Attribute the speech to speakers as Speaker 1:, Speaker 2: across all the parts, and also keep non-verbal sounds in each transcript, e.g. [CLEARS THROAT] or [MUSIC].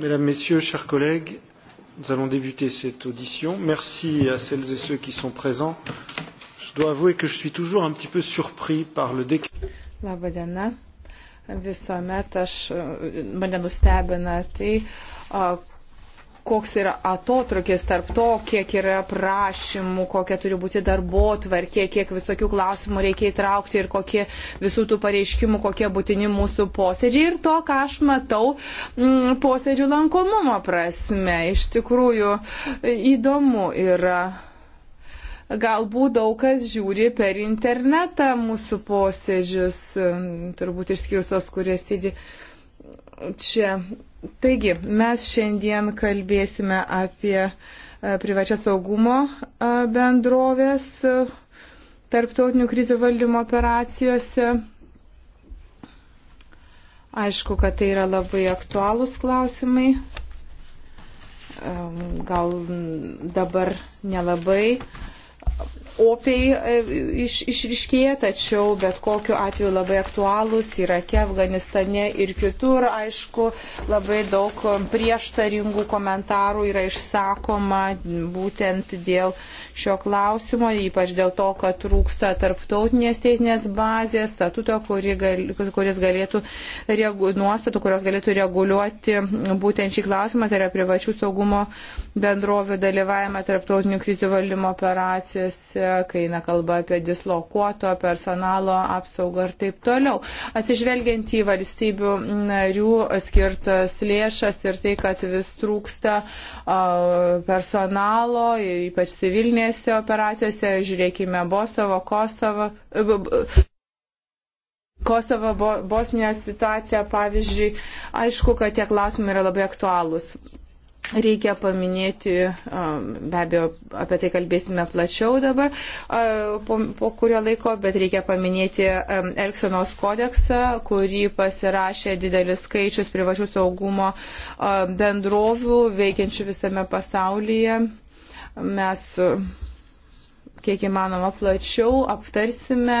Speaker 1: Mesdames, Messieurs, chers collègues, nous allons débuter cette audition. Merci à celles et ceux qui sont présents. Je dois avouer que je suis toujours un petit peu surpris par le
Speaker 2: décalage. Labą dieną. Visuomet aš, mane nustebina tai, o, koks yra atotrukis tarp to, kiek yra prašymų, kokia turi būti darbo tvarkė, kiek visokių klausimų reikia įtraukti ir kokie visų tų pareiškimų, kokie būtini mūsų posėdžiai ir to, ką aš matau m, mm, posėdžių lankomumo prasme. Iš tikrųjų įdomu yra. Galbūt daug kas žiūri per internetą mūsų posėdžius, mm, turbūt išskyrus tos, kurie sėdi čia Taigi, mes šiandien kalbėsime apie e, privačias saugumo e, bendrovės e, tarptautinių krizių valdymo operacijose. Aišku, kad tai yra labai aktualūs klausimai. Gal dabar nelabai opiai e, iš, išriškėja, tačiau bet kokiu atveju labai aktualūs Irake, Afganistane ir kitur. Aišku, labai daug prieštaringų komentarų yra išsakoma būtent dėl šio klausimo, ypač dėl to, kad trūksta tarptautinės teisinės bazės, statuto, kuri gal, kuris galėtų, regu, nuostatų, kurios galėtų reguliuoti būtent šį klausimą, tai yra privačių saugumo bendrovių dalyvavimą tarptautinių krizių valdymo operacijose situaciją, kai eina kalba apie dislokuoto personalo apsaugą ir taip toliau. Atsižvelgiant į valstybių narių skirtas lėšas ir tai, kad vis trūksta personalo, ypač civilinėse operacijose, žiūrėkime Bosovo, Kosovo. Kosovo, Bosnijos situacija, pavyzdžiui, aišku, kad tie klausimai yra labai aktualūs. Reikia paminėti, be abejo, apie tai kalbėsime plačiau dabar po, po kurio laiko, bet reikia paminėti Elksenos kodeksą, kurį pasirašė didelis skaičius privačių saugumo bendrovių veikiančių visame pasaulyje. Mes kiek įmanoma plačiau aptarsime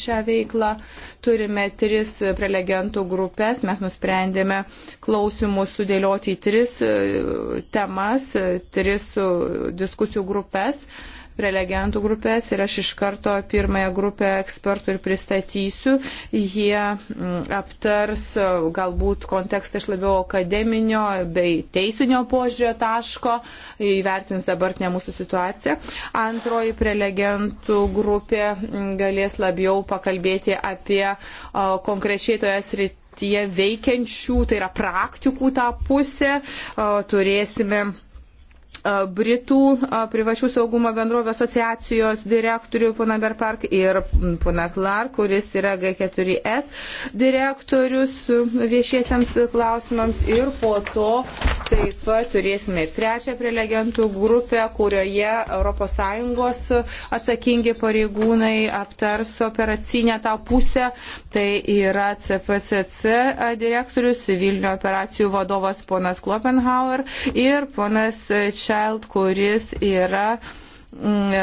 Speaker 2: šią veiklą. Turime tris prelegentų grupės, mes nusprendėme klausimus sudėlioti į tris e, temas, tris e, diskusijų grupės prelegentų grupės ir aš iš karto pirmąją grupę ekspertų ir pristatysiu. Jie mm, aptars e, galbūt kontekstą iš labiau akademinio bei teisinio požiūrio taško, įvertins dabartinę mūsų situaciją. Antroji prelegentų grupė mm, galės labiau pakalbėti apie e, konkrečiai toje srityje veikiančių, tai yra praktikų tą pusę. E, turėsime Britų privačių saugumo bendrovio asociacijos direktorių pana Berpark ir pana Clark, kuris yra G4S direktorius viešiesiams klausimams. Ir po to taip pat turėsime ir trečią prelegentų grupę, kurioje ES atsakingi pareigūnai aptars operacinę tą pusę. Tai yra CPCC direktorius, civilinio operacijų vadovas ponas Klopenhauer ir ponas Č. Child, kuris yra mm, e,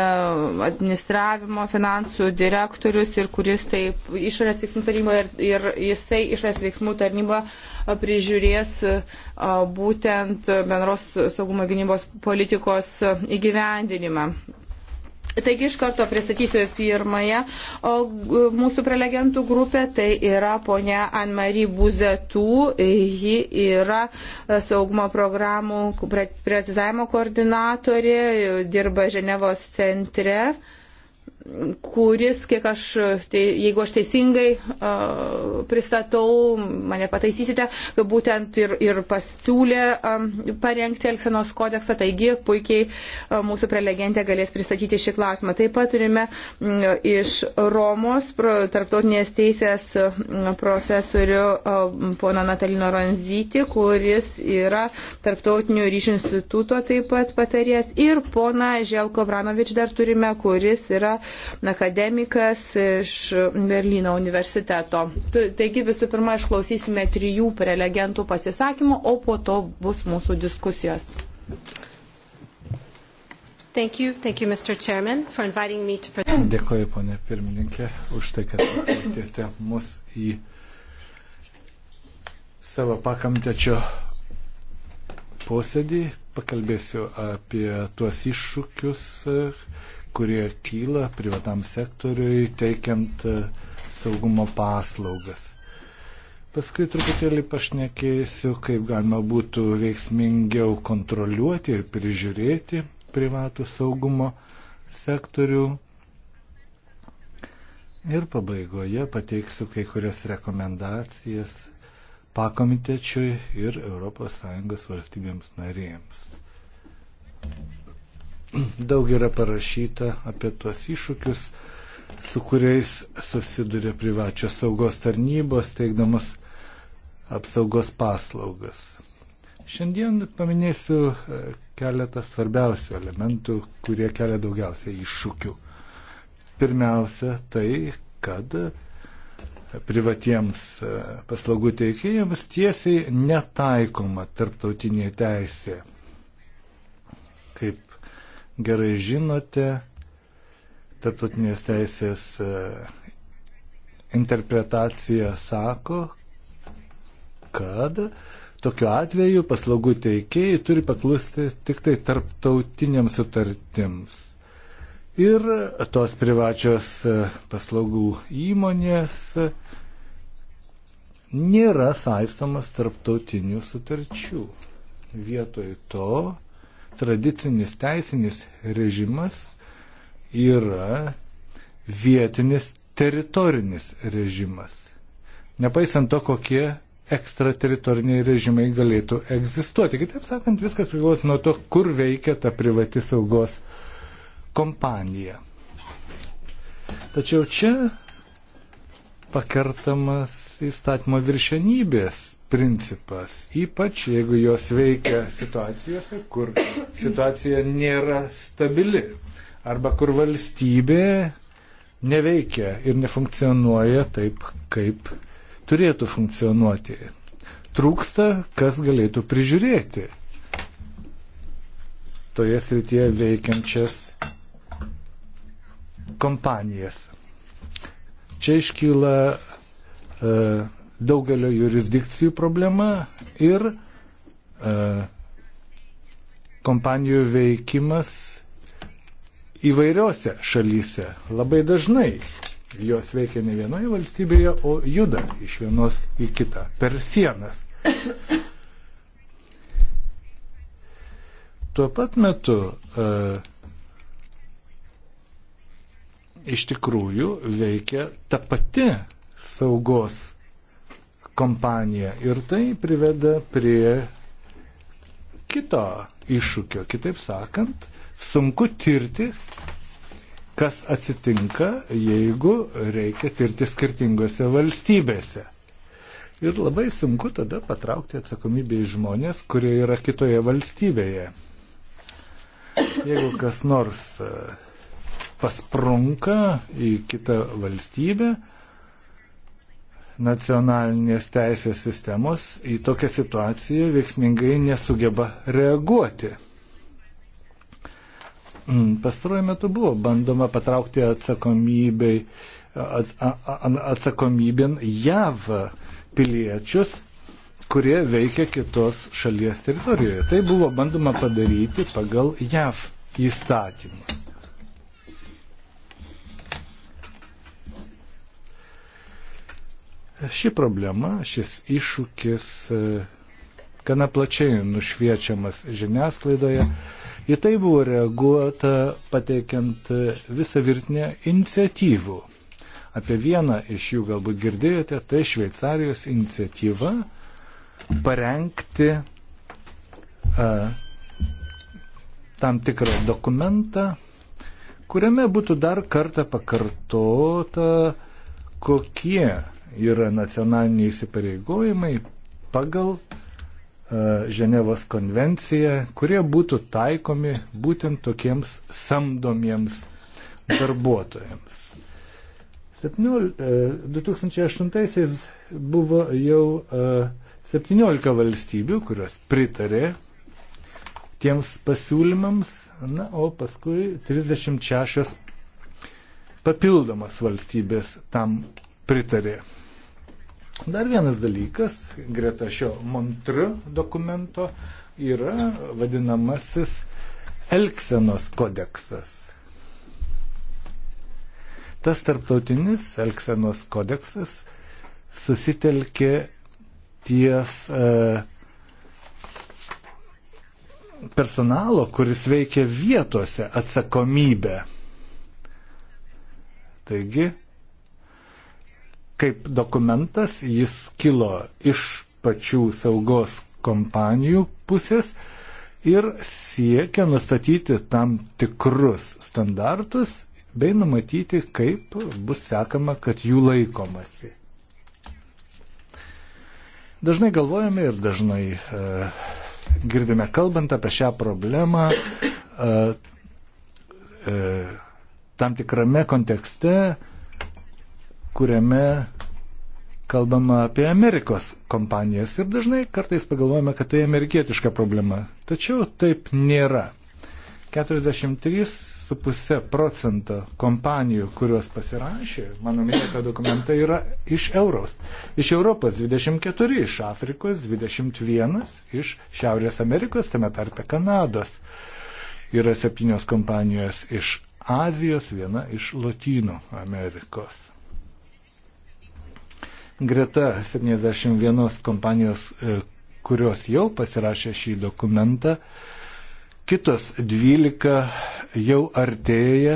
Speaker 2: administravimo finansų direktorius ir kuris taip išorės veiksmų taryboje ir, ir jisai išorės veiksmų tarnyba e, prižiūrės e, būtent bendros saugumo gynybos politikos įgyvendinimą. Taigi iš karto pristatysiu pirmąją o, mūsų prelegentų grupę, tai yra ponia Anne-Marie Buzetų, ji yra e, saugumo programų privatizavimo koordinatorė, dirba Ženevos centre kuris, kiek aš, tai, jeigu aš teisingai uh, pristatau, mane pataisysite, kad būtent ir, ir pasiūlė um, parengti Elksenos kodeksą, taigi puikiai uh, mūsų prelegentė galės pristatyti šį klausimą. Taip pat turime um, iš Romos pro, tarptautinės teisės um, profesorių um, pono Natalino Ranzyti, kuris yra tarptautinių ryšių instituto taip pat patarės, ir pona Želko Branovič dar turime, kuris yra akademikas iš Berlyno universiteto. Taigi visų pirma išklausysime trijų prelegentų pasisakymų, o po to bus mūsų diskusijos. Thank
Speaker 3: you. Thank you, Mr. Chairman, for inviting me to present.
Speaker 1: Dėkoju, ponė pirmininkė, už tai, kad pakvietėte mus į savo pakamtečio posėdį. Pakalbėsiu apie tuos iššūkius, kurie kyla privatam sektoriui teikiant e, saugumo paslaugas. Paskui truputėlį pašnekėsiu, kaip galima būtų veiksmingiau kontroliuoti ir prižiūrėti privatų saugumo sektorių. Ir pabaigoje pateiksiu kai kurias rekomendacijas pakomitečiui ir ES valstybėms narėms. Daug yra parašyta apie tuos iššūkius, su kuriais susiduria privačios saugos tarnybos, teikdamas apsaugos paslaugas. Šiandien paminėsiu e, keletą svarbiausių elementų, kurie kelia daugiausiai iššūkių. Pirmiausia, tai, kad privatiems e, paslaugų teikėjams tiesiai netaikoma tarptautinė teisė gerai žinote, tarptautinės teisės e, interpretacija sako, kad tokiu atveju paslaugų teikėjai turi paklusti tik tai tarptautiniams sutartims. Ir tos privačios e, paslaugų įmonės nėra saistomas tarptautinių sutarčių. Vietoj to tradicinis teisinis režimas yra vietinis teritorinis režimas. Nepaisant to, kokie ekstrateritoriniai režimai galėtų egzistuoti. Kitaip sakant, viskas priklauso nuo to, kur veikia ta privati saugos kompanija. Tačiau čia pakertamas įstatymo viršenybės principas, ypač jeigu jos veikia situacijose, kur situacija nėra stabili arba kur valstybė neveikia ir nefunkcionuoja taip, kaip turėtų funkcionuoti. Trūksta, kas galėtų prižiūrėti toje srityje veikiančias kompanijas. Čia iškyla uh, daugelio jurisdikcijų problema ir e, kompanijų veikimas įvairiose šalyse. Labai dažnai jos veikia ne vienoje valstybėje, o juda iš vienos į kitą per sienas. Tuo pat metu e, iš tikrųjų veikia ta pati saugos kompaniją. Ir tai priveda prie kito iššūkio. Kitaip sakant, sunku tirti, kas atsitinka, jeigu reikia tirti skirtingose valstybėse. Ir labai sunku tada patraukti atsakomybę į žmonės, kurie yra kitoje valstybėje. Jeigu kas nors e, pasprunka į kitą valstybę, nacionalinės teisės sistemos į tokią situaciją veiksmingai nesugeba reaguoti. Mm, pastaruoju metu buvo bandoma patraukti atsakomybėj, at, atsakomybėn JAV piliečius, kurie veikia kitos šalies teritorijoje. Tai buvo bandoma padaryti pagal JAV įstatymus. Ši problema, šis iššūkis e, gana plačiai nušviečiamas žiniasklaidoje. Į tai buvo reaguota pateikiant e, visą virtinę iniciatyvų. Apie vieną iš jų galbūt girdėjote, tai Šveicarijos iniciatyva parengti a, e, tam tikrą dokumentą, kuriame būtų dar kartą pakartota, kokie yra nacionaliniai įsipareigojimai pagal e, Ženevos konvenciją, kurie būtų taikomi būtent tokiems samdomiems darbuotojams. 2008 e, buvo jau 17 e, valstybių, kurios pritarė tiems pasiūlymams, na, o paskui 36 papildomas valstybės tam pritarė. Dar vienas dalykas, greta šio Montru dokumento yra vadinamasis Elksenos kodeksas. Tas tarptautinis Elksenos kodeksas susitelkė ties e, personalo, kuris veikia vietose atsakomybę. Taigi, kaip dokumentas, jis kilo iš pačių saugos kompanijų pusės ir siekia nustatyti tam tikrus standartus bei numatyti, kaip bus sekama, kad jų laikomasi. Dažnai galvojame ir dažnai e, girdime kalbant apie šią problemą e, e, tam tikrame kontekste, e, kuriame kalbama apie Amerikos kompanijas ir dažnai kartais pagalvojame, kad tai amerikietiška problema. Tačiau taip nėra. 43,5 procento kompanijų, kurios pasirašė, mano minėta dokumenta, yra iš Euros. Iš Europos 24, iš Afrikos 21, iš Šiaurės Amerikos, tame tarpe Kanados. Yra septynios kompanijos iš Azijos, viena iš Lotynų Amerikos greta 71 kompanijos, e, kurios jau pasirašė šį dokumentą, kitos 12 jau artėja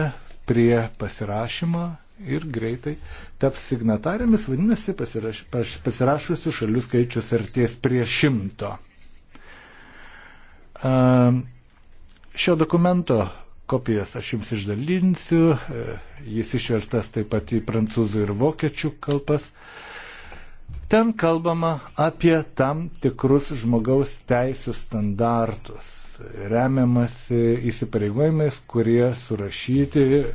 Speaker 1: prie pasirašymo ir greitai taps signatarėmis, vadinasi, pasiraš, pasirašusių šalių skaičius artės prie šimto. E, šio dokumento kopijas aš jums išdalinsiu, e, jis išverstas taip pat į prancūzų ir vokiečių kalbas. Ten kalbama apie tam tikrus žmogaus teisų standartus, remiamasi įsipareigojimais, kurie surašyti e,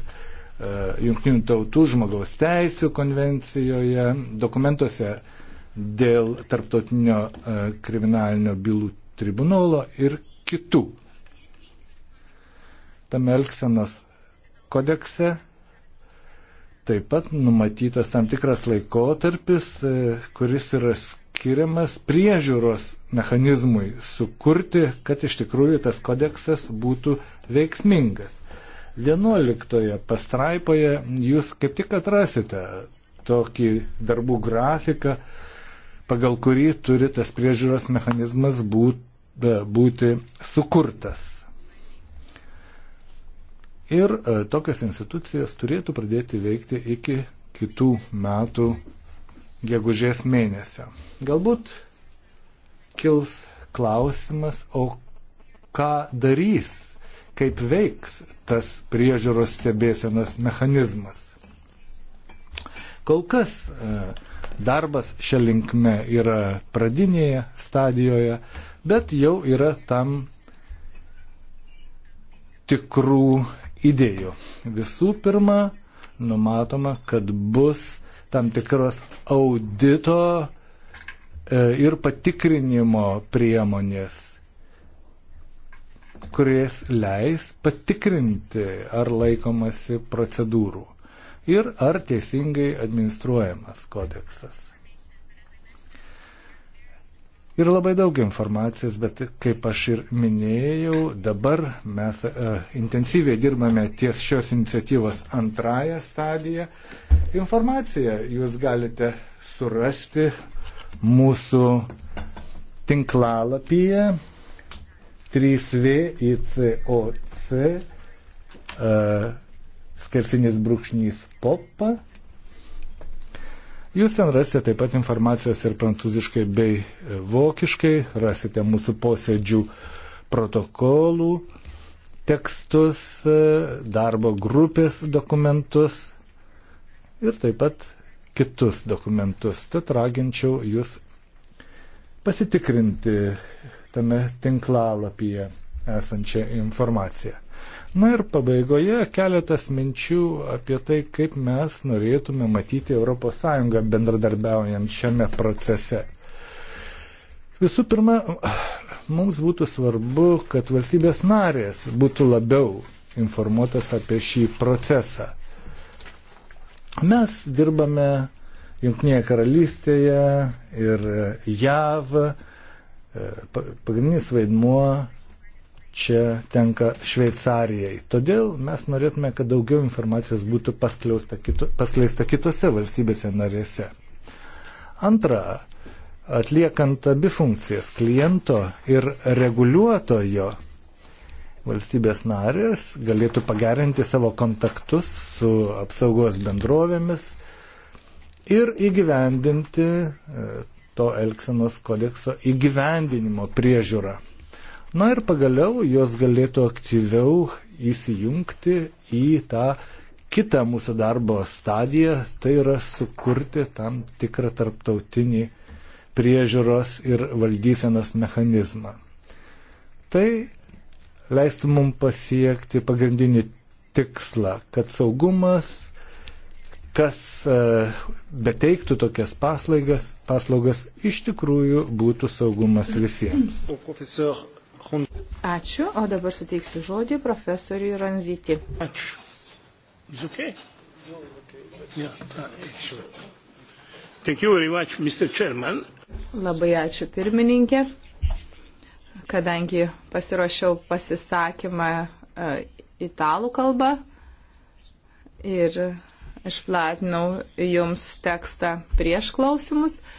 Speaker 1: Junktinių tautų žmogaus teisų konvencijoje, dokumentuose dėl tarptautinio e, kriminalinio bylų tribunolo ir kitų. Tame Elksenos kodekse Taip pat numatytas tam tikras laikotarpis, e, kuris yra skiriamas priežiūros mechanizmui sukurti, kad iš tikrųjų tas kodeksas būtų veiksmingas. 11 pastraipoje jūs kaip tik atrasite tokį darbų grafiką, pagal kurį turi tas priežiūros mechanizmas būt, būti sukurtas ir e, tokias institucijas turėtų pradėti veikti iki kitų metų gegužės mėnesio. Galbūt kils klausimas, o ką darys, kaip veiks tas priežiūros stebėsenas mechanizmas. Kol kas e, darbas šią linkme yra pradinėje stadijoje, bet jau yra tam tikrų idėjų. Visų pirma, numatoma, kad bus tam tikros audito e, ir patikrinimo priemonės, kuris leis patikrinti, ar laikomasi procedūrų ir ar teisingai administruojamas kodeksas. Yra labai daug informacijos, bet kaip aš ir minėjau, dabar mes e, intensyviai dirbame ties šios iniciatyvos antrąją stadiją. Informaciją jūs galite surasti mūsų tinklalapyje 3VICOC e, skersinis brūkšnys popa Jūs ten rasite taip pat informacijos ir prancūziškai bei vokiškai, rasite mūsų posėdžių protokolų, tekstus, darbo grupės dokumentus ir taip pat kitus dokumentus. Tad raginčiau jūs pasitikrinti tame tinklalapyje esančią informaciją. Na ir pabaigoje keletas minčių apie tai, kaip mes norėtume matyti ES bendradarbiaujant šiame procese. Visų pirma, mums būtų svarbu, kad valstybės narės būtų labiau informuotas apie šį procesą. Mes dirbame Junktinėje karalystėje ir JAV. E, pagrindinis vaidmuo čia tenka Šveicarijai. Todėl mes norėtume, kad daugiau informacijos būtų kitu, paskleista kitose valstybėse narėse. Antra, atliekant abi funkcijas kliento ir reguliuotojo, valstybės narės galėtų pagerinti savo kontaktus su apsaugos bendrovėmis ir įgyvendinti e, to Elksenos kodekso įgyvendinimo priežiūrą. Na ir pagaliau jos galėtų aktyviau įsijungti į tą kitą mūsų darbo stadiją, tai yra sukurti tam tikrą tarptautinį priežiūros ir valdysenos mechanizmą. Tai leistų mums pasiekti pagrindinį tikslą, kad saugumas, kas e, beteiktų tokias paslaugas, paslaugas iš tikrųjų būtų saugumas visiems.
Speaker 2: Profesor Ačiū, o dabar suteiksiu žodį profesoriui Ranzyti. Ačiū.
Speaker 1: It's okay. Yeah, uh, sure. Thank you very much, Mr. Chairman.
Speaker 2: Labai ačiū pirmininkė, kadangi pasiruošiau pasisakymą uh, italų kalbą ir išplatinau jums tekstą prieš klausimus. Uh,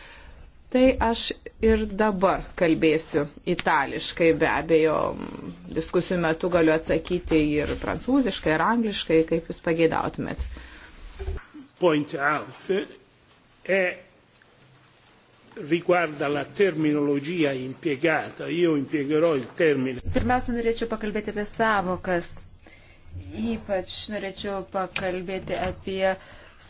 Speaker 2: Tai aš ir dabar kalbėsiu itališkai, be abejo, diskusijų metu galiu atsakyti ir prancūziškai, ir angliškai, kaip jūs pageidautumėt.
Speaker 1: Point out è e, riguarda la terminologia impiegata. Io impiegherò il termine.
Speaker 3: Pirmiausia, norėčiau pakalbėti apie savokas. Ypač norėčiau pakalbėti apie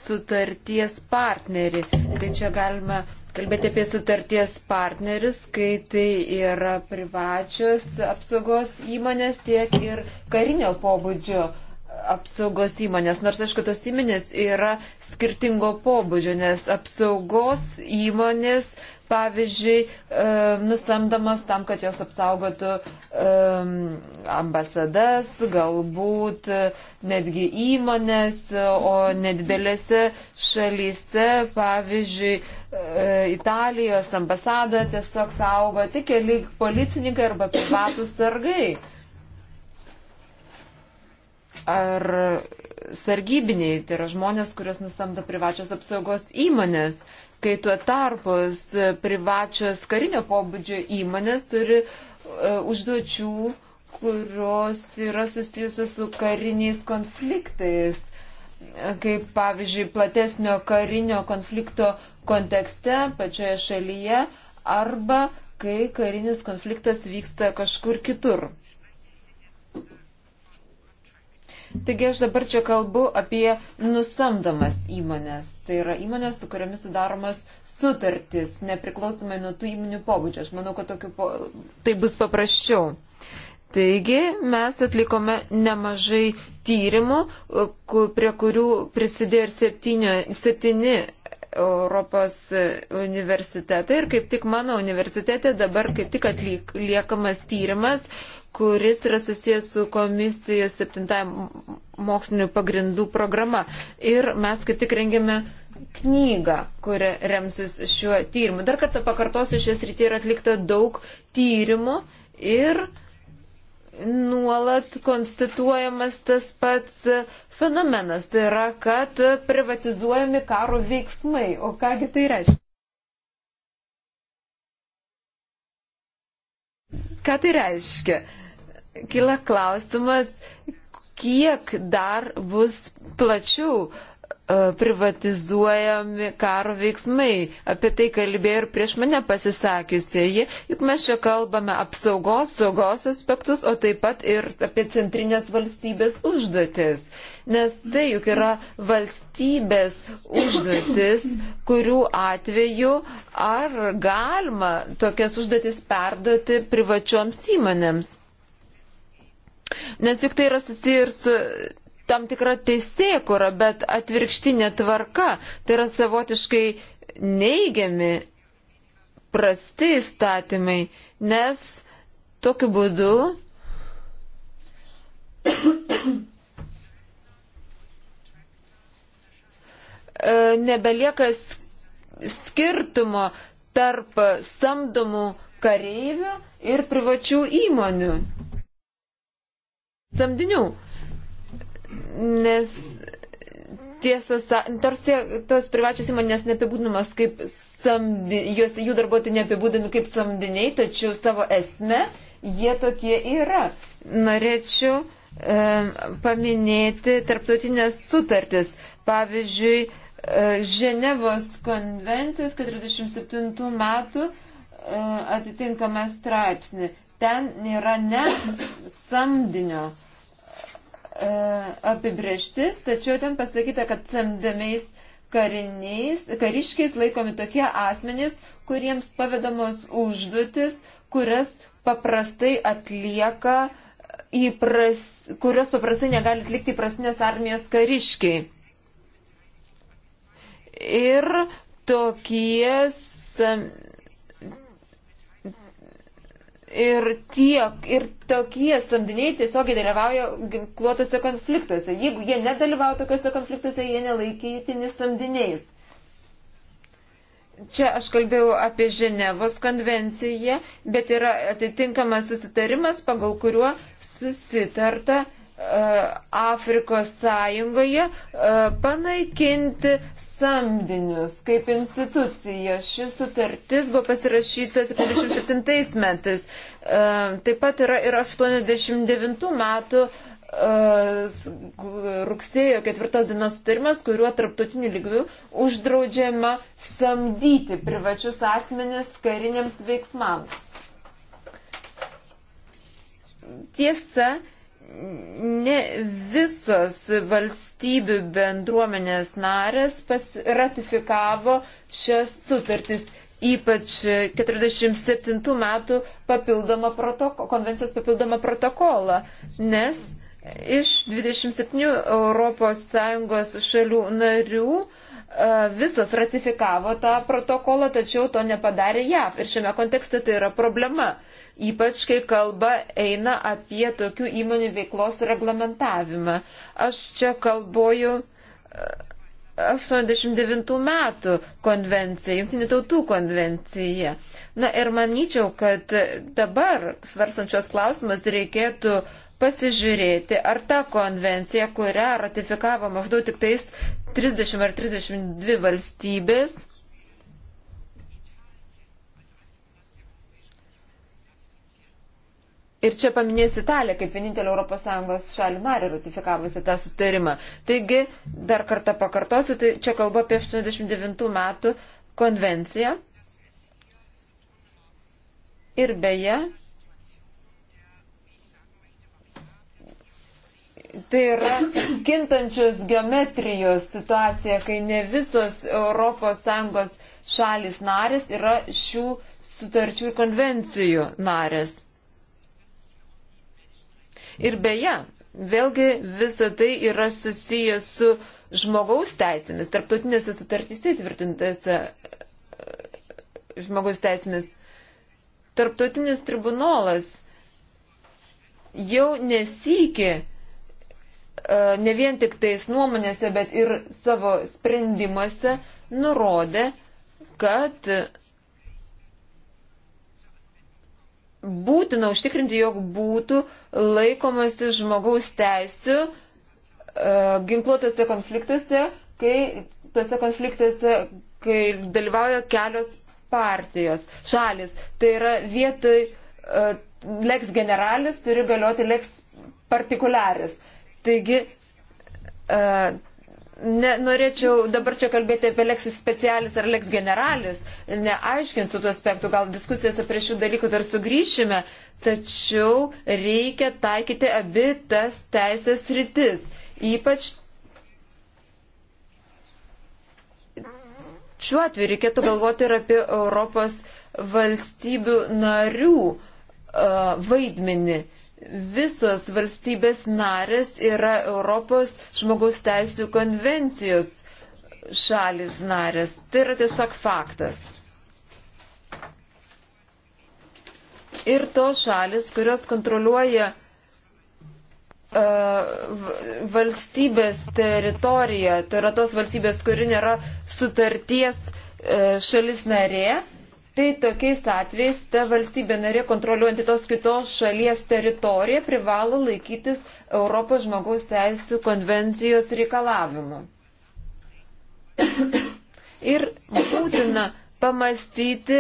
Speaker 3: sutarties partnerį. Tai čia galima kalbėti apie sutarties partnerius, kai tai yra privačios apsaugos įmonės, tiek ir karinio pobūdžio apsaugos įmonės. Nors, aišku, tos įmonės yra skirtingo pobūdžio, nes apsaugos įmonės pavyzdžiui, e, nusamdamas tam, kad jos apsaugotų e, ambasadas, galbūt netgi įmonės, o nedidelėse šalyse, pavyzdžiui, e, Italijos ambasadą tiesiog saugo tik keli policininkai arba privatus sargai. Ar sargybiniai, tai yra žmonės, kurios nusamdo privačios apsaugos įmonės. Uh, kai tuo tarpus privačios karinio pobūdžio įmonės turi e, užduočių, kurios yra susijusios su kariniais konfliktais. E, kaip pavyzdžiui, platesnio karinio konflikto kontekste pačioje šalyje arba kai karinis konfliktas vyksta kažkur kitur. Taigi aš dabar čia kalbu apie nusamdomas įmonės. Tai yra įmonės, su kuriamis sudaromas sutartis, nepriklausomai nuo tų įmonių pobūdžio. Aš manau, kad po... tai bus paprasčiau. Taigi mes atlikome nemažai tyrimų, prie kurių prisidėjo ir septynio, septyni Europos universitetą ir kaip tik mano universitete dabar kaip tik atliekamas tyrimas, kuris yra susijęs su komisijos 7 mokslinių pagrindų programa. Ir mes kaip tik rengėme knygą, kuri remsis šiuo tyrimu. Dar kartą pakartosiu, šios rytyje yra atlikta daug tyrimų ir nuolat konstituojamas tas pats fenomenas. Tai yra, kad privatizuojami karo veiksmai. O kągi tai reiškia? Ką tai reiškia? kila klausimas, kiek dar bus plačiau e, privatizuojami karo veiksmai. Apie tai kalbėjo ir prieš mane pasisakiusieji, juk mes čia kalbame apsaugos, saugos aspektus, o taip pat ir apie centrinės valstybės užduotis. Nes tai juk yra valstybės užduotis, kurių atveju ar galima tokias užduotis perduoti privačioms įmonėms. Nes juk tai yra susiję ir su tam tikra teisėkura, bet atvirkštinė tvarka. Tai yra savotiškai neigiami, prasti įstatymai, nes tokiu būdu [COUGHS] e, nebelieka skirtumo tarp samdomų kareivių ir privačių įmonių samdinių. Nes tiesą sakant, tarsi tos privačios įmonės neapibūdinamas kaip samdiniai, juos jų darbuotojai neapibūdinami kaip samdiniai, tačiau savo esme jie tokie yra. Norėčiau e, paminėti tarptautinės sutartis. Pavyzdžiui, e, Ženevos konvencijos 47 metų e, atitinkame straipsnį ten nėra net samdinio e, apibrieštis, tačiau ten pasakyta, kad samdamiais kariniais, kariškiais laikomi tokie asmenys, kuriems pavedamos užduotis, kurias paprastai atlieka įpras, kurios paprastai negali atlikti prasinės armijos kariškiai. Ir tokie sam, Ir tiek, ir tokie samdiniai tiesiogiai dalyvauja ginkluotose konfliktuose. Jeigu jie nedalyvauja tokiuose konfliktuose, jie nelaikytini samdiniais. Čia aš kalbėjau apie Ženevos konvenciją, bet yra atitinkamas susitarimas, pagal kuriuo susitarta Afrikos sąjungoje e, panaikinti samdinius kaip instituciją. Ši sutartis buvo pasirašyta 77 metais. E, taip pat yra ir 89 metų e, rugsėjo ketvirtos dienos sutarimas, kuriuo tarptautiniu lygiu uždraudžiama samdyti privačius asmenis kariniams veiksmams. Tiesa, ne visos valstybių bendruomenės narės ratifikavo šias sutartis, ypač 47 metų papildomą protoko, konvencijos papildomą protokolą, nes iš 27 ES šalių narių visas ratifikavo tą protokolą, tačiau to nepadarė JAV ir šiame kontekste tai yra problema ypač kai kalba eina apie tokių įmonių veiklos reglamentavimą. Aš čia kalboju 89 e, metų konvencija, Junktinių tautų konvencija. Na ir manyčiau, kad dabar svarsančios klausimas reikėtų pasižiūrėti, ar ta konvencija, kurią ratifikavo maždaug tik tais 30 ar 32 valstybės, Ir čia paminėsiu Italiją kaip vienintelį ES šalį narį ratifikavusi tą sustarimą. Taigi, dar kartą pakartosiu, tai čia kalba apie 89 metų konvenciją. Ir beje, tai yra kintančios geometrijos situacija, kai ne visos ES šalis narės yra šių sutarčių ir konvencijų narės. Ir beje, vėlgi visa tai yra susijęs su žmogaus teisėmis, tarptautinėse sutartyse įtvirtintose e, žmogaus teisėmis. Tarptautinis tribunolas jau nesikė e, ne vien tik tais nuomonėse, bet ir savo sprendimuose nurodė, kad būtina užtikrinti, jog būtų laikomasi žmogaus teisų e, ginkluotose konfliktuose, kai tose konfliktuose, kai dalyvauja kelios partijos, šalis. Tai yra vietoj e, leks generalis turi galioti leks partikularis. Taigi, e, Nenorėčiau dabar čia kalbėti apie leksis specialis ar leks generalis, neaiškinsiu tų aspektų, gal diskusijose prie šių dalykų dar sugrįšime, tačiau reikia taikyti abi tas teisės rytis, ypač šiuo atveju reikėtų galvoti ir apie Europos valstybių narių uh, vaidmenį. Uh, visos valstybės narės yra Europos žmogaus teisų konvencijos šalis narės. Tai yra tiesiog faktas. Ir tos šalis, kurios kontroliuoja uh, valstybės teritoriją, tai yra tos valstybės, kuri nėra sutarties uh, šalis narė, uh, Tai tokiais atvejais ta valstybė narė kontroliuojanti tos kitos šalies teritoriją privalo laikytis Europos žmogaus teisų konvencijos reikalavimų. Ir būtina pamastyti,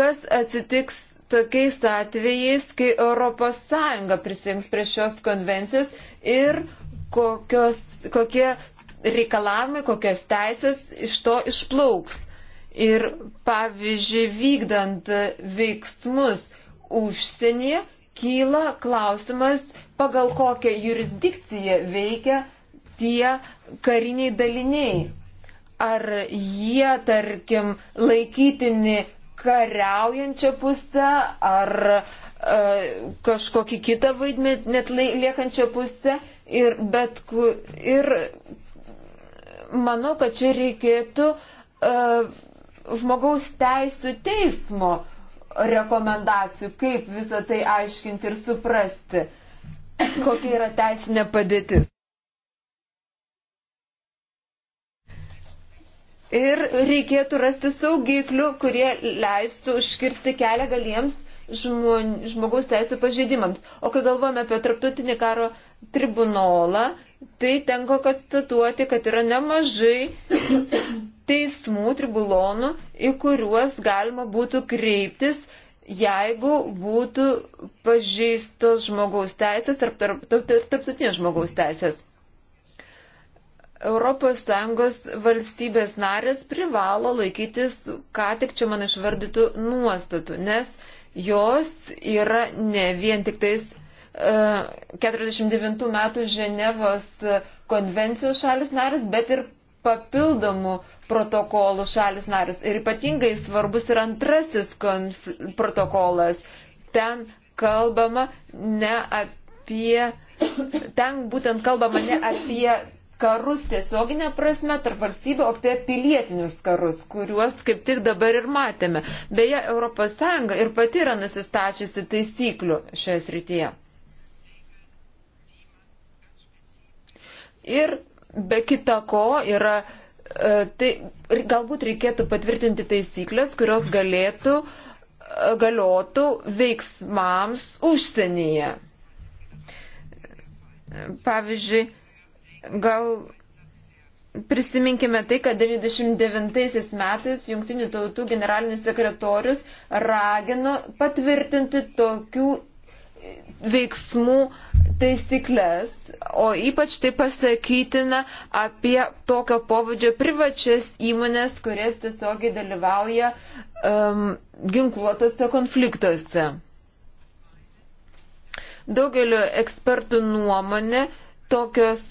Speaker 3: kas atsitiks tokiais atvejais, kai ES prisims prie šios konvencijos ir kokios, kokie reikalavimai, kokios teisės iš to išplauks. Ir pavyzdžiui, vykdant veiksmus užsienyje, kyla klausimas, pagal kokią jurisdikciją veikia tie kariniai daliniai. Ar jie, tarkim, laikytini kariaujančią pusę, ar e, kažkokį kitą vaidmenį net liekančią pusę. Ir, bet, ir manau, kad čia reikėtų e, žmogaus teisų teismo rekomendacijų, kaip visą tai aiškinti ir suprasti, kokia yra teisinė padėtis. Ir reikėtų rasti saugiklių, kurie leistų užkirsti kelią galiems žmon, žmogaus teisų pažeidimams. O kai galvojame apie tarptautinį karo tribunolą, tai tenko konstatuoti, kad yra nemažai teismų, tribulonų, į kuriuos galima būtų kreiptis, jeigu būtų pažeistos žmogaus teisės tarp tarptautinės tarp, tarp žmogaus teisės. ES valstybės narės privalo laikytis, ką tik čia man išvardytų, nuostatų, nes jos yra ne vien tik tais uh, 49 metų Ženevos konvencijos šalis narės, bet ir papildomų uh, protokolų šalis narius. Ir ypatingai svarbus yra antrasis protokolas. Ten kalbama ne apie. Ten būtent kalbama ne apie karus tiesioginė prasme tarp valstybių, o apie pilietinius karus, kuriuos kaip tik dabar ir matėme. Beje, ES ir pati yra nusistačiusi taisyklių šioje srityje. Ir be kita ko yra E, tai galbūt reikėtų patvirtinti taisyklės, kurios galėtų, e, galiotų veiksmams užsienyje. Pavyzdžiui, gal Prisiminkime tai, kad 99 metais Junktinių tautų generalinis sekretorius ragino patvirtinti tokių veiksmų taisyklės, o ypač tai pasakytina apie tokio pobūdžio privačias įmonės, kurias tiesiogiai dalyvauja um, ginkluotose konfliktuose. Daugelio ekspertų nuomonė, tokios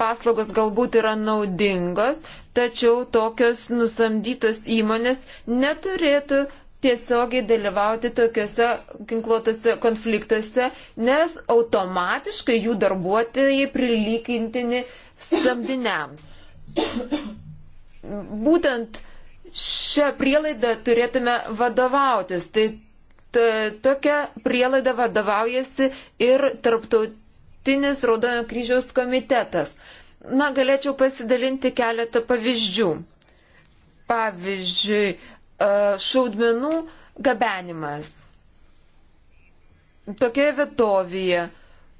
Speaker 3: paslaugos galbūt yra naudingos, tačiau tokios nusamdytos įmonės neturėtų tiesiogiai dalyvauti tokiuose ginkluotose konfliktuose, nes automatiškai jų darbuotojai prilygintini samdiniams. Būtent šią prielaidą turėtume vadovautis. Tai tokia prielaida vadovaujasi ir tarptautinis Raudojo kryžiaus komitetas. Na, galėčiau pasidalinti keletą pavyzdžių. Pavyzdžiui, šaudmenų gabenimas tokioje vietovėje,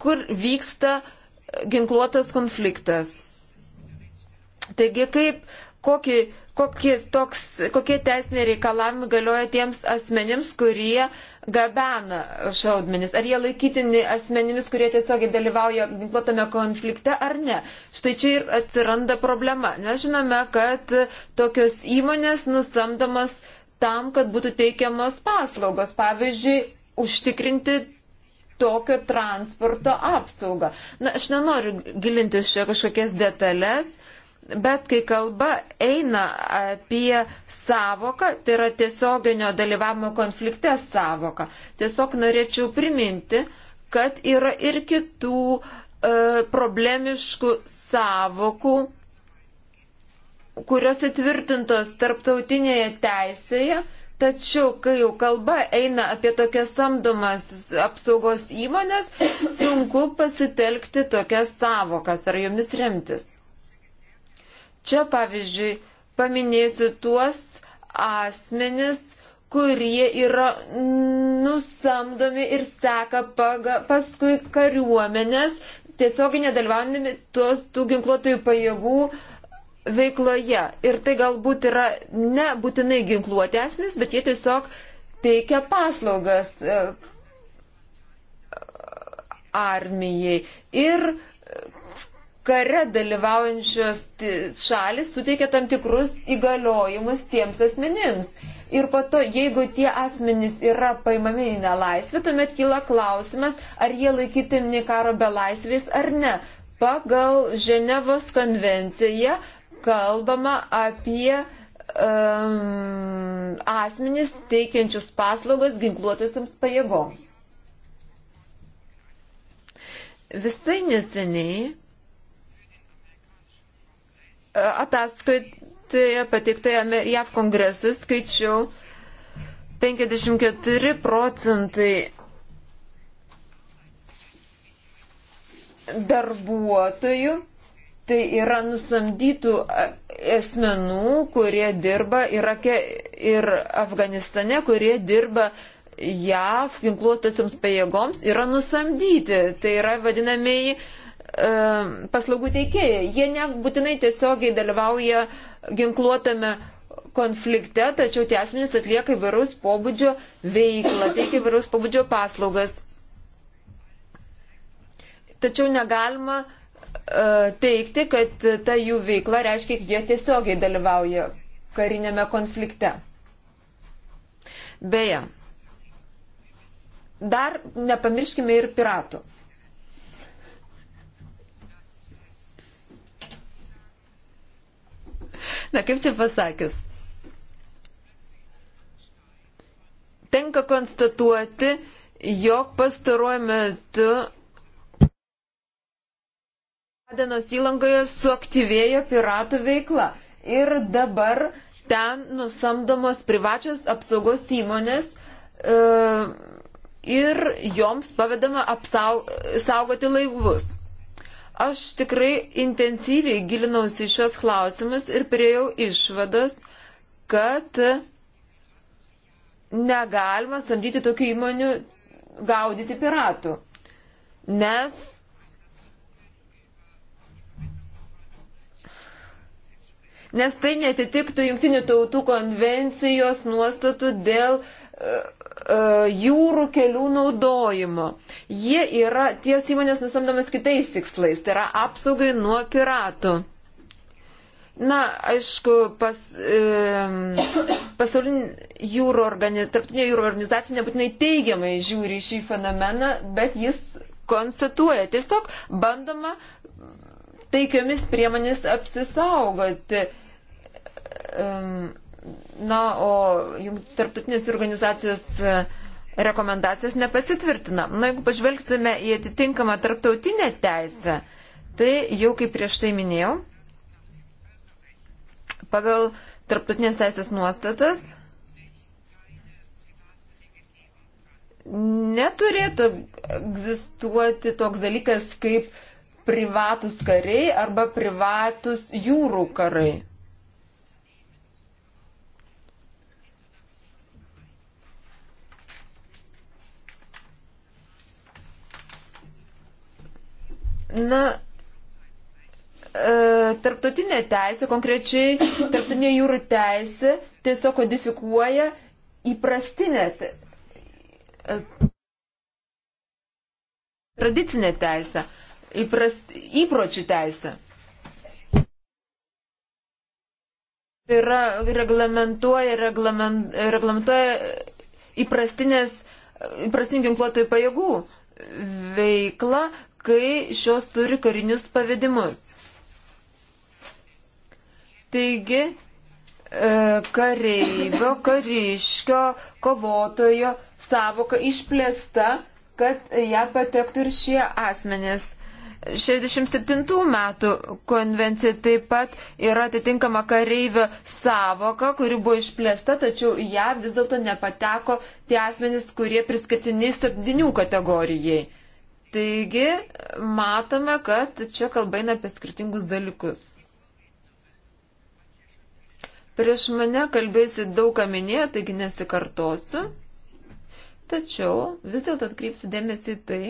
Speaker 3: kur vyksta ginkluotas konfliktas. Taigi, kaip, kokį, kokie, toks, kokie teisiniai reikalavimai galioja tiems asmenims, kurie gabena šaudmenis, ar jie laikytini asmenimis, kurie tiesiogiai dalyvauja ginkluotame konflikte ar ne. Štai čia ir atsiranda problema. Mes žinome, kad tokios įmonės nusamdomas tam, kad būtų teikiamos paslaugos. Pavyzdžiui, užtikrinti tokio transporto apsaugą. Na, aš nenoriu gilintis čia kažkokias detalės. Uh, Bet kai kalba eina apie savoką, tai yra tiesioginio dalyvavimo konflikte savoka. Tiesiog norėčiau priminti, kad yra ir kitų e, problemiškų savokų, kurios įtvirtintos tarptautinėje teisėje, tačiau kai jau kalba eina apie tokias samdomas apsaugos įmonės, sunku pasitelkti tokias savokas ar jomis remtis. Čia pavyzdžiui paminėsiu tuos asmenis, kurie yra nusamdomi ir seka paga, paskui kariuomenės, tiesiog nedalyvaudami tuos tų ginkluotojų pajėgų veikloje. Ir tai galbūt yra nebūtinai ginkluoti asmenys, bet jie tiesiog teikia paslaugas e, armijai. Ir kare dalyvaujančios šalis suteikia tam tikrus įgaliojimus tiems asmenims. Ir po to, jeigu tie asmenys yra paimami į nelaisvę, tuomet kyla klausimas, ar jie laikytini karo belaisvės ar ne. Pagal Ženevos konvenciją kalbama apie um, asmenys teikiančius paslaugas ginkluotusiams pajėgoms. Visai neseniai ataskaitoje pateiktoje JAV kongresui skaičiau 54 procentai darbuotojų, tai yra nusamdytų esmenų, kurie dirba Irake ir Afganistane, kurie dirba JAV ginkluotosiams pajėgoms, yra nusamdyti. Tai yra vadinamieji uh, E, paslaugų teikėjai. Jie nebūtinai tiesiogiai dalyvauja ginkluotame konflikte, tačiau tie asmenys atlieka įvairaus pobūdžio veiklą, teikia įvairaus pobūdžio paslaugas. Tačiau negalima e, teikti, kad ta jų veikla reiškia, kad jie tiesiogiai dalyvauja karinėme konflikte. Beje, dar nepamirškime ir piratų. Na kaip čia pasakius? Tenka konstatuoti, jog pastaruoju metu Adenos įlangoje suaktyvėjo piratų veikla ir dabar ten nusamdomos privačios apsaugos įmonės e, ir joms pavedama apsaugoti laivus. Aš tikrai intensyviai gilinausi šios klausimus ir priejau išvados, kad negalima samdyti tokių įmonių gaudyti piratų. Nes Nes tai netitiktų Junktinių tautų konvencijos nuostatų dėl uh, E, jūrų kelių naudojimo. Jie yra ties įmonės nusamdomas kitais tikslais, tai yra apsaugai nuo piratų. Na, aišku, pas, e, pasaulinė jūrų organizacija, tarptinė jūrų organizacija nebūtinai teigiamai žiūri šį fenomeną, bet jis konstatuoja. Tiesiog bandoma taikiomis priemonės apsisaugoti. E, e Na, o tarptautinės organizacijos e, rekomendacijos nepasitvirtina. Na, jeigu pažvelgsime į atitinkamą tarptautinę teisę, tai jau kaip prieš tai minėjau, pagal tarptautinės teisės nuostatas neturėtų egzistuoti toks dalykas kaip privatus kariai arba privatus jūrų karai. Na, e, tarptautinė teisė, konkrečiai tarptautinė jūrų teisė tiesiog kodifikuoja įprastinę te... E, tradicinę teisę, įprast, įpročių teisę. Yra reglamentuoja, reglament, reglamentuoja įprastinės, įprastinių ginkluotojų pajėgų veikla, kai šios turi karinius pavedimus. Taigi, e, kareivio, kariškio, kovotojo savoka išplėsta, kad ją patektų ir šie asmenys. 67 metų konvencija taip pat yra atitinkama kareivio savoka, kuri buvo išplėsta, tačiau ją vis dėlto nepateko tie asmenys, kurie priskirtini septynių kategorijai. Taigi, matome, kad čia kalba eina apie skirtingus dalykus. Prieš mane kalbėjusi daug ką minėjo, taigi nesikartosiu. Tačiau vis dėlto atkreipsiu dėmesį į tai,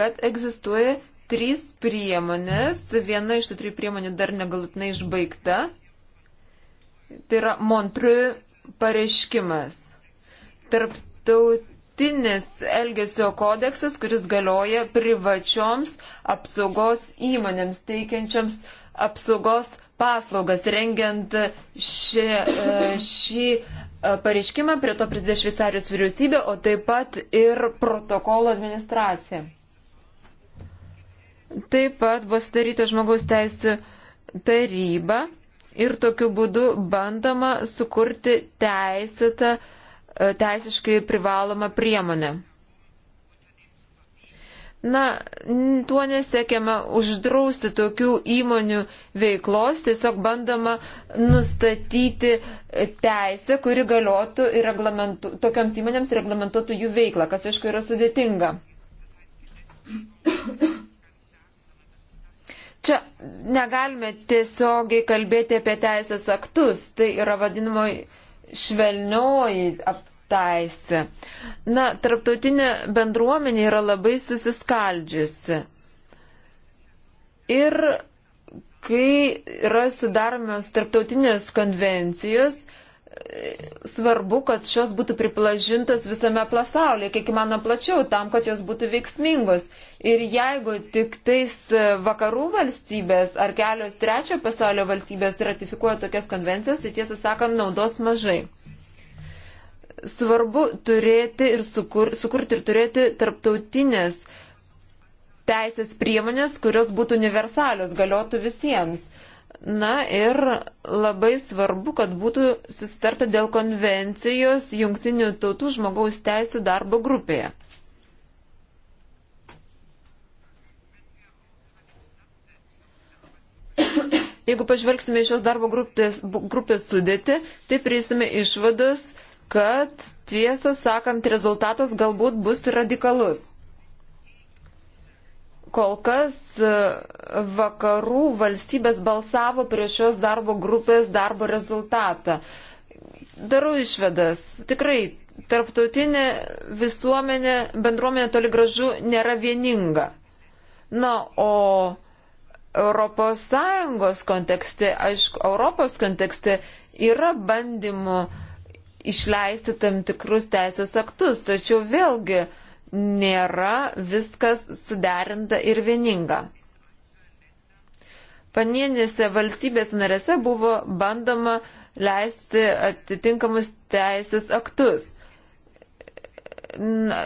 Speaker 3: kad egzistuoja trys priemonės. Viena iš tų trijų priemonių dar negalutinai išbaigta. Tai yra Montriu pareiškimas tarptautinis elgesio kodeksas, kuris galioja privačioms apsaugos įmonėms teikiančiams apsaugos paslaugas. Rengiant e, šį, šį e, pareiškimą, prie to prisidėjo Šveicarijos vyriausybė, o taip pat ir protokolo administracija. Taip pat buvo sudaryta žmogaus teisų taryba ir tokiu būdu bandoma sukurti teisėtą uh, teisiškai privaloma priemonė. Na, tuo nesiekiama uždrausti tokių įmonių veiklos, tiesiog bandoma nustatyti teisę, kuri galiotų ir tokiams įmonėms reglamentuotų jų veiklą, kas aišku yra sudėtinga. Čia negalime tiesiogiai kalbėti apie teisės aktus, tai yra vadinamoji švelnioji aptaisė. Na, tarptautinė bendruomenė yra labai susiskaldžiusi. Ir kai yra sudaromios tarptautinės konvencijos, svarbu, kad šios būtų pripažintos visame pasaulyje, kiek įmanoma plačiau, tam, kad jos būtų veiksmingos. Ir jeigu tik tais e, vakarų valstybės ar kelios trečio pasaulio valstybės ratifikuoja tokias konvencijas, tai tiesą sakant, naudos mažai. Svarbu turėti ir sukur, sukurti ir turėti tarptautinės teisės priemonės, kurios būtų universalios, galiotų visiems. Na ir labai svarbu, kad būtų susitarta dėl konvencijos jungtinių tautų žmogaus teisų darbo grupėje. Jeigu pažvelgsime šios darbo grupės, grupės sudėti, tai prieisime išvados, kad tiesą sakant rezultatas galbūt bus radikalus. Kol kas e, vakarų valstybės balsavo prieš šios darbo grupės darbo rezultatą. Darau išvedas. Tikrai tarptautinė visuomenė, bendruomenė toli gražu nėra vieninga. Na, o ES kontekste, aišku, Europos kontekste yra bandymų išleisti tam tikrus teisės aktus, tačiau vėlgi nėra viskas suderinta ir vieninga. Panienėse valstybės narėse buvo bandoma leisti atitinkamus teisės aktus. Na,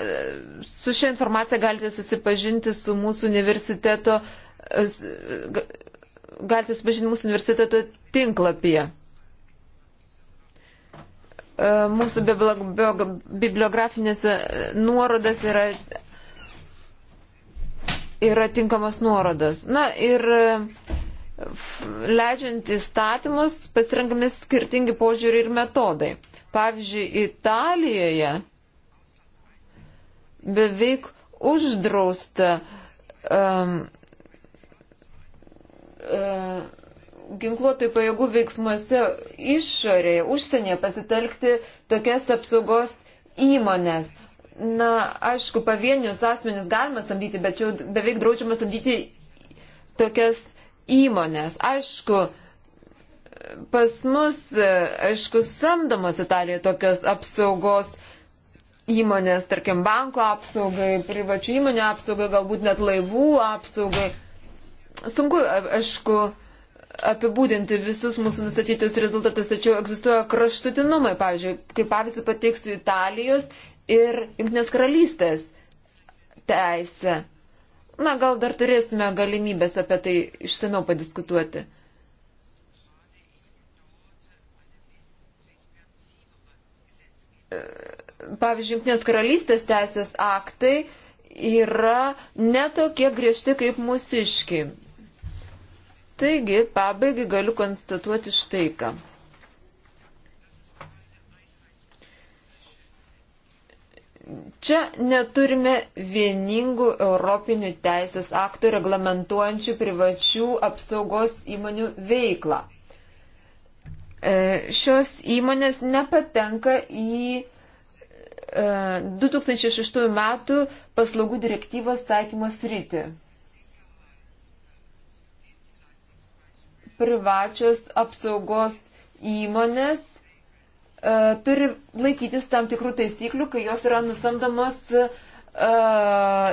Speaker 3: su šia informacija galite susipažinti su mūsų universiteto uh, galite supažinti mūsų universiteto tinklapyje. E, mūsų bibliografinėse nuorodas yra, yra tinkamos nuorodos. Na ir e, leidžiant įstatymus pasirinkami skirtingi požiūriai ir metodai. Pavyzdžiui, Italijoje beveik uždrausta um, E, ginkluotojų pajėgų veiksmuose išorėje, užsienyje pasitelkti tokias apsaugos įmonės. Na, aišku, pavienius asmenis galima samdyti, bet čia beveik draudžiama samdyti tokias įmonės. Aišku, pas mus, e, aišku, samdomos Italijoje tokios apsaugos įmonės, tarkim, banko apsaugai, privačių įmonių apsaugai, galbūt net laivų apsaugai. Sunku, aišku, apibūdinti visus mūsų nustatytus rezultatus, tačiau egzistuoja kraštutinumai. Pavyzdžiui, kaip pavyzdį pateiksiu Italijos ir Junktinės karalystės teisę. Na, gal dar turėsime galimybės apie tai išsameu padiskutuoti. Pavyzdžiui, Junktinės karalystės teisės aktai yra netokie griežti kaip mūsiški. Taigi, pabaigai galiu konstatuoti štai ką. Čia neturime vieningų europinių teisės aktų reglamentuojančių privačių apsaugos įmonių veiklą. E, šios įmonės nepatenka į 2006 e, metų paslaugų direktyvos taikymos rytį. privačios apsaugos įmonės e, turi laikytis tam tikrų taisyklių, kai jos yra nusamdomos e,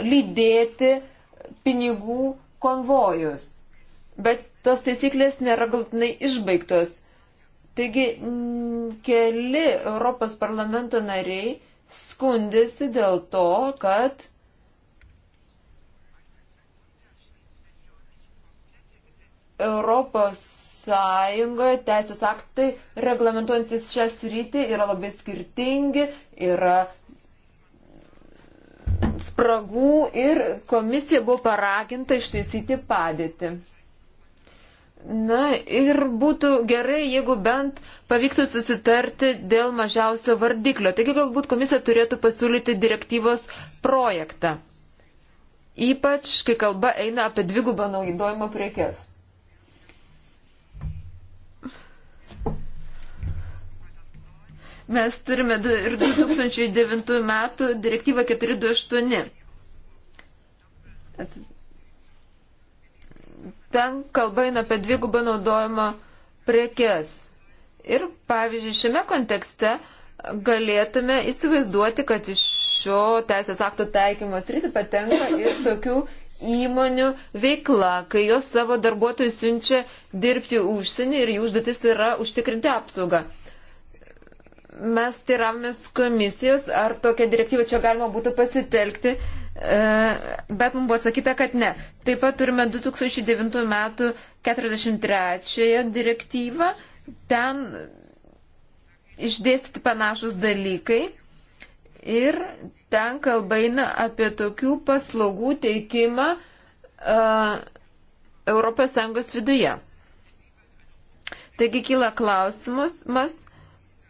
Speaker 3: lydėti pinigų konvojus. Bet tos taisyklės nėra galtinai išbaigtos. Taigi keli Europos parlamento nariai skundėsi dėl to, kad Europos Sąjungoje teisės aktai reglamentuojantis šią sritį yra labai skirtingi, yra spragų ir komisija buvo paraginta ištaisyti padėtį. Na ir būtų gerai, jeigu bent pavyktų susitarti dėl mažiausio vardiklio. Taigi galbūt komisija turėtų pasiūlyti direktyvos projektą. Ypač, kai kalba eina apie dvigubą naudojimo priekes. Mes turime ir 2009 metų direktyvą 428. Ten kalba eina apie dvigubą naudojimą prekes. Ir, pavyzdžiui, šiame kontekste galėtume įsivaizduoti, kad iš šio teisės akto taikymos rytį patenka ir tokių įmonių veikla, kai jos savo darbuotojus siunčia dirbti užsienį ir jų užduotis yra užtikrinti apsaugą. Mes tiravomės komisijos, ar tokią direktyvą čia galima būtų pasitelkti, e, bet mums buvo atsakyta, kad ne. Taip pat turime 2009 metų 43 direktyvą, ten išdėstyti panašus dalykai Ir ten kalba eina apie tokių paslaugų teikimą uh, ES viduje. Taigi kyla klausimas, mas,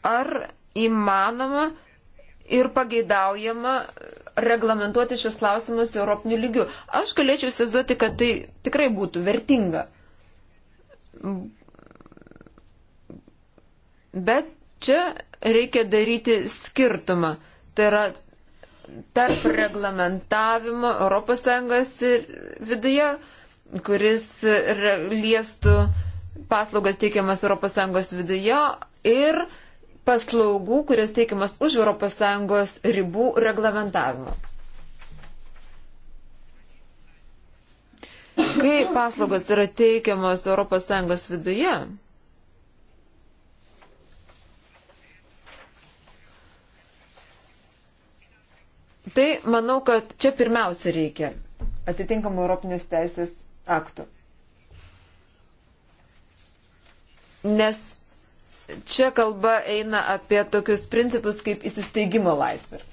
Speaker 3: ar įmanoma ir pageidaujama reglamentuoti šis klausimus Europinių lygių. Aš galėčiau įsivaizduoti, kad tai tikrai būtų vertinga. Bet čia reikia daryti skirtumą. Tai yra tarp reglamentavimo ES viduje, kuris liestų paslaugas teikiamas ES viduje ir paslaugų, kurios teikiamas už ES ribų reglamentavimo. Kai paslaugos yra teikiamas ES viduje, Tai manau, kad čia pirmiausia reikia atitinkamų Europinės teisės aktų. Nes čia kalba eina apie tokius principus kaip įsisteigimo laisvė.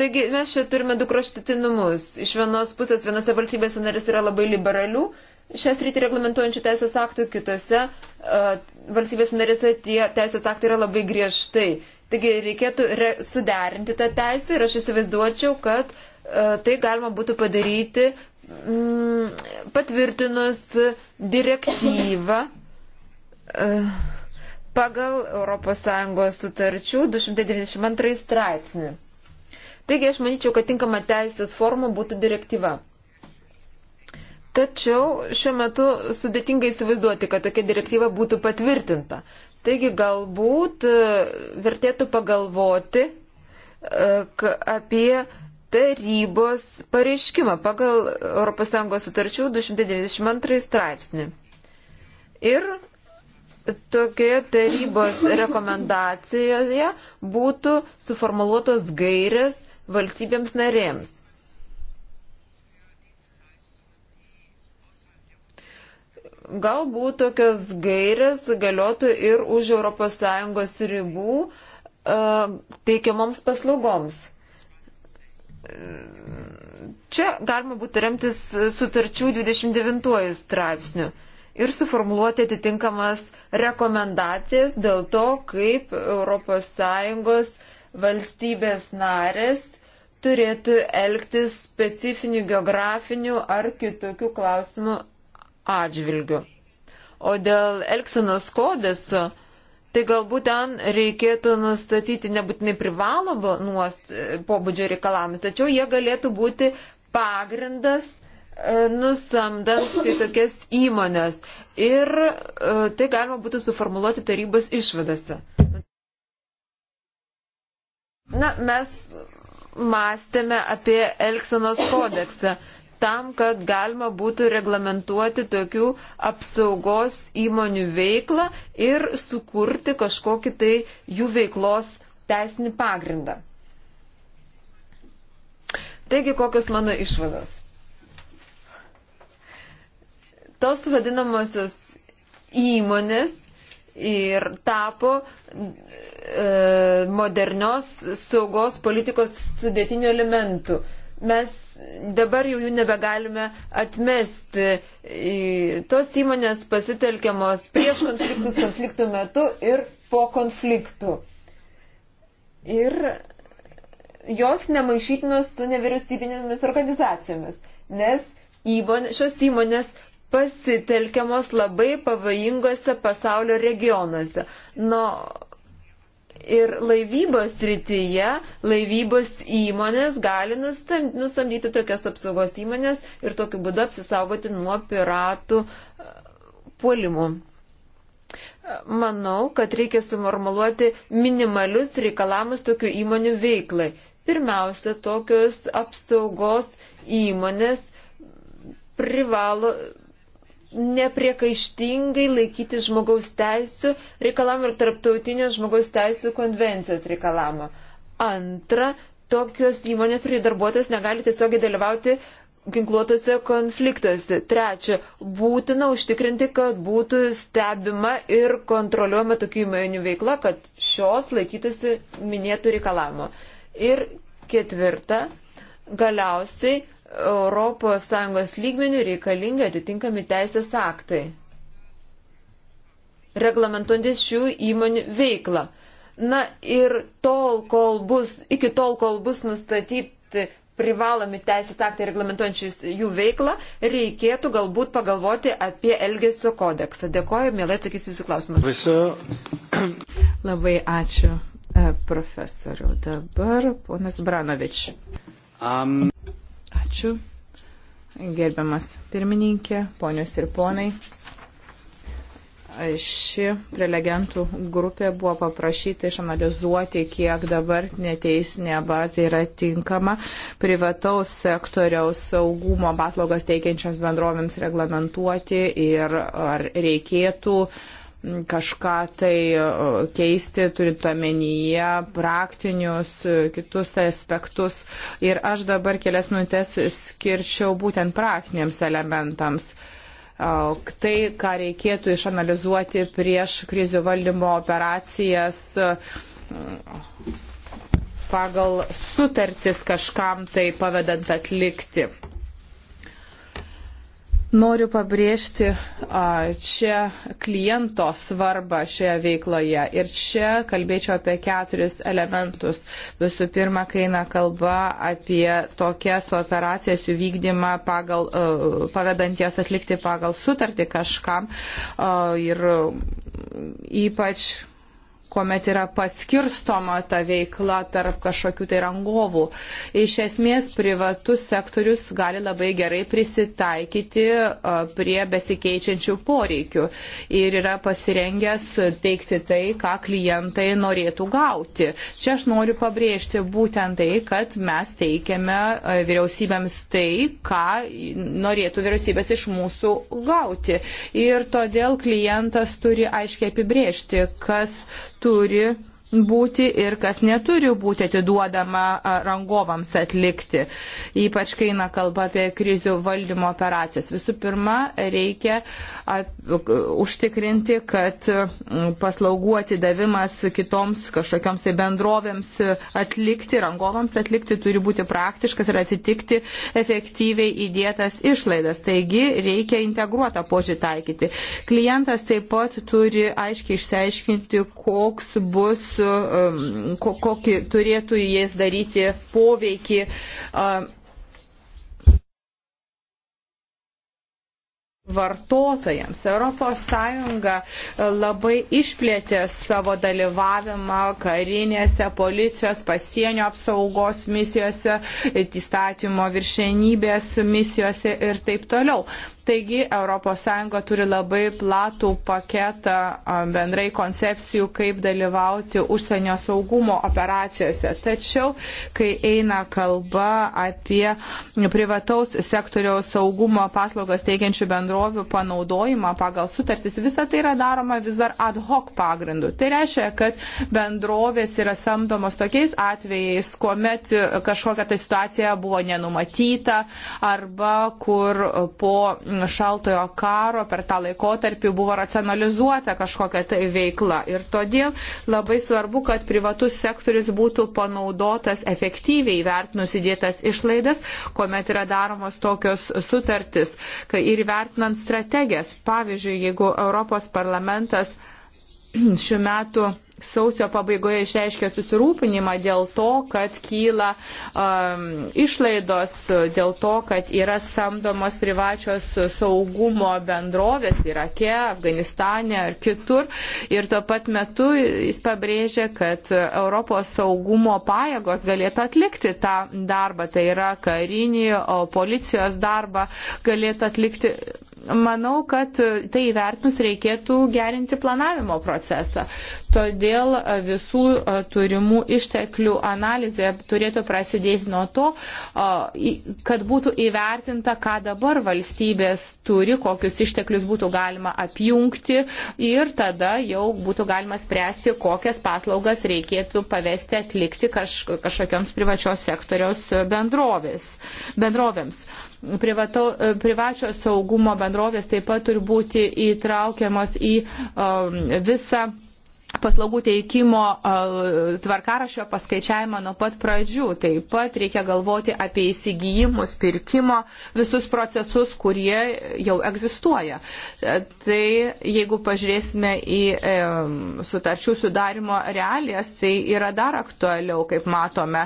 Speaker 3: Taigi mes čia turime du kraštutinumus. Iš vienos pusės vienose valstybėse narės yra labai liberalių šias rytį reglamentuojančių teisės aktų, kitose uh, valstybės narėse tie teisės aktai yra labai griežtai. Taigi reikėtų re suderinti tą teisę ir aš įsivaizduočiau, kad uh, tai galima būtų padaryti mm, patvirtinus direktyvą. Uh, pagal ES sutarčių 292 straipsnį. Taigi aš manyčiau, kad tinkama teisės forma būtų direktyva. Tačiau šiuo metu sudėtinga įsivaizduoti, kad tokia direktyva būtų patvirtinta. Taigi galbūt e, vertėtų pagalvoti e, apie tarybos pareiškimą pagal ES sutarčių 292 straipsnį. Ir tokioje tarybos rekomendacijoje būtų suformuluotos gairės valstybėms narėms. galbūt tokios gairės galiotų ir už ES ribų e, teikiamoms paslaugoms. Čia galima būtų remtis sutarčių 29 straipsniu ir suformuoluoti atitinkamas rekomendacijas dėl to, kaip ES valstybės narės turėtų elgtis specifinių geografinių ar kitokių klausimų atžvilgių. O dėl Elksenos kodeso, tai galbūt ten reikėtų nustatyti nebūtinai privalomą e, pobūdžio reikalavimus, tačiau jie galėtų būti pagrindas e, nusamdant tai tokias įmonės. Ir e, tai galima būtų suformuoluoti tarybos išvadose. Na, mes mąstėme apie Elksenos kodeksą tam, kad galima būtų reglamentuoti tokių apsaugos įmonių veiklą ir sukurti kažkokį tai jų veiklos teisinį pagrindą. Taigi, kokios mano išvados? Tos vadinamosios įmonės ir tapo e, modernios saugos politikos sudėtiniu elementu. E, mes dabar jau jų nebegalime atmesti. Tos įmonės pasitelkiamos prieš konfliktus, konfliktų metu ir po konfliktų. Ir jos nemaišytinos su nevyriausybinėmis organizacijomis, nes įmonė, šios įmonės pasitelkiamos labai pavojingose pasaulio regionuose. Nuo Ir laivybos rytyje laivybos įmonės gali nusamdyti tokias apsaugos įmonės ir tokiu būdu apsisaugoti nuo piratų e, puolimų. Manau, kad reikia sumarmaluoti minimalius reikalavimus tokių įmonių veiklai. Pirmiausia, tokios apsaugos įmonės privalo nepriekaištingai laikyti žmogaus teisų reikalavimų ir tarptautinio žmogaus teisų konvencijos reikalavimo. Antra, tokios įmonės ir darbuotojas negali tiesiogiai dalyvauti ginkluotose konfliktuose. Trečia, būtina užtikrinti, kad būtų stebima ir kontroliuojama tokių įmonių veikla, kad šios laikytųsi minėtų reikalavimo. Ir ketvirta, galiausiai ES lygmenių reikalingi atitinkami teisės aktai, reglamentuojantis šių įmonių veiklą. Na ir tol, kol bus, iki tol, kol bus nustatyti privalomi teisės aktai reglamentuojančiais jų veiklą, reikėtų galbūt pagalvoti apie Elgesio kodeksą. Dėkoju, mielai atsakysiu jūsų klausimus. Viso. Labai ačiū, e, profesoriu. Dabar ponas Branovič.
Speaker 2: Um. Ačiū. Gerbiamas pirmininkė, ponios ir ponai. Ši prelegentų grupė buvo paprašyta išanalizuoti, kiek dabar neteisinė bazė yra tinkama privataus sektoriaus saugumo paslaugas teikiančios bendrovėms reglamentuoti ir ar reikėtų uh, kažką tai keisti, turint omenyje praktinius e, kitus aspektus. Ir aš dabar kelias minutės skirčiau būtent praktiniams elementams tai, ką reikėtų išanalizuoti prieš krizių valdymo operacijas e, pagal sutartis kažkam tai pavedant atlikti. Noriu pabrėžti čia kliento svarbą šioje veikloje. Ir čia kalbėčiau apie keturis elementus. Visų pirma, kai eina kalba apie tokias operacijas jų vykdymą pagal, pavedanties atlikti pagal sutartį kažkam. Ir ypač kuomet yra paskirstoma ta veikla tarp kažkokių tai rangovų. Iš esmės, privatus sektorius gali labai gerai prisitaikyti prie besikeičiančių poreikių ir yra pasirengęs teikti tai, ką klientai norėtų gauti. Čia aš noriu pabrėžti būtent tai, kad mes teikiame vyriausybėms tai, ką norėtų vyriausybės iš mūsų gauti. Ir todėl klientas turi aiškiai apibrėžti, kas turi būti ir kas neturi būti atiduodama rangovams atlikti, ypač kai eina kalba apie krizių valdymo operacijas. Visų pirma, reikia užtikrinti, kad paslaugų atidavimas kitoms kažkokioms tai bendrovėms atlikti, rangovams atlikti turi būti praktiškas ir atitikti efektyviai įdėtas išlaidas. Taigi reikia integruotą požiūrį taikyti. Klientas taip pat turi aiškiai išsiaiškinti, koks bus Um, kokį turėtų jais daryti poveikį. Vartotojams ES e, labai išplėtė savo dalyvavimą karinėse, policijos, pasienio apsaugos misijose, įstatymo viršenybės misijose ir taip toliau. Taigi ES turi labai platų paketą bendrai koncepcijų, kaip dalyvauti užsienio saugumo operacijose. Tačiau, kai eina kalba apie privataus sektoriaus saugumo paslaugas teikiančių bendrovių panaudojimą pagal sutartis, visa tai yra daroma vis dar ad hoc pagrindu. Tai reiškia, kad bendrovės yra samdomos tokiais atvejais, kuomet kažkokia ta situacija buvo nenumatyta arba kur po šaltojo karo per tą laikotarpį buvo racionalizuota kažkokia tai veikla. Ir todėl labai svarbu, kad privatus sektorius būtų panaudotas efektyviai vertinus įdėtas išlaidas, kuomet yra daromos tokios sutartis ir vertinant strategijas. Pavyzdžiui, jeigu Europos parlamentas šiuo metu sausio pabaigoje išreiškė susirūpinimą dėl to, kad kyla um, išlaidos, dėl to, kad yra samdomos privačios saugumo bendrovės Irake, Afganistane ar kitur. Ir tuo pat metu jis pabrėžė, kad Europos saugumo pajėgos galėtų atlikti tą darbą, tai yra karinį, policijos darbą galėtų atlikti manau, kad tai įvertinus reikėtų gerinti planavimo procesą. Todėl e, visų e, turimų išteklių analizė turėtų prasidėti nuo to, e, kad būtų įvertinta, ką dabar valstybės turi, kokius išteklius būtų galima apjungti ir tada jau būtų galima spręsti, kokias paslaugas reikėtų pavesti atlikti kaž, kažkokiams privačios sektoriaus bendrovės, bendrovėms. Privato, privačios saugumo bendrovės taip pat turi būti įtraukiamos į um, visą paslaugų teikimo tvarkarašio paskaičiavimą nuo pat pradžių. Taip pat reikia galvoti apie įsigijimus, pirkimo, visus procesus, kurie jau egzistuoja. Tai jeigu pažiūrėsime į e, sutarčių sudarimo realijas, tai yra dar aktualiau, kaip matome.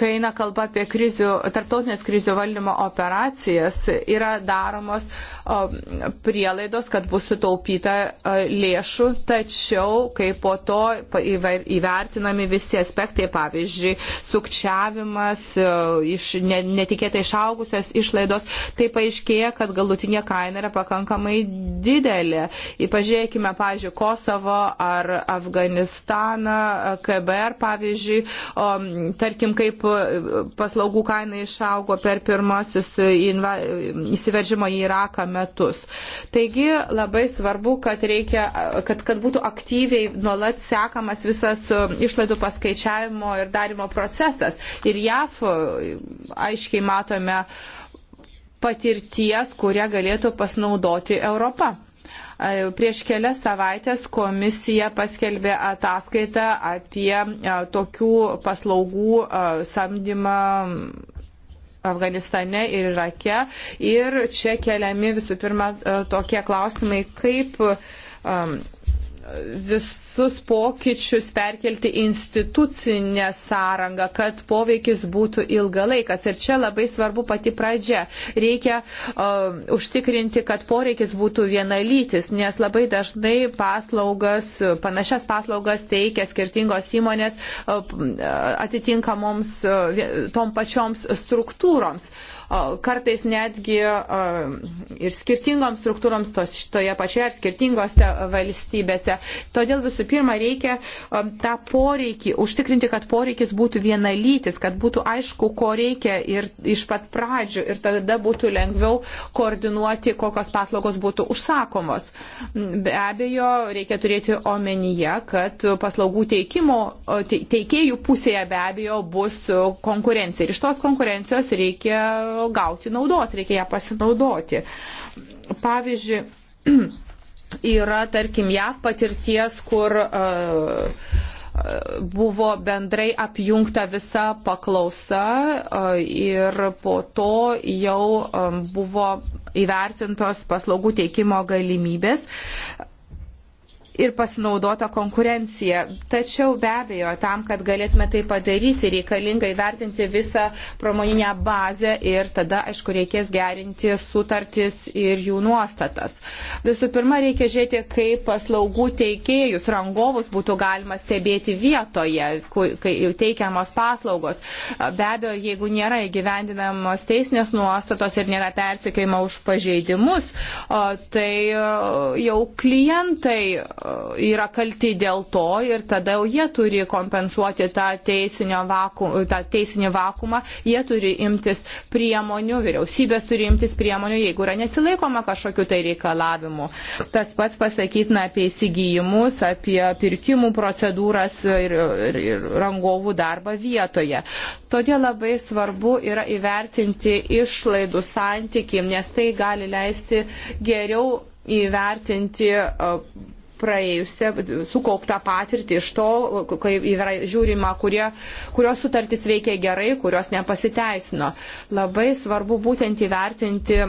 Speaker 2: Kai eina kalba apie krizių, tarptautinės krizių valdymo operacijas, yra daromos o, prielaidos, kad bus sutaupyta o, lėšų, tačiau kai po to įvertinami visi aspektai, pavyzdžiui, sukčiavimas, e, iš netikėtai išaugusios išlaidos, tai paaiškėja, kad galutinė kaina yra pakankamai didelė. Pažiūrėkime, pavyzdžiui, Kosovo ar Afganistaną, e, KBR, pavyzdžiui, o, tarkim, kaip e, paslaugų kaina išaugo per pirmasis įsiveržimo į Iraką metus. Taigi labai svarbu, kad, reikia, kad, kad būtų aktyviai nuolat sekamas visas e, išlaidų paskaičiavimo ir darimo procesas. Ir JAF e, aiškiai matome patirties, kurią galėtų pasinaudoti Europa. E, prieš kelias savaitės komisija paskelbė ataskaitą apie tokių paslaugų samdymą Afganistane ir Irake. Ir čia keliami visų pirma tokie klausimai, kaip um, visus pokyčius perkelti institucinę sąrangą, kad poveikis būtų ilgalaikas. Ir čia labai svarbu pati pradžia. Reikia uh, užtikrinti, kad poreikis būtų vienalytis, nes labai dažnai paslaugas, panašias paslaugas teikia skirtingos įmonės uh, atitinkamoms uh, tom pačioms struktūroms. Uh, kartais netgi ir skirtingoms struktūroms tos, šitoje pačioje ar skirtingose valstybėse. Todėl visų pirma reikia tą poreikį, užtikrinti, kad poreikis būtų vienalytis, kad būtų aišku, ko reikia ir iš pat pradžių ir tada būtų lengviau koordinuoti, kokios paslaugos būtų užsakomos. Be abejo, reikia turėti omenyje, kad paslaugų teikimo, teikėjų pusėje be abejo bus konkurencija. Ir iš tos konkurencijos reikia gauti naudos, reikia ją pasinaudoti. Pavyzdžiui, [CLEARS THROAT] yra, tarkim, JAV patirties, kur uh, buvo bendrai apjungta visa paklausa e, ir po to jau buvo įvertintos paslaugų teikimo galimybės ir pasinaudota konkurencija. Tačiau be abejo, tam, kad galėtume tai padaryti, reikalinga įvertinti visą pramoninę bazę ir tada, aišku, reikės gerinti sutartis ir jų nuostatas. Visų pirma, reikia žiūrėti, kaip paslaugų teikėjus, rangovus būtų galima stebėti vietoje, kai teikiamos paslaugos. Be abejo, jeigu nėra įgyvendinamos teisinės nuostatos ir nėra persikėjimo už pažeidimus, tai jau klientai yra kalti dėl to ir tada jau jie turi kompensuoti tą, vaku, tą teisinį vakumą, jie turi imtis priemonių, vyriausybės turi imtis priemonių, jeigu yra nesilaikoma kažkokiu tai reikalavimu. Tas pats pasakytina apie įsigijimus, apie pirkimų procedūras ir, ir, ir rangovų darbą vietoje. Todėl labai svarbu yra įvertinti išlaidų santykim, nes tai gali leisti geriau įvertinti praėjusią sukauptą patirtį iš to, kai yra žiūrima, kurie, kurios sutartys veikia gerai, kurios nepasiteisino. Labai svarbu būtent įvertinti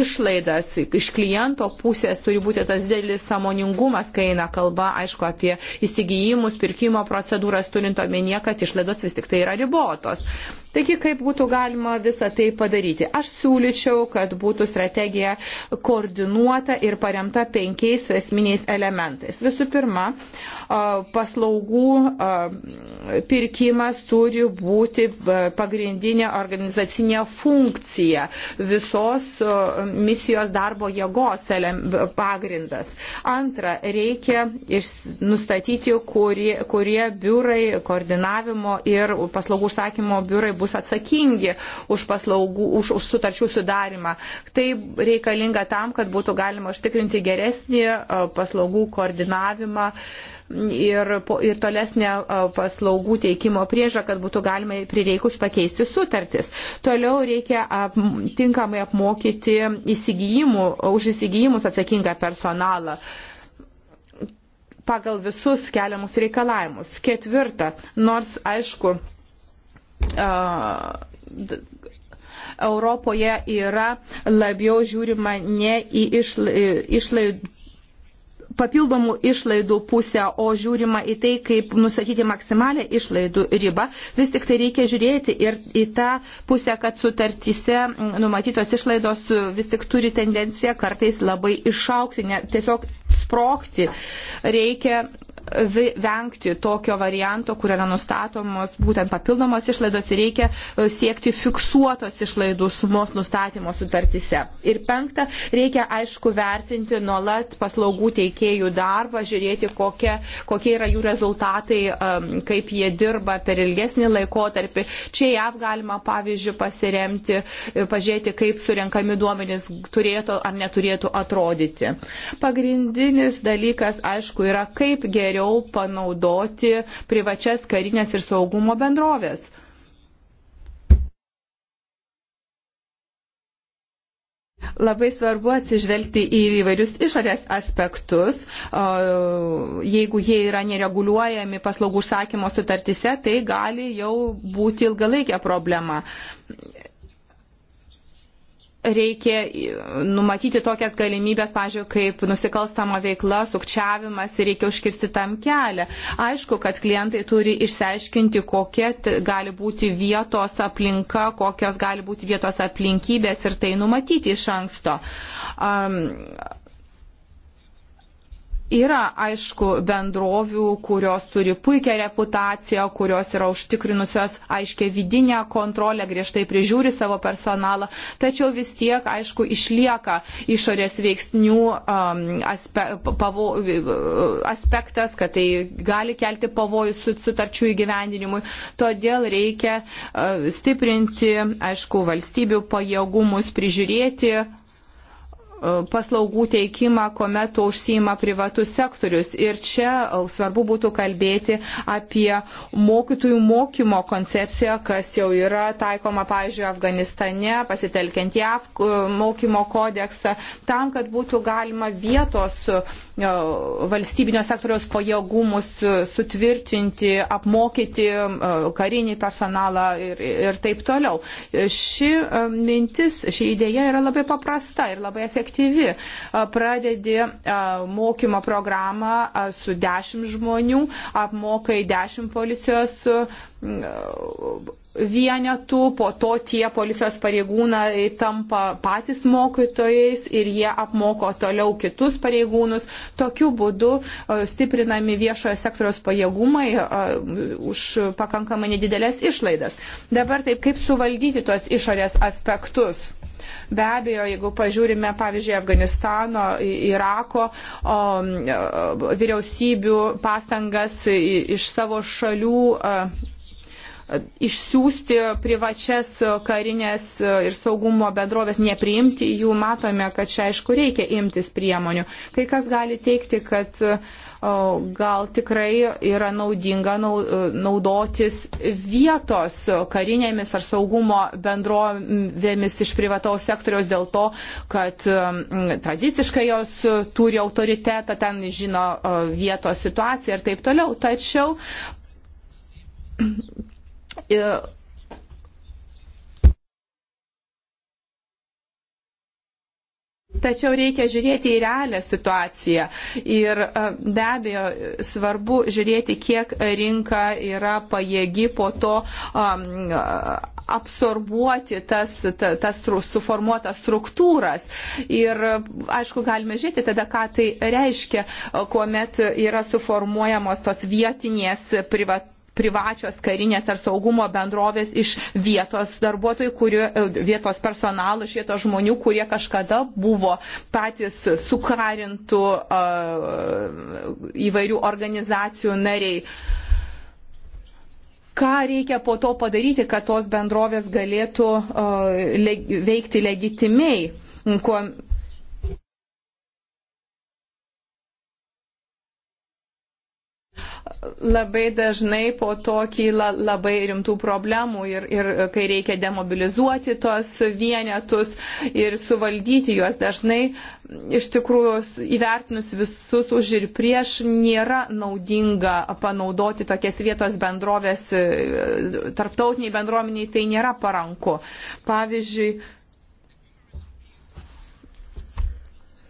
Speaker 2: išlaidas. Iš kliento pusės turi būti tas didelis samoningumas, kai eina kalba, aišku, apie įsigijimus, pirkimo procedūras, turint omenyje, kad išlaidos vis tik tai yra ribotos. Taigi, kaip būtų galima visą tai padaryti? Aš siūlyčiau, kad būtų strategija koordinuota ir paremta penkiais esminiais elementais. Visų pirma, paslaugų pirkimas turi būti pagrindinė organizacinė funkcija visos misijos darbo jėgos pagrindas. Antra, reikia nustatyti, kurie, kurie biurai koordinavimo ir paslaugų užsakymo biurai bus atsakingi už paslaugų, už, už sutarčių sudarimą. Tai reikalinga tam, kad būtų galima užtikrinti geresnį paslaugų koordinavimą ir, ir tolesnė paslaugų teikimo priežą, kad būtų galima prireikus pakeisti sutartis. Toliau reikia ap, tinkamai apmokyti įsigijimų, už įsigijimus atsakingą personalą pagal visus keliamus reikalavimus. Ketvirta, nors aišku, Europoje yra labiau žiūrima ne į išlaidų papildomų išlaidų pusę, o žiūrima į tai, kaip nusakyti maksimalę išlaidų ribą, vis tik tai reikia žiūrėti ir į tą pusę, kad sutartyse numatytos išlaidos vis tik turi tendenciją kartais labai išaukti, ne, tiesiog sprokti. Reikia vengti tokio varianto, kuriame nustatomos būtent papildomos išlaidos ir reikia e, siekti fiksuotos išlaidų sumos nustatymo sutartise. Ir penkta, reikia aišku vertinti nuolat paslaugų teikėjų darbą, žiūrėti, kokie, kokie yra jų rezultatai, kaip jie dirba per ilgesnį laikotarpį. Čia jav galima pavyzdžių pasiremti, e, pažiūrėti, kaip surinkami duomenys turėtų ar neturėtų atrodyti. Pagrindinis Pagrindinis dalykas, aišku, yra kaip geriau panaudoti privačias karinės ir saugumo bendrovės. Labai svarbu atsižvelgti į įvairius išorės aspektus. Jeigu jie yra nereguliuojami paslaugų užsakymo sutartise, tai gali jau būti ilgalaikė problema reikia numatyti tokias galimybės, pažiūrėjau, kaip nusikalstama veikla, sukčiavimas ir reikia užkirsti tam kelią. Aišku, kad klientai turi išsiaiškinti, kokia gali būti vietos aplinka, kokios gali būti vietos aplinkybės ir tai numatyti iš anksto. Um, Yra, aišku, bendrovių, kurios turi puikią reputaciją, kurios yra užtikrinusios aiškiai vidinę kontrolę, griežtai prižiūri savo personalą, tačiau vis tiek, aišku, išlieka išorės veiksnių um, aspe, pavo, aspektas, kad tai gali kelti pavojų sutarčių įgyvendinimui. Todėl reikia uh, stiprinti, aišku, valstybių pajėgumus prižiūrėti E, paslaugų teikimą, kuomet to užsima privatus sektorius. Ir čia e, svarbu būtų kalbėti apie mokytojų mokymo koncepciją, kas jau yra taikoma, pavyzdžiui, Afganistane, pasitelkiant JAV e, mokymo kodeksą, tam, kad būtų galima vietos valstybinio sektoriaus pajėgumus sutvirtinti, apmokyti e, karinį personalą ir, ir taip toliau. Ši e, mintis, ši idėja yra labai paprasta ir labai efektyvi. E, pradedi mokymo programą su dešimt žmonių, apmokai dešimt policijos vienetų, po to tie policijos pareigūnai tampa patys mokytojais ir jie apmoko toliau kitus pareigūnus. Tokiu būdu e, stiprinami viešojo sektoriaus pajėgumai e, už pakankamai nedidelės išlaidas. Dabar taip, kaip suvaldyti tuos išorės aspektus? Be abejo, jeigu pažiūrime, pavyzdžiui, Afganistano, Irako o, e, vyriausybių pastangas iš savo šalių išsiųsti privačias karinės ir saugumo bendrovės, nepriimti jų, matome, kad čia aišku reikia imtis priemonių. Kai kas gali teikti, kad gal tikrai yra naudinga naudotis vietos karinėmis ar saugumo bendrovėmis iš privataus sektoriaus dėl to, kad tradiciškai jos turi autoritetą, ten žino vietos situaciją ir taip toliau. Tačiau E, tačiau reikia žiūrėti į realią situaciją ir e, be abejo svarbu žiūrėti, kiek rinka yra pajėgi po to um, absorbuoti tas, tas, tas suformuotas struktūras. Ir aišku, galime žiūrėti tada, ką tai reiškia, kuomet yra suformuojamos tos vietinės privat privačios karinės ar saugumo bendrovės iš vietos darbuotojų, kurie, vietos personalų, iš vietos žmonių, kurie kažkada buvo patys sukarintų uh, įvairių organizacijų nariai. Ką reikia po to padaryti, kad tos bendrovės galėtų uh, le veikti legitimiai, kuo labai dažnai po to kyla labai rimtų problemų ir, ir kai reikia demobilizuoti tos vienetus ir suvaldyti juos dažnai, iš tikrųjų įvertinus visus už ir prieš, nėra naudinga panaudoti tokias vietos bendrovės, e, tarptautiniai bendruomeniai tai nėra paranku. Pavyzdžiui,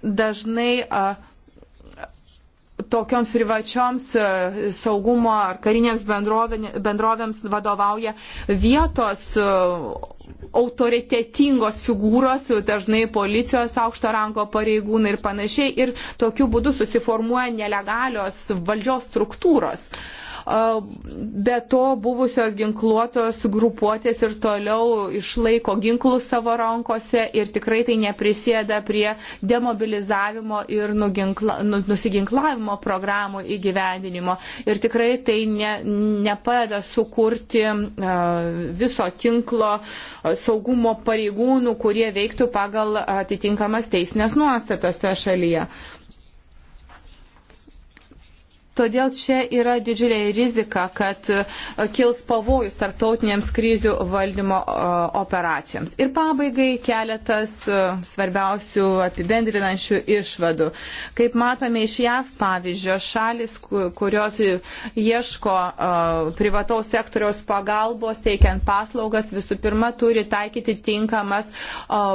Speaker 2: dažnai uh, tokioms privačioms e, saugumo ar karinėms bendrovėms vadovauja vietos e, autoritetingos figūros, dažnai policijos aukšto rango pareigūnai ir panašiai. Ir tokiu būdu susiformuoja nelegalios valdžios struktūros. Uh, Be to, buvusios ginkluotos grupuotės ir toliau išlaiko ginklus savo rankose ir tikrai tai neprisėda prie demobilizavimo ir nuginkla, nu, nusiginklavimo programų įgyvendinimo. Ir tikrai tai ne, nepadeda sukurti e, viso tinklo e, saugumo pareigūnų, kurie veiktų pagal atitinkamas teisinės nuostatas toje šalyje. Todėl čia yra didžiulė rizika, kad e, kils pavojus tarptautinėms krizių valdymo e, operacijoms. Ir pabaigai keletas e, svarbiausių apibendrinančių išvadų. Kaip matome iš JAV pavyzdžio, šalis, kurios ieško privataus sektoriaus pagalbos, teikiant paslaugas, visų pirma turi taikyti tinkamas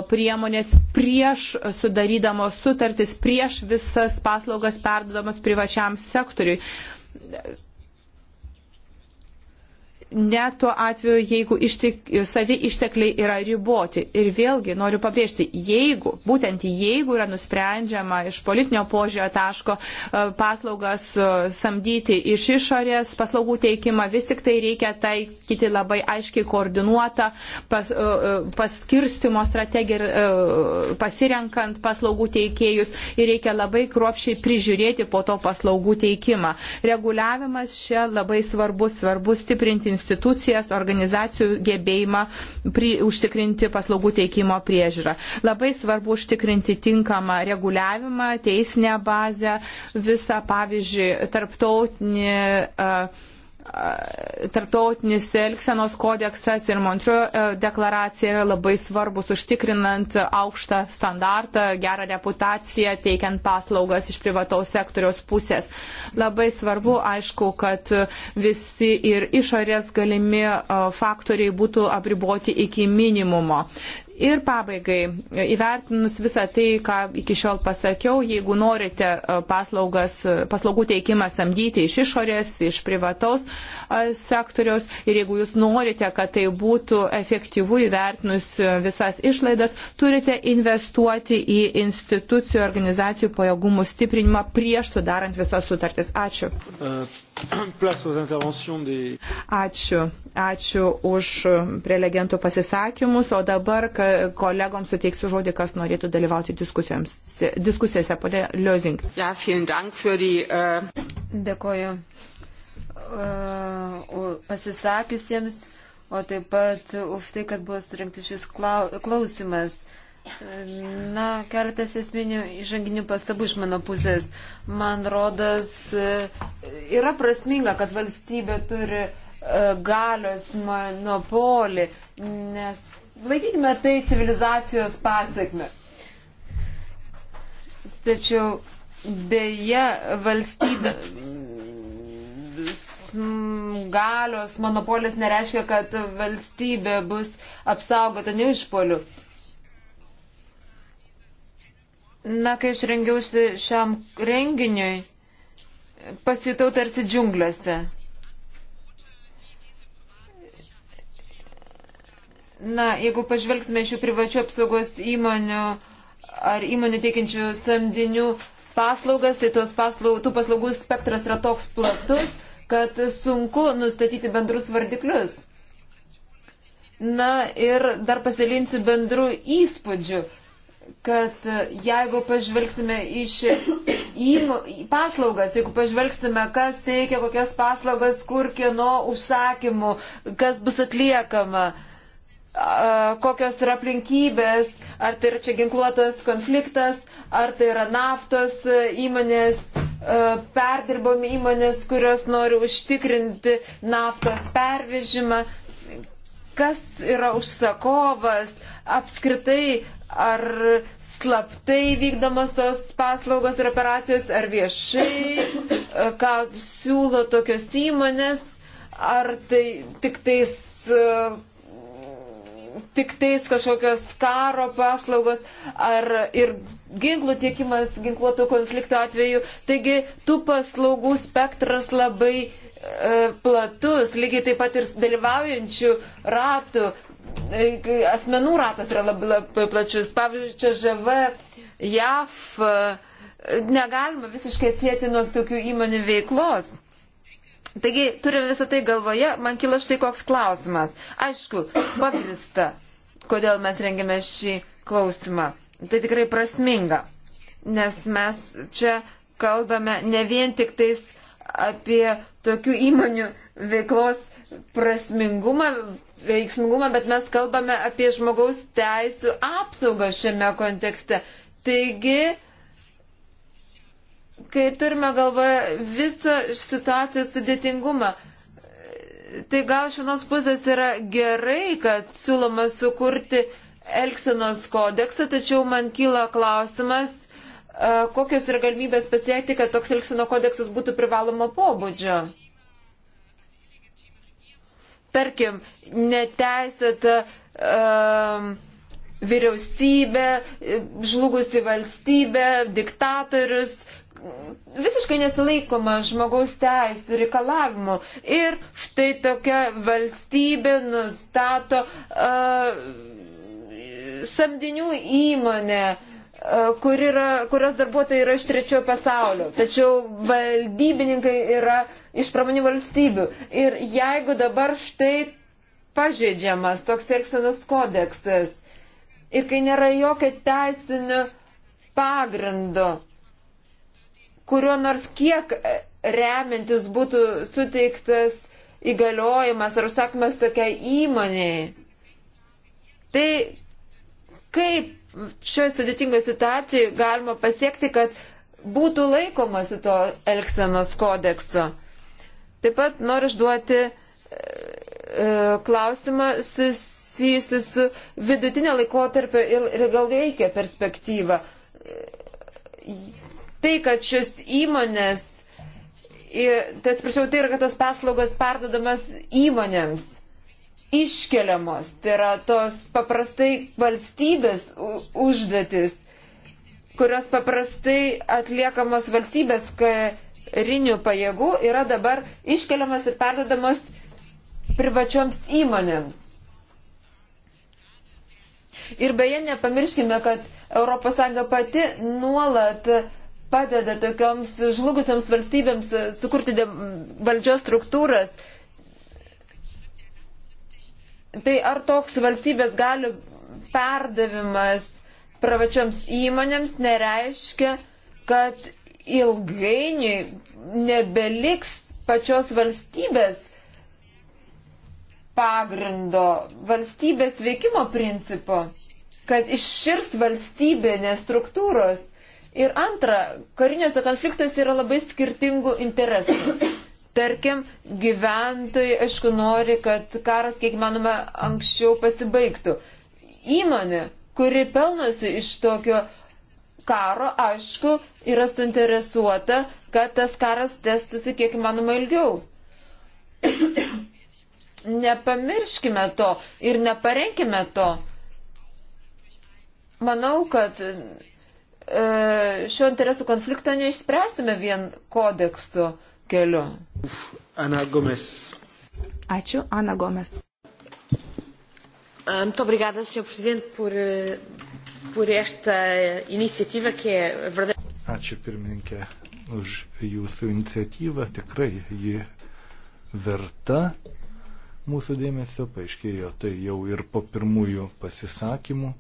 Speaker 2: priemonės prieš sudarydamos sutartis, prieš visas paslaugas perdodamas privačiam sektoriui sektoriui net tuo atveju, jeigu ištik, savi ištekliai yra riboti. Ir vėlgi noriu pabrėžti, jeigu, būtent jeigu yra nusprendžiama iš politinio požiūrio taško e, paslaugas e, samdyti iš išorės, paslaugų teikimą, vis tik tai reikia taikyti labai aiškiai koordinuotą pas, e, paskirstimo strategiją ir pasirenkant paslaugų teikėjus ir reikia labai kruopšiai prižiūrėti po to paslaugų teikimą. Reguliavimas čia labai svarbus, svarbus stiprinti institucijas, organizacijų gebėjimą pri, užtikrinti paslaugų teikimo priežiūrą. Labai svarbu užtikrinti tinkamą reguliavimą, teisinę bazę, visą, pavyzdžiui, tarptautinį uh, tarptautinis Elksenos kodeksas ir Montreux e, deklaracija yra labai svarbus užtikrinant aukštą standartą, gerą reputaciją, teikiant paslaugas iš privataus sektoriaus pusės. Labai svarbu, aišku, kad visi ir išorės galimi e, faktoriai būtų apriboti iki minimumo. Ir pabaigai, įvertinus visą tai, ką iki šiol pasakiau, jeigu norite e, paslaugas, e, paslaugų teikimą samdyti iš išorės, iš privataus e, sektoriaus ir jeigu jūs norite, kad tai būtų efektyvu įvertinus visas išlaidas, turite investuoti į institucijų organizacijų pajėgumų stiprinimą prieš sudarant visas sutartis. Ačiū. Uh. [CLEARS THROAT] Ačiū. Ačiū už prelegentų pasisakymus, o dabar kolegoms suteiksiu žodį, kas norėtų dalyvauti diskusijose. Pone Liozink.
Speaker 3: Ja, die, uh... Dėkoju uh, pasisakiusiems, o taip pat už tai, kad buvo surinkti šis klausimas. Na, keletas esminių įžanginių pastabų iš mano pusės. Man rodas, e, yra prasminga, kad valstybė turi e, galios monopolį, nes laikykime tai civilizacijos pasiekme. Tačiau dėja valstybė galios monopolis nereiškia, kad valstybė bus apsaugota neužpolių. Ne Na, kai aš rengiausi šiam renginiui, pasijutau tarsi džiunglėse. Na, jeigu pažvelgsime šių privačių apsaugos įmonių ar įmonių teikiančių samdinių paslaugas, tai tos paslaug, tų paslaugų spektras yra toks platus, kad sunku nustatyti bendrus vardiklius. Na ir dar pasilinsiu bendrų įspūdžių kad jeigu pažvelgsime iš į paslaugas, jeigu pažvelgsime, kas teikia kokias paslaugas, kur kieno užsakymų, kas bus atliekama, kokios yra aplinkybės, ar tai yra čia ginkluotas konfliktas, ar tai yra naftos įmonės, perdirbami įmonės, kurios nori užtikrinti naftos pervežimą, kas yra užsakovas, apskritai ar slaptai vykdomos tos paslaugos ir operacijos, ar viešai, ką siūlo tokios įmonės, ar tai tik tais, tik tais kažkokios karo paslaugos, ar ir ginklų tiekimas ginkluotų konfliktų atveju. Taigi tų paslaugų spektras labai e, platus, lygiai taip pat ir dalyvaujančių ratų, E, asmenų ratas yra labai, labai plačius. Pavyzdžiui, čia ŽV, JAF e, negalima visiškai atsijėti nuo tokių įmonių veiklos. Taigi, turime visą tai galvoje, man kila štai koks klausimas. Aišku, pagrista, kodėl mes rengiame šį klausimą. Tai tikrai prasminga, nes mes čia kalbame ne vien tik tais apie tokių įmonių veiklos prasmingumą, veiksmingumą, bet mes kalbame apie žmogaus teisų apsaugą šiame kontekste. Taigi, kai turime galvoje visą situacijos sudėtingumą, tai gal iš vienos pusės yra gerai, kad siūloma sukurti Elksenos kodeksą, tačiau man kyla klausimas, e, kokios yra galimybės pasiekti, kad toks Elkseno kodeksas būtų privaloma pobūdžio. Tarkim, neteisėta. Um, vyriausybė, žlugusi valstybė, diktatorius. Visiškai nesilaikoma žmogaus teisų reikalavimų. Ir štai tokia valstybė nustato uh, samdinių įmonę. Uh, kur yra, kurios darbuotojai yra iš trečiojo pasaulio, tačiau valdybininkai yra iš pramonių valstybių. Ir jeigu dabar štai pažeidžiamas toks elgsenos kodeksas ir kai nėra jokio teisinio pagrindo, kurio nors kiek remiantis būtų suteiktas įgaliojimas ar užsakymas tokiai įmoniai, tai kaip šioje sudėtingoje situacijoje galima pasiekti, kad būtų laikomasi to Elksenos kodekso. Taip pat noriu išduoti e, e, klausimą susijusi su vidutinio laikotarpio ir ilgalaikė perspektyva. Tai, kad šios įmonės, tai atsiprašau, tai yra, kad tos paslaugos perdodamas įmonėms iškeliamos. Tai yra tos paprastai valstybės užduotis, kurios paprastai atliekamos valstybės karinių pajėgų, yra dabar iškeliamas ir perdodamos privačioms įmonėms. Ir beje, nepamirškime, kad ES pati nuolat padeda tokioms žlugusiams valstybėms sukurti valdžios struktūras, tai ar toks valstybės galių perdavimas pravačioms įmonėms nereiškia, kad ilgainiui nebeliks pačios valstybės pagrindo, valstybės veikimo principo, kad išširs valstybinės struktūros. Ir antra, kariniuose konfliktuose yra labai skirtingų interesų. Tarkim, gyventojai, aišku, nori, kad karas kiek manoma anksčiau pasibaigtų. Įmonė, kuri pelnosi iš tokio karo, aišku, yra suinteresuota, kad tas karas testusi kiek manoma ilgiau. [COUGHS] Nepamirškime to ir neparenkime to. Manau, kad e, šio interesų konflikto neišspręsime vien kodeksu keliu.
Speaker 1: Ana Gomes.
Speaker 3: Ačiū, Ana Gomes.
Speaker 2: Muito obrigada, Sr. Presidente, por, por esta iniciativa, que é verdadeira.
Speaker 1: Ačiū pirmininkė už jūsų iniciatyvą, tikrai ji verta mūsų dėmesio, paaiškėjo tai jau ir po pirmųjų pasisakymų.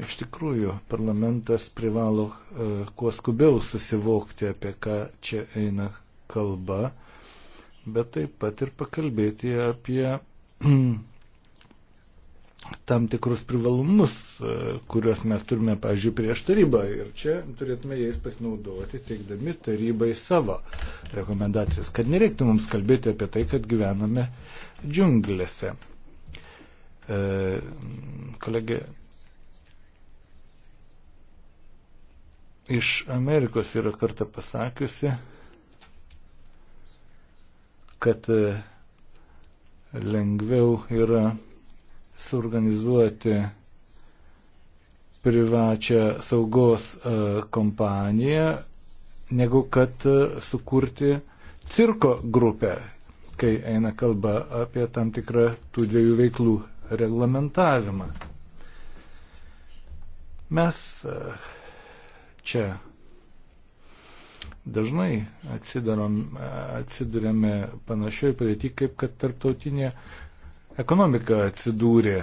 Speaker 1: Iš tikrųjų, parlamentas privalo uh, kuo skubiau susivokti, apie ką čia eina kalba, bet taip pat ir pakalbėti apie [CLEARS THROAT] tam tikrus privalumus, e, kuriuos mes turime, pavyzdžiui, prieš tarybą. Ir čia turėtume jais pasinaudoti, teikdami tarybai savo rekomendacijas, kad nereiktų mums kalbėti apie tai, kad gyvename džiunglėse. E, kolegė iš Amerikos yra kartą pasakiusi, kad e, lengviau yra suorganizuoti privačią saugos e, kompaniją, negu kad e, sukurti cirko grupę, kai eina kalba apie tam tikrą tų dviejų veiklų reglamentavimą. Mes čia dažnai atsidarom, atsidurėme panašioj padėti, kaip kad tarptautinė ekonomika atsidūrė.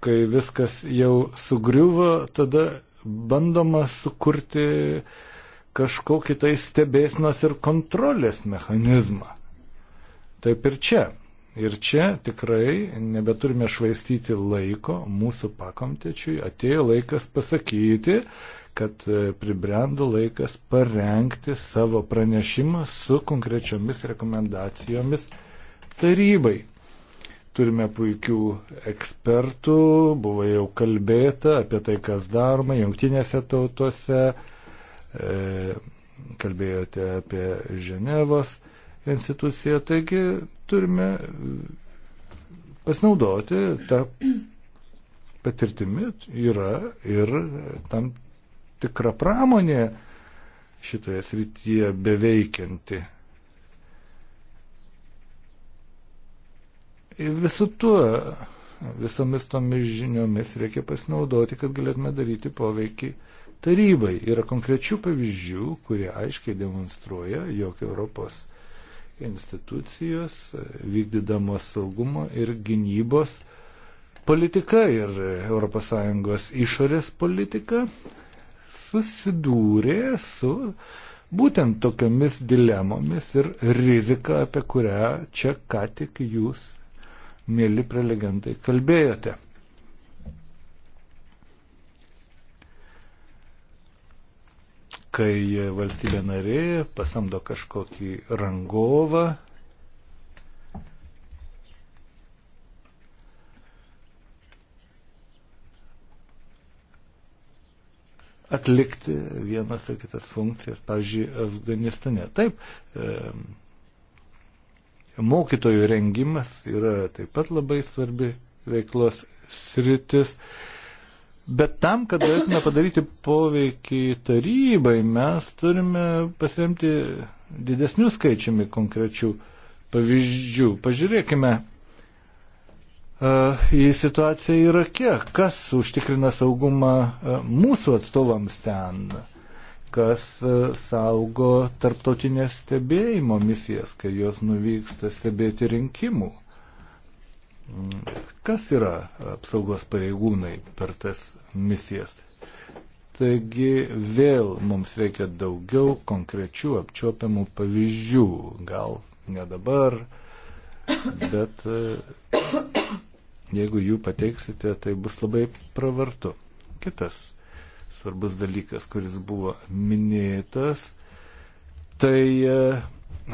Speaker 1: Kai viskas jau sugriuvo, tada bandoma sukurti kažkokį tai stebėsnos ir kontrolės mechanizmą. Taip ir čia. Ir čia tikrai nebeturime švaistyti laiko mūsų pakomtečiui. Atėjo laikas pasakyti, kad e, pribrendo laikas parengti savo pranešimą su konkrečiomis rekomendacijomis tarybai. Turime puikių ekspertų, buvo jau kalbėta apie tai, kas daroma jungtinėse tautose, e, kalbėjote apie Ženevos institucija. Taigi turime pasinaudoti tą patirtimi yra ir tam tikra pramonė šitoje srityje beveikianti. Ir visu tuo, visomis tomis žiniomis reikia pasinaudoti, kad galėtume daryti poveikį tarybai. Yra konkrečių pavyzdžių, kurie aiškiai demonstruoja, jog Europos institucijos vykdydamos saugumo ir gynybos politika ir ES išorės politika susidūrė su būtent tokiamis dilemomis ir rizika, apie kurią čia ką tik jūs, mėly prelegentai, kalbėjote. kai valstybė narė pasamdo kažkokį rangovą, atlikti vienas ar kitas funkcijas, pavyzdžiui, Afganistane. Taip, e, mokytojų rengimas yra taip pat labai svarbi veiklos sritis. E, Bet tam, kad galėtume padaryti poveikį tarybai, mes turime pasiremti didesnių skaičiumi konkrečių pavyzdžių. Pažiūrėkime uh, į situaciją Irake, kas užtikrina saugumą uh, mūsų atstovams ten, kas uh, saugo tarptautinės stebėjimo misijas, kai jos nuvyksta stebėti rinkimų. Uh, Kas yra apsaugos pareigūnai per tas misijas? Taigi vėl mums reikia daugiau konkrečių apčiopiamų pavyzdžių. Gal ne dabar, bet jeigu jų pateiksite, tai bus labai pravartu. Kitas svarbus dalykas, kuris buvo minėtas, tai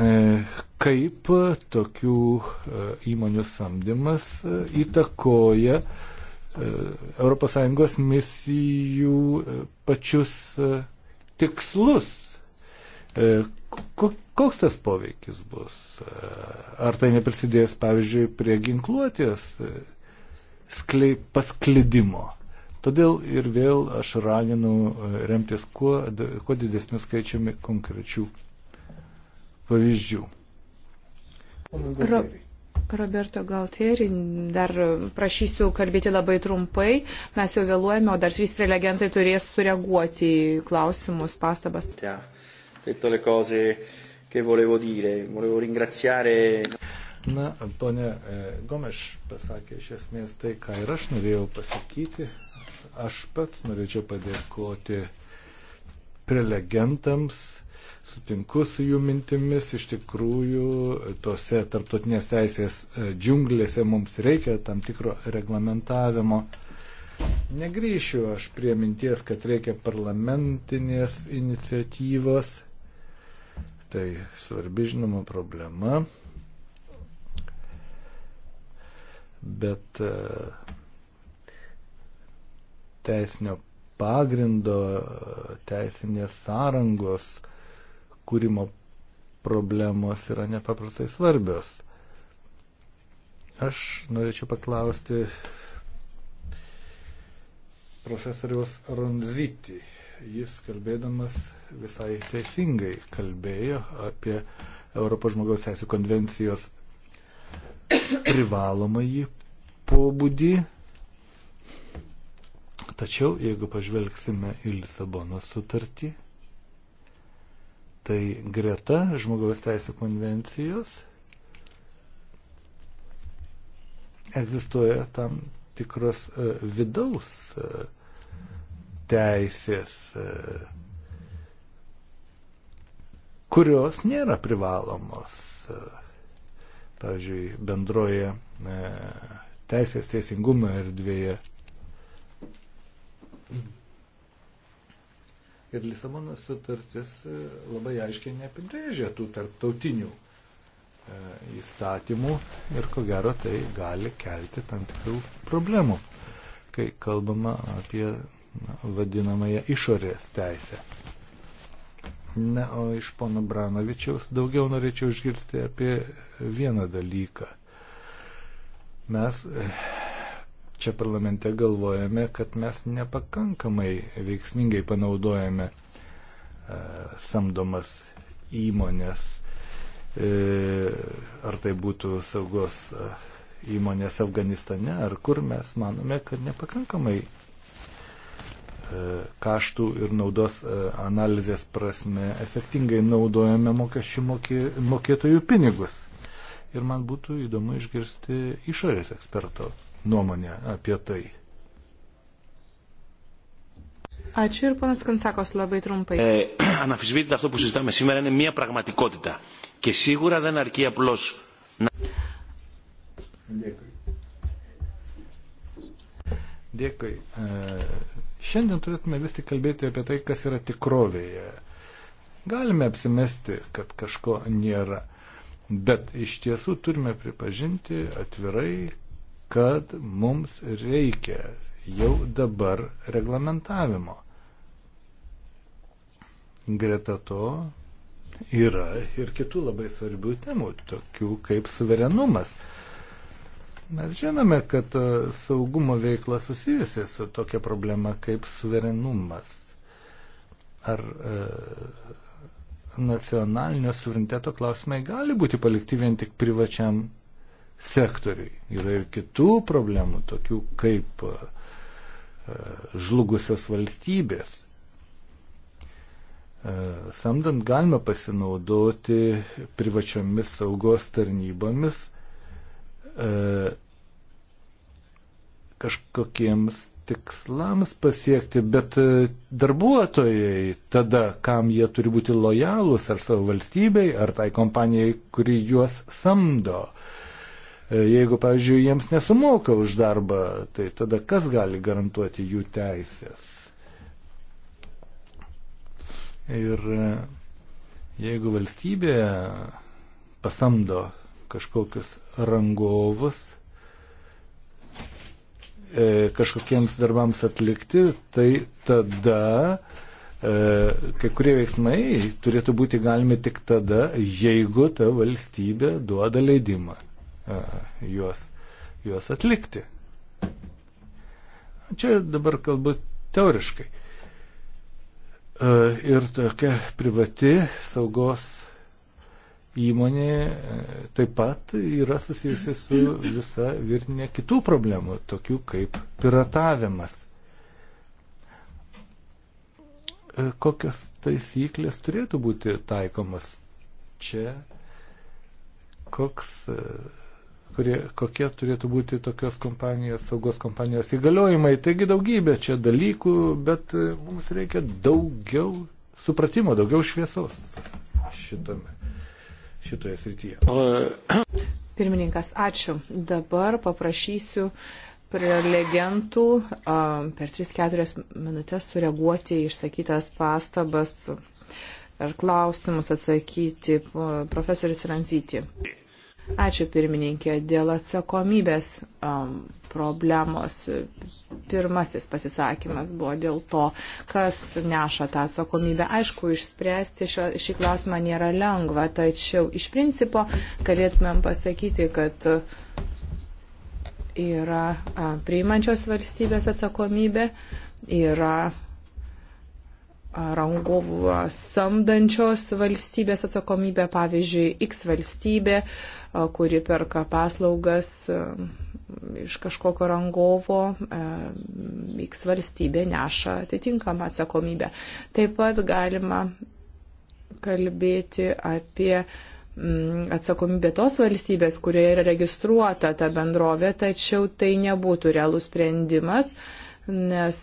Speaker 1: E, kaip tokių e, įmonių samdymas e, įtakoja ES misijų pačius tikslus. Koks tas poveikis bus? Ar tai neprisidės, pavyzdžiui, prie ginkluotės sklei, pasklidimo? Todėl ir vėl aš raginu remtis kuo, kuo didesniu skaičiumi konkrečių pavyzdžių.
Speaker 2: Ro Roberto Galtieri, dar prašysiu kalbėti labai trumpai, mes jau vėluojame, o dar trys prelegentai turės sureaguoti į klausimus, pastabas. Na, ponė
Speaker 1: e, Gomeš pasakė iš esmės tai, ką ir aš norėjau pasakyti. Aš pats norėčiau padėkoti prelegentams sutinku su jų mintimis, iš tikrųjų tose tarptautinės teisės e, džiunglėse mums reikia tam tikro reglamentavimo. Negryšiu aš prie minties, kad reikia parlamentinės iniciatyvos. Tai svarbi žinoma problema. Bet e, teisinio pagrindo, e, teisinės sąrangos, kūrimo problemos yra nepaprastai svarbios. Aš norėčiau paklausti profesoriaus Ronzitį. Jis kalbėdamas visai teisingai kalbėjo apie Europos žmogaus teisų konvencijos privalomąjį pobūdį. Tačiau, jeigu pažvelgsime į Lisabono sutartį, Tai greta žmogaus teisų konvencijos egzistuoja tam tikros e, vidaus e, teisės, e, kurios nėra privalomos. Pavyzdžiui, bendroje teisės teisingumo erdvėje Ir Lisabonos sutartis e, labai aiškiai neapibrėžia tų tarptautinių e, įstatymų ir ko gero tai gali kelti tam tikrų problemų, kai kalbama apie vadinamąją išorės teisę. Na, o iš pono Branovičiaus daugiau norėčiau išgirsti apie vieną dalyką. Mes e, čia parlamente galvojame, kad mes nepakankamai veiksmingai panaudojame e, samdomas įmonės, e, ar tai būtų saugos e, įmonės Afganistane, ar kur mes manome, kad nepakankamai kaštų ir naudos analizės prasme efektingai naudojame mokesčių mokė, mokėtojų pinigus. Ir man būtų įdomu išgirsti išorės eksperto nuomonę apie tai.
Speaker 2: Ačiū ir panas Kansakos labai trumpai.
Speaker 3: Ε, [CLEARS THROAT] αναφυσβήτητα αυτό που συζητάμε σήμερα είναι μια πραγματικότητα και σίγουρα δεν αρκεί απλώς να... Dėkui.
Speaker 1: Dėkui. Šiandien turėtume vis tik kalbėti apie tai, kas yra tikrovėje. Galime apsimesti, kad kažko nėra, bet iš tiesų turime pripažinti atvirai, kad mums reikia jau dabar reglamentavimo. Greta to yra ir kitų labai svarbių temų, tokių kaip suverenumas. Mes žinome, kad e, saugumo veikla susijusi su tokia problema kaip suverenumas. Ar e, nacionalinio suvereniteto klausimai gali būti palikti vien tik privačiam sektoriui. Yra ir kitų problemų, tokių kaip e, e, žlugusios valstybės. E, samdant galima pasinaudoti privačiomis saugos tarnybomis kažkokiems tikslams pasiekti, bet darbuotojai tada, kam jie turi būti lojalūs ar savo valstybei, ar tai kompanijai, kuri juos samdo. Uh, E, jeigu, pavyzdžiui, jiems nesumoka už darbą, tai tada kas gali garantuoti jų teisės? Ir e, jeigu valstybė pasamdo kažkokius rangovus e, kažkokiems darbams atlikti, tai tada kai kurie veiksmai turėtų būti galimi tik tada, jeigu ta valstybė duoda leidimą juos, juos atlikti. Čia dabar kalbu teoriškai. Ir tokia privati saugos įmonė taip pat yra susijusi su visa virtinė kitų problemų, tokių kaip piratavimas. Kokios taisyklės turėtų būti taikomas čia? Koks kurie, kokie turėtų būti tokios kompanijos, saugos kompanijos įgaliojimai. Taigi daugybė čia dalykų, bet e, mums reikia daugiau supratimo, daugiau šviesos šitame, šitoje
Speaker 2: srityje. Pirmininkas, ačiū. Dabar paprašysiu prelegentų per 3-4 minutės sureaguoti išsakytas pastabas ar klausimus atsakyti profesorius Ranzyti. Ačiū pirmininkė dėl atsakomybės um, problemos. Pirmasis pasisakymas buvo dėl to, kas neša tą atsakomybę. Aišku, išspręsti šio, šį klausimą nėra lengva, tačiau iš principo galėtumėm pasakyti, kad yra priimančios valstybės atsakomybė, yra rangovų samdančios valstybės atsakomybė, pavyzdžiui, X valstybė, kuri perka paslaugas iš kažkokio rangovo, X valstybė neša atitinkamą atsakomybę. Taip pat galima kalbėti apie mm, atsakomybė tos valstybės, kurioje yra registruota ta bendrovė, tačiau tai nebūtų realus sprendimas, nes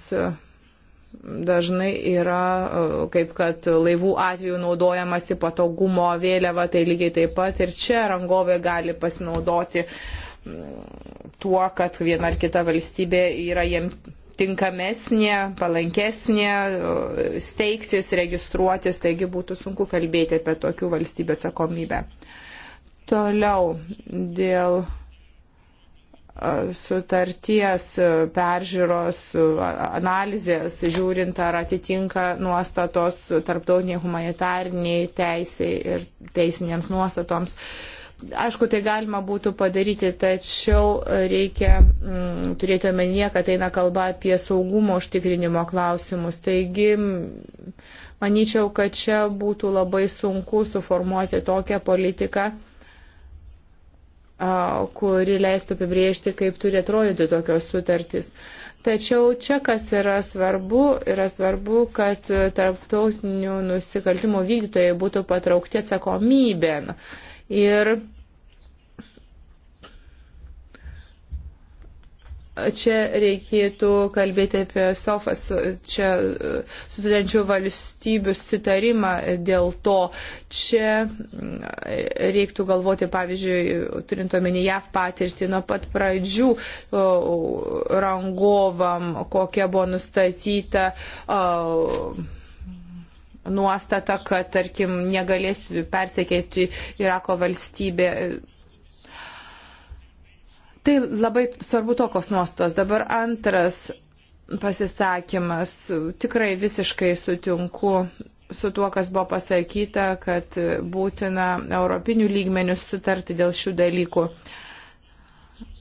Speaker 2: dažnai yra, e, kaip kad laivų atveju naudojamasi patogumo vėliava, tai lygiai taip pat ir čia rangovai gali pasinaudoti mm, tuo, kad viena ar kita valstybė yra jiems tinkamesnė, palankesnė e, steigtis, registruotis, taigi būtų sunku kalbėti apie tokių valstybių atsakomybę. Toliau dėl sutarties peržiūros analizės, žiūrint ar atitinka nuostatos tarptautiniai humanitariniai teisiai ir teisinėms nuostatoms. Aišku, tai galima būtų padaryti, tačiau reikia m, mm, turėti omenyje, kad eina kalba apie saugumo užtikrinimo klausimus. Taigi, manyčiau, kad čia būtų labai sunku suformuoti tokią politiką, kuri leistų apibriežti, kaip turi atrodyti tokios sutartys. Tačiau čia kas yra svarbu, yra svarbu, kad tarptautinių nusikaltimų vykdytojai būtų patraukti atsakomybėn. Ir Čia reikėtų kalbėti apie SOFAS, čia e, susidančių valstybių sutarimą dėl to. Čia mm, reiktų galvoti, pavyzdžiui, turint omeny JAV patirtį nuo pat pradžių rangovam, kokia buvo nustatyta. Uh, nuostata, kad, tarkim, negalėsiu persekėti Irako valstybė Tai labai svarbu tokios nuostos. Dabar antras pasisakymas. Tikrai visiškai sutinku su tuo, kas buvo pasakyta, kad būtina europinių lygmenių sutarti dėl šių dalykų.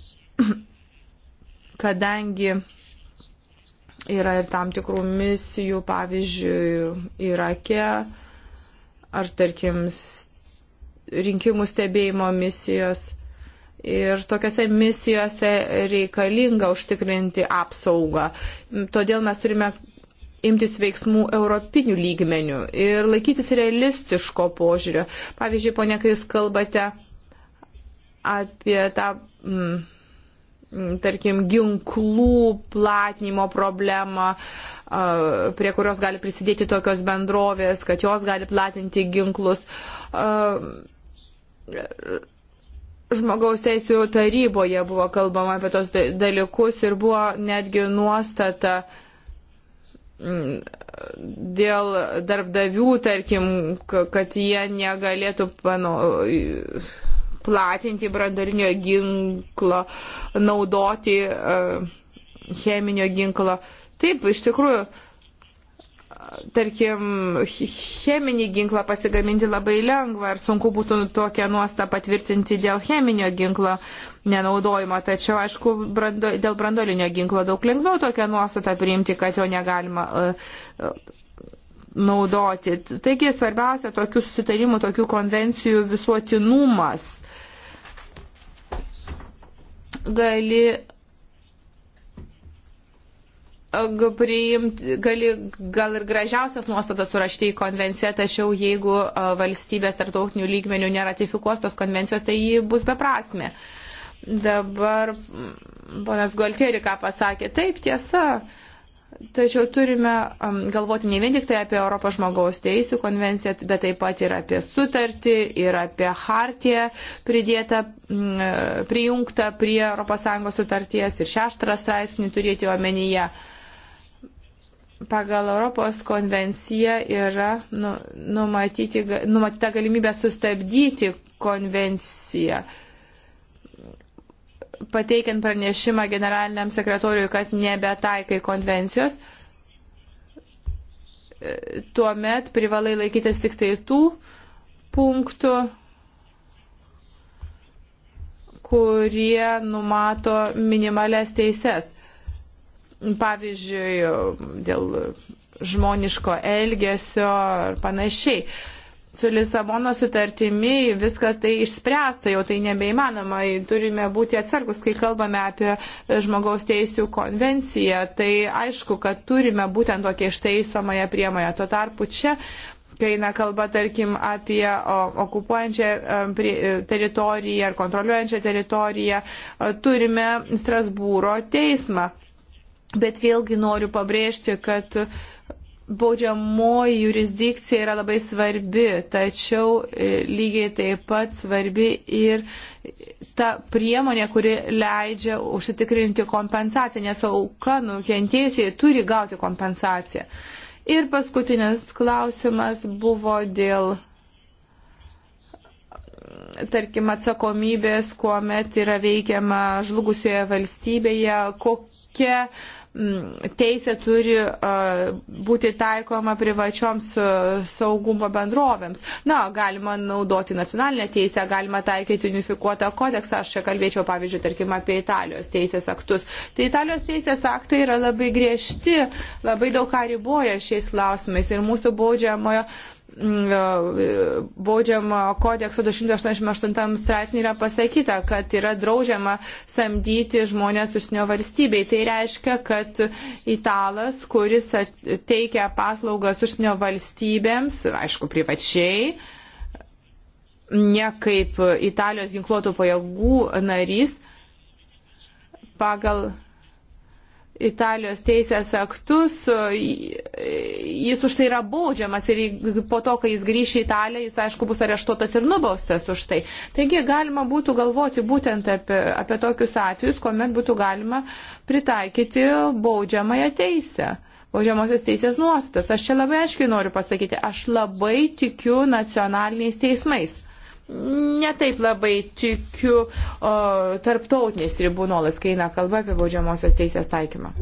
Speaker 2: [CLEARS THROAT] Kadangi yra ir tam tikrų misijų, pavyzdžiui, Irake ar tarkim rinkimų stebėjimo misijos. Ir tokiuose misijose reikalinga užtikrinti apsaugą. Todėl mes turime imtis veiksmų europinių lygmenių ir laikytis realistiško požiūrio. Pavyzdžiui, ponia, kai jūs kalbate apie tą. Mm, mm tarkim, ginklų platinimo problemą, prie kurios gali prisidėti tokios bendrovės, kad jos gali platinti ginklus žmogaus teisų taryboje buvo kalbama apie tos dalykus ir buvo netgi nuostata mm, dėl darbdavių, tarkim, kad jie negalėtų panu, platinti brandorinio ginklo, naudoti e, cheminio ginklo. Taip, iš tikrųjų, tarkim, cheminį ginklą pasigaminti labai lengva ir sunku būtų tokią nuostą patvirtinti dėl cheminio ginklo nenaudojimo. Tačiau, aišku, brando, dėl brandolinio ginklo daug lengviau tokią nuostatą priimti, kad jo negalima e, e, naudoti. Taigi, svarbiausia, tokių susitarimų, tokių konvencijų visuotinumas gali priimti, gali gal ir gražiausias nuostatas surašti į konvenciją, tačiau jeigu valstybės tarptautinių lygmenių neratifikuos tos konvencijos, tai ji bus beprasme. Dabar ponas Goltieri ką pasakė, taip tiesa, tačiau turime galvoti ne vien tik tai apie Europos žmogaus teisų konvenciją, bet taip pat ir apie sutartį, ir apie hartiją pridėtą, e, prijungtą prie ES sutarties ir šeštą straipsnį turėti omenyje pagal Europos konvenciją yra nu, numatyti, numatyta galimybė sustabdyti konvenciją pateikiant pranešimą generaliniam sekretoriui, kad nebetaikai konvencijos, tuomet privalai laikytis tik tai tų punktų, kurie numato minimales teises pavyzdžiui, dėl žmoniško elgesio ar panašiai. Su Lisabono sutartimi viskas tai išspręsta, jau tai nebeįmanoma. Turime būti atsargus, kai kalbame apie žmogaus teisų konvenciją. Tai aišku, kad turime būtent tokia išteisomąją priemonę. Tuo tarpu čia kai eina kalba, tarkim, apie okupuojančią e, e, teritoriją ar kontroliuojančią teritoriją, e, turime Strasbūro teismą. Bet vėlgi noriu pabrėžti, kad baudžiamoji jurisdikcija yra labai svarbi, tačiau e, lygiai taip pat svarbi ir ta priemonė, kuri leidžia užsitikrinti kompensaciją, nes auka nukentėjusiai turi gauti kompensaciją. Ir paskutinis klausimas buvo dėl tarkim, atsakomybės, kuomet yra veikiama žlugusioje valstybėje, kokia Mm, teisė turi būti taikoma privačioms saugumo bendrovėms. Na, galima naudoti nacionalinę teisę, galima taikyti unifikuotą kodeksą. Aš čia kalbėčiau, pavyzdžiui, tarkim, apie Italijos teisės aktus. Tai Italijos teisės aktai yra labai griežti, labai daug ką riboja šiais klausimais ir mūsų baudžiamojo Mm, baudžiamo kodekso 288 straipsnį yra pasakyta, kad yra draudžiama samdyti žmonės užsienio valstybei. Tai reiškia, kad italas, kuris teikia paslaugas užsienio valstybėms, aišku, privačiai, ne kaip Italijos ginkluotų pajėgų narys, pagal Italijos teisės aktus, jis už tai yra baudžiamas ir po to, kai jis grįš į Italiją, jis aišku bus areštuotas ir nubaustas už tai. Taigi galima būtų galvoti būtent apie, apie tokius atvejus, kuomet būtų galima pritaikyti baudžiamąją teisę baudžiamosios teisės nuostatas. Aš čia labai aiškiai noriu pasakyti, aš labai tikiu nacionaliniais teismais netaip labai tikiu o, tarptautiniais tribunolais, kai eina kalba apie baudžiamosios teisės taikymą.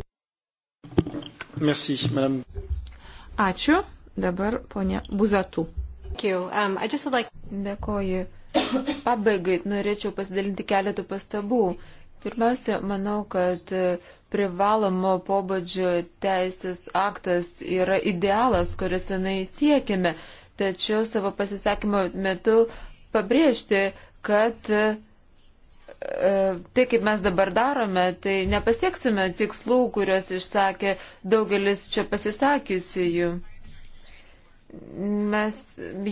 Speaker 1: Merci, madame.
Speaker 2: Ačiū. Dabar ponė Buzatų.
Speaker 3: Um, like... Dėkoju. Pabaigai norėčiau pasidalinti keletų pastabų. Pirmiausia, manau, kad privalomo pobūdžio teisės aktas yra idealas, kuris senai siekime. Tačiau savo pasisakymo metu uh, pabrėžti, kad e, tai, kaip mes dabar darome, tai nepasieksime tikslų, kuriuos išsakė daugelis čia pasisakiusiųjų. Mes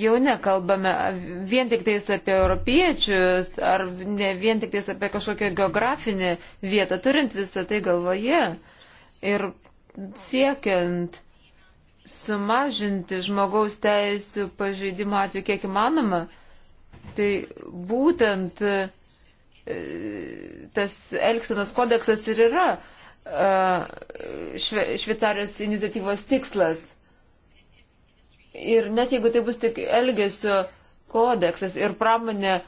Speaker 3: jau nekalbame vien tik tais apie europiečius ar ne vien tik tais apie kažkokią geografinę vietą, turint visą tai galvoje ir siekiant sumažinti žmogaus teisų pažeidimo atveju kiek įmanoma, Tai būtent e, tas Elksenos kodeksas ir yra e, šve, Šveicarijos iniciatyvos tikslas. Ir net jeigu tai bus tik Elgesio kodeksas ir pramonė e,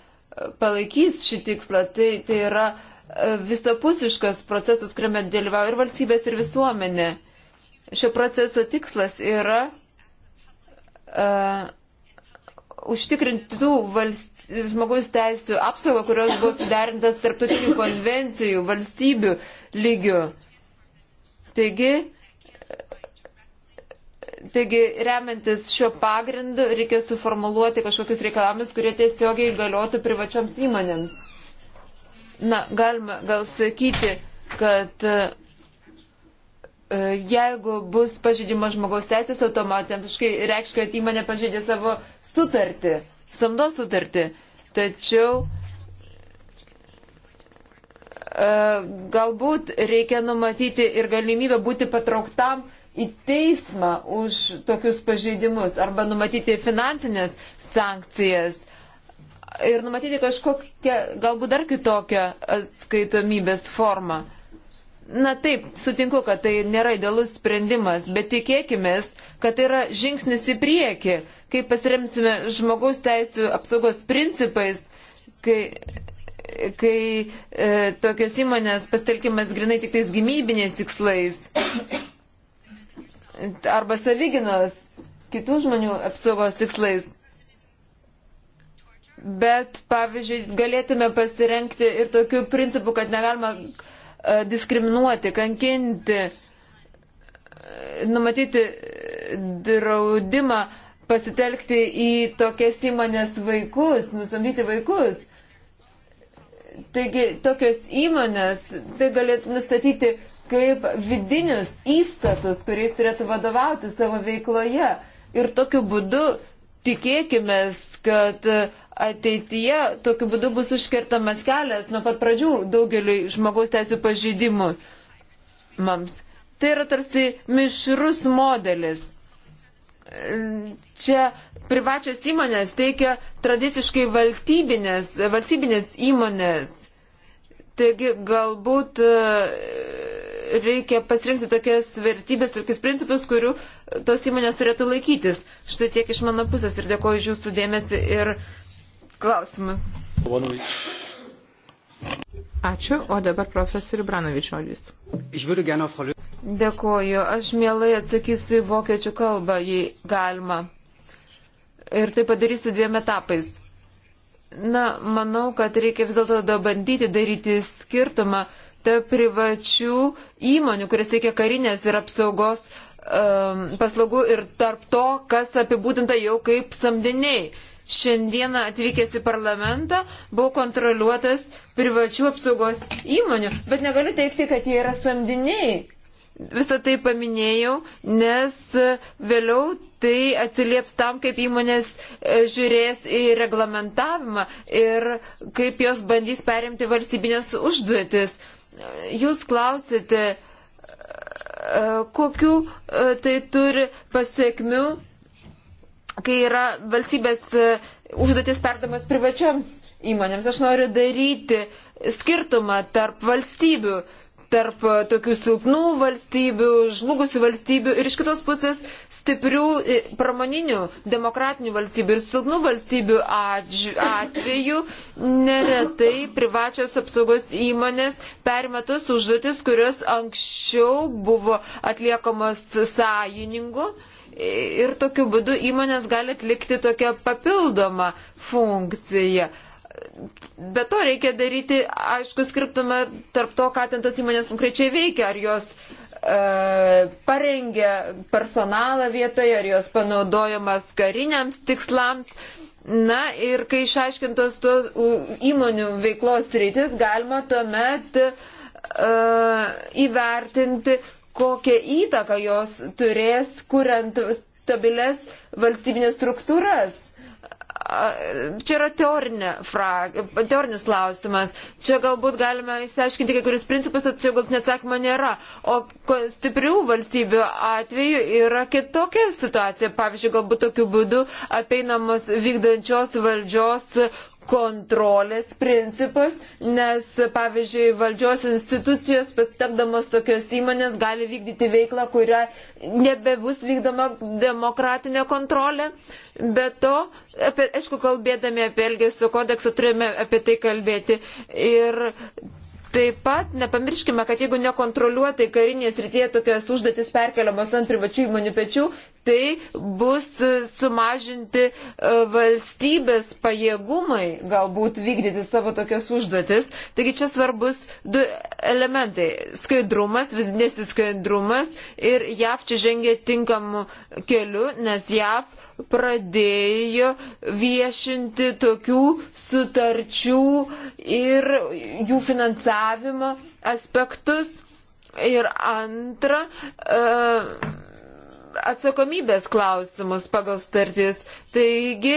Speaker 3: palaikys šį tikslą, tai, tai yra visapusiškas procesas, kuriame dalyvauja ir valstybės, ir visuomenė. Šio proceso tikslas yra uh, užtikrintų valst... žmogaus teisų apsaugą, kurios buvo sudarintas tarptautinių konvencijų, valstybių lygių. Taigi, taigi, remiantis šio pagrindu, reikia suformuluoti kažkokius reikalavimus, kurie tiesiogiai galiotų privačioms įmonėms. Na, galima gal sakyti, kad uh, E, jeigu bus pažydimo žmogaus teisės, automatiškai reikš, kad įmonė pažydė savo sutartį, samdos sutartį. Tačiau e, galbūt reikia numatyti ir galimybę būti patrauktam į teismą už tokius pažeidimus arba numatyti finansinės sankcijas ir numatyti kažkokią galbūt dar kitokią atskaitomybės formą. Na taip, sutinku, kad tai nėra idealus sprendimas, bet tikėkime, kad tai yra žingsnis į priekį, kai pasiremsime žmogaus teisų apsaugos principais, kai, kai e, tokios įmonės pastelkimas grinai tik tais gynybiniais tikslais arba savyginos kitų žmonių apsaugos tikslais. Bet, pavyzdžiui, galėtume pasirenkti ir tokių principų, kad negalima E, diskriminuoti, kankinti, e, numatyti draudimą pasitelkti į tokias įmonės vaikus, nusamdyti vaikus. Taigi tokios įmonės tai galėtų nustatyti kaip vidinius įstatus, kuriais turėtų vadovauti savo veikloje. Ir tokiu būdu tikėkime, kad ateityje tokiu būdu bus užkirtamas kelias nuo pat pradžių daugeliui žmogaus teisų pažeidimų. Mams. Tai yra tarsi mišrus modelis. Čia privačios įmonės teikia tradiciškai valstybinės, valstybinės įmonės. Taigi galbūt e, reikia pasirinkti tokias vertybės, tokius principus, kurių tos įmonės turėtų laikytis. Štai tiek iš mano pusės ir dėkoju iš jūsų dėmesį ir klausimus.
Speaker 2: Ačiū, o dabar profesorių Branovičiolis.
Speaker 3: Dėkuoju, aš mielai atsakysiu į vokiečių kalbą, jei galima. Ir tai padarysiu dviem etapais. Na, manau, kad reikia vis dėlto bandyti daryti skirtumą tarp privačių įmonių, kuris teikia karinės ir apsaugos um, paslaugų ir tarp to, kas apibūdinta jau kaip samdiniai. Uh, šiandieną atvykęs į parlamentą buvo kontroliuotas privačių apsaugos įmonių, bet negaliu teikti, kad jie yra samdiniai. Visą tai paminėjau, nes vėliau tai atsilieps tam, kaip įmonės e, žiūrės į reglamentavimą ir kaip jos bandys perimti valstybinės užduotis. Jūs klausite, e, kokiu e, tai turi pasiekmių kai yra valstybės e, užduotis perdamas privačioms įmonėms. Aš noriu daryti skirtumą tarp valstybių, tarp e, tokių silpnų valstybių, žlugusių valstybių ir iš kitos pusės stiprių e, pramoninių, demokratinių valstybių ir silpnų valstybių atveju neretai privačios apsaugos įmonės perima tas užduotis, kurios anksčiau buvo atliekamos sąjungu ir tokiu būdu įmonės gali atlikti tokią papildomą funkciją. Be to reikia daryti, aišku, skirtumą tarp to, ką ten tos įmonės konkrečiai veikia, ar jos e, parengia personalą vietoje, ar jos panaudojamas kariniams tikslams. Na ir kai išaiškintos tų įmonių veiklos rytis, galima tuomet e, įvertinti, kokią įtaką jos turės, kuriant stabiles valstybinės struktūras. Čia yra teorinė frak, teorinis klausimas. Čia galbūt galime išsiaiškinti kai kurius principus, tačiau galutinio atsakymo nėra. O stiprių valstybių atveju yra kitokia situacija. Pavyzdžiui, galbūt tokiu būdu apeinamos vykdančios valdžios kontrolės principas, nes, pavyzdžiui, valdžios institucijos pasitelkdamos tokios įmonės gali vykdyti veiklą, kuria nebebus vykdoma demokratinė kontrolė. Be to, apie, aišku, kalbėdami apie Elgesio kodeksą turime apie tai kalbėti. Ir Taip pat nepamirškime, kad jeigu nekontroliuotai karinės rytie tokias užduotis perkeliamos ant privačių įmonių pečių, tai bus sumažinti e, valstybės pajėgumai galbūt vykdyti savo tokias užduotis. Taigi čia svarbus du elementai - skaidrumas, vis didesnis skaidrumas ir JAV čia žengia tinkamu keliu, nes JAV pradėjo viešinti tokių sutarčių ir jų finansavimo aspektus. Ir antra, e, atsakomybės klausimus pagal startis. Taigi,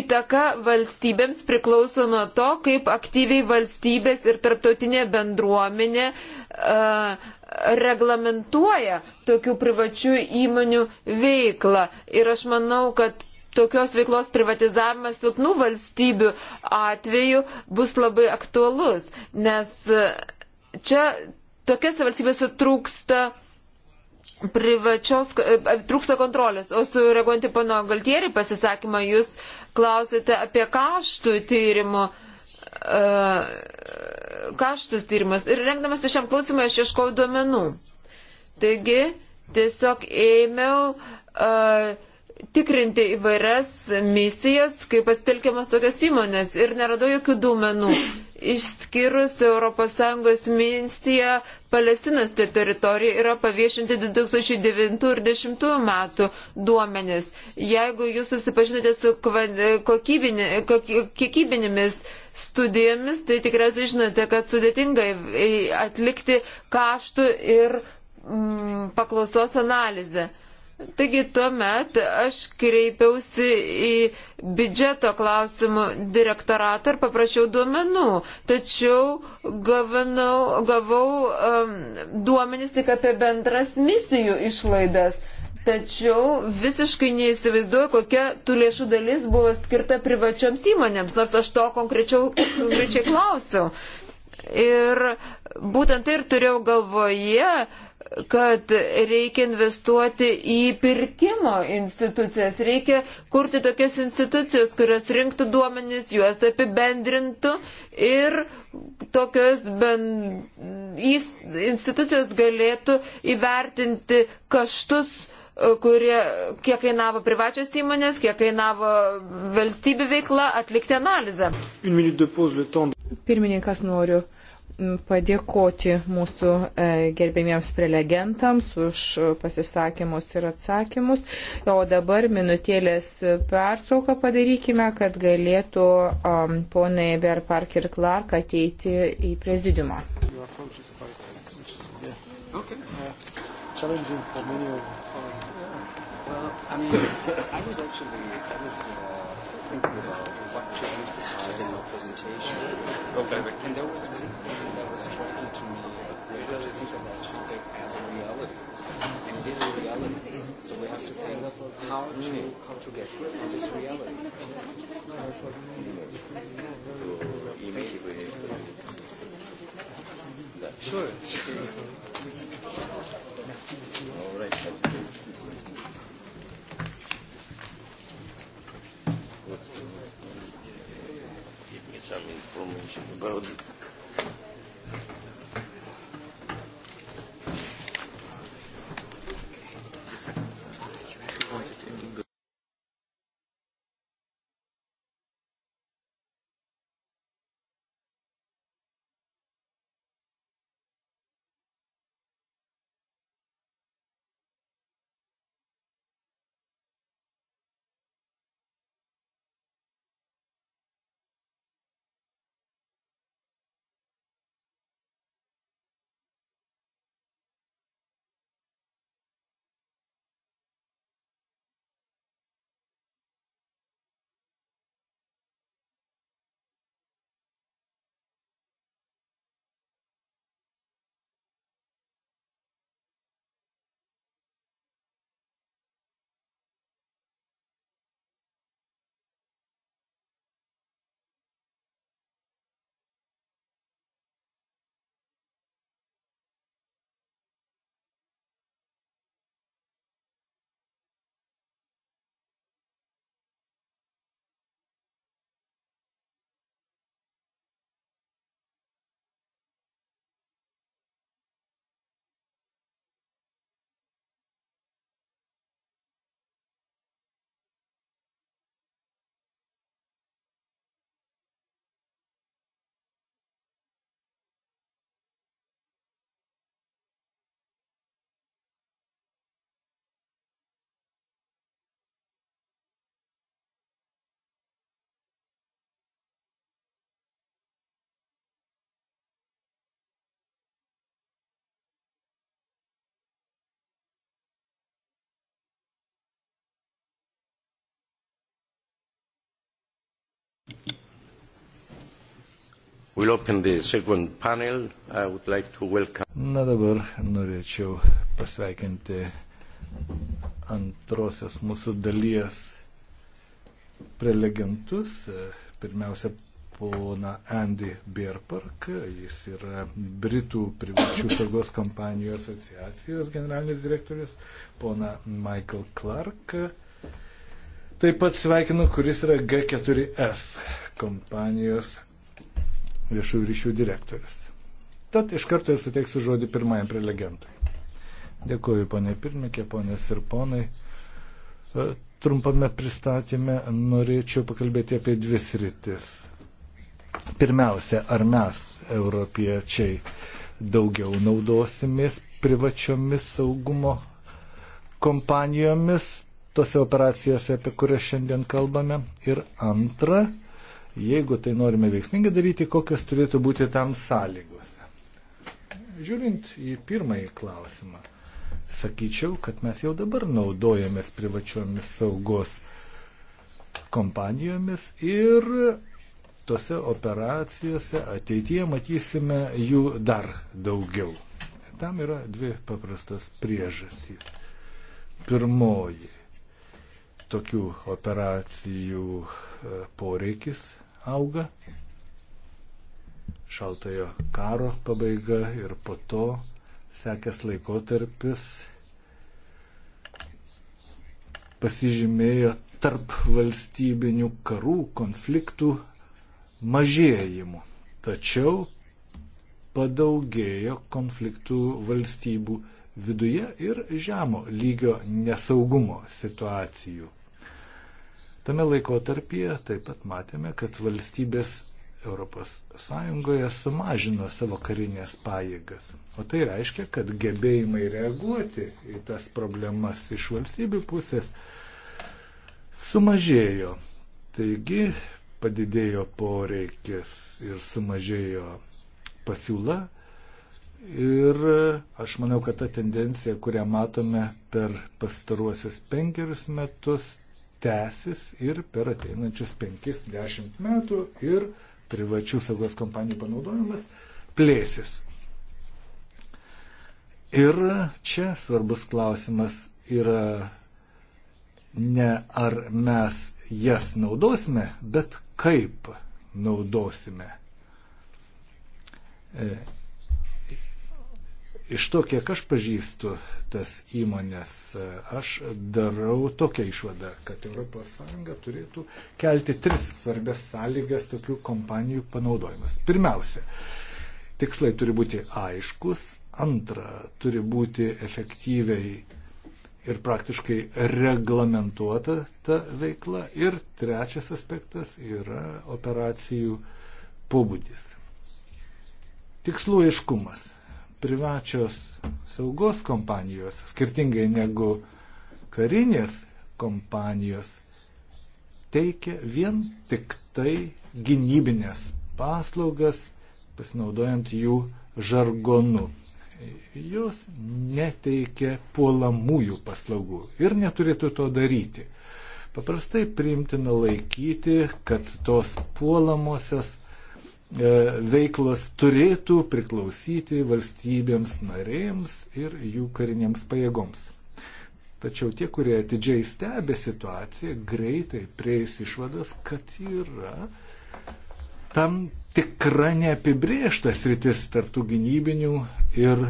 Speaker 3: įtaka valstybėms priklauso nuo to, kaip aktyviai valstybės ir tarptautinė bendruomenė uh, reglamentuoja tokių privačių įmonių veiklą. Ir aš manau, kad tokios veiklos privatizavimas silpnų valstybių atveju bus labai aktualus, nes e, čia tokiose valstybėse trūksta privačios, e, e, trūksta kontrolės. O sureaguojant į pano Galtierį pasisakymą, jūs klausėte apie kaštų tyrimo uh, kaštus tyrimas. Ir rengdamas šiam klausimui aš ieškojau duomenų. Taigi, tiesiog ėmiau uh, tikrinti įvairias misijas, kaip pasitelkiamas tokios įmonės ir neradau jokių duomenų, išskyrus ES misiją Palestinos teritorijoje yra paviešinti 2009 ir 2010 metų duomenys. Jeigu jūs susipažinote su kokybinė, kiekybinėmis studijomis, tai tikriausiai žinote, kad sudėtinga atlikti kaštų ir mm, paklausos analizę. Taigi tuo met aš kreipiausi į biudžeto klausimų direktoratą ir paprašiau duomenų, tačiau gavanau, gavau um, duomenys tik apie bendras misijų išlaidas. Tačiau visiškai neįsivaizduoju, kokia tų lėšų dalis buvo skirta privačioms įmonėms, nors aš to konkrečiai klausiau. Ir būtent tai ir turėjau galvoje, kad reikia investuoti į pirkimo institucijas, reikia kurti tokias institucijas, kurios rinktų duomenys, juos apibendrintų ir tokios ben... institucijos galėtų įvertinti kaštus kurie, kiek kainavo privačios įmonės, kiek kainavo valstybių veikla, atlikti analizę.
Speaker 2: Pirmininkas noriu padėkoti mūsų e, gerbėmiems prelegentams už pasisakymus ir atsakymus. O dabar minutėlės pertrauką padarykime, kad galėtų um, ponai Berpark ir Clark ateiti į prezidiumą.
Speaker 3: Okay. Uh, Well, I mean, I was actually, I was uh, thinking about what to emphasize
Speaker 1: in my presentation. Okay. And there was one thing that was striking to me, like, we really think of that topic as a reality. And it is a reality. So we have to think how to, how to get on this reality. Thank you. Sure.
Speaker 3: some information about it.
Speaker 1: We'll open the second panel. I would like to welcome. Na dabar norėčiau pasveikinti antrosios mūsų dalies prelegentus. Pirmiausia, pona Andy Bierpark. Jis yra Britų privačių saugos kompanijų asociacijos generalinis direktorius. Pona Michael Clark. Taip pat sveikinu, kuris yra G4S kompanijos viešųjų ryšių direktorius. Tad iš karto ir suteiksiu žodį pirmajam prelegentui. Dėkuoju, ponė pirmikė, ponės ir ponai. E, trumpame pristatymė norėčiau pakalbėti apie dvi sritis. Pirmiausia, ar mes, europiečiai, daugiau naudosimės privačiomis saugumo kompanijomis tose operacijose, apie kurias šiandien kalbame. Ir antra, Jeigu tai norime veiksmingai daryti, kokios turėtų būti tam sąlygos? Žiūrint į pirmąjį klausimą, sakyčiau, kad mes jau dabar naudojamės privačiomis saugos kompanijomis ir tose operacijose ateityje matysime jų dar daugiau. Tam yra dvi paprastas priežastys. Pirmoji, tokių operacijų e, poreikis auga. Šaltojo karo pabaiga ir po to sekęs laikotarpis pasižymėjo tarp valstybinių karų, konfliktų mažėjimu. Tačiau padaugėjo konfliktų valstybių viduje ir žemo lygio nesaugumo situacijų. Tame laikotarpyje taip pat matėme, kad valstybės ES sumažino savo karinės pajėgas. O tai reiškia, kad gebėjimai reaguoti į tas problemas iš valstybių pusės sumažėjo. Taigi padidėjo poreikis ir sumažėjo pasiūla. Ir aš manau, kad ta tendencija, kurią matome per pastaruosius penkerius metus, tęsis ir per ateinančius 5-10 metų ir privačių saugos kompanijų panaudojimas plėsis. Ir čia svarbus klausimas yra ne ar mes jas naudosime, bet kaip naudosime. E, Iš to, kiek aš pažįstu tas įmonės, aš darau tokią išvadą, kad ES turėtų kelti tris svarbės sąlygas tokių kompanijų panaudojimas. Pirmiausia, tikslai turi būti aiškus, antra, turi būti efektyviai ir praktiškai reglamentuota ta veikla. Ir trečias aspektas yra operacijų pobūdis. Tikslų aiškumas privačios saugos kompanijos, skirtingai negu karinės kompanijos, teikia vien tik tai gynybinės paslaugas, pasinaudojant jų žargonu. Jos neteikia puolamųjų paslaugų ir neturėtų to daryti. Paprastai priimtina laikyti, kad tos puolamosios E, veiklos turėtų priklausyti valstybėms narėms ir jų karinėms pajėgoms. Tačiau tie, kurie atidžiai stebė situaciją, greitai prieis išvados, kad yra tam tikra neapibriešta sritis tarptų gynybinių ir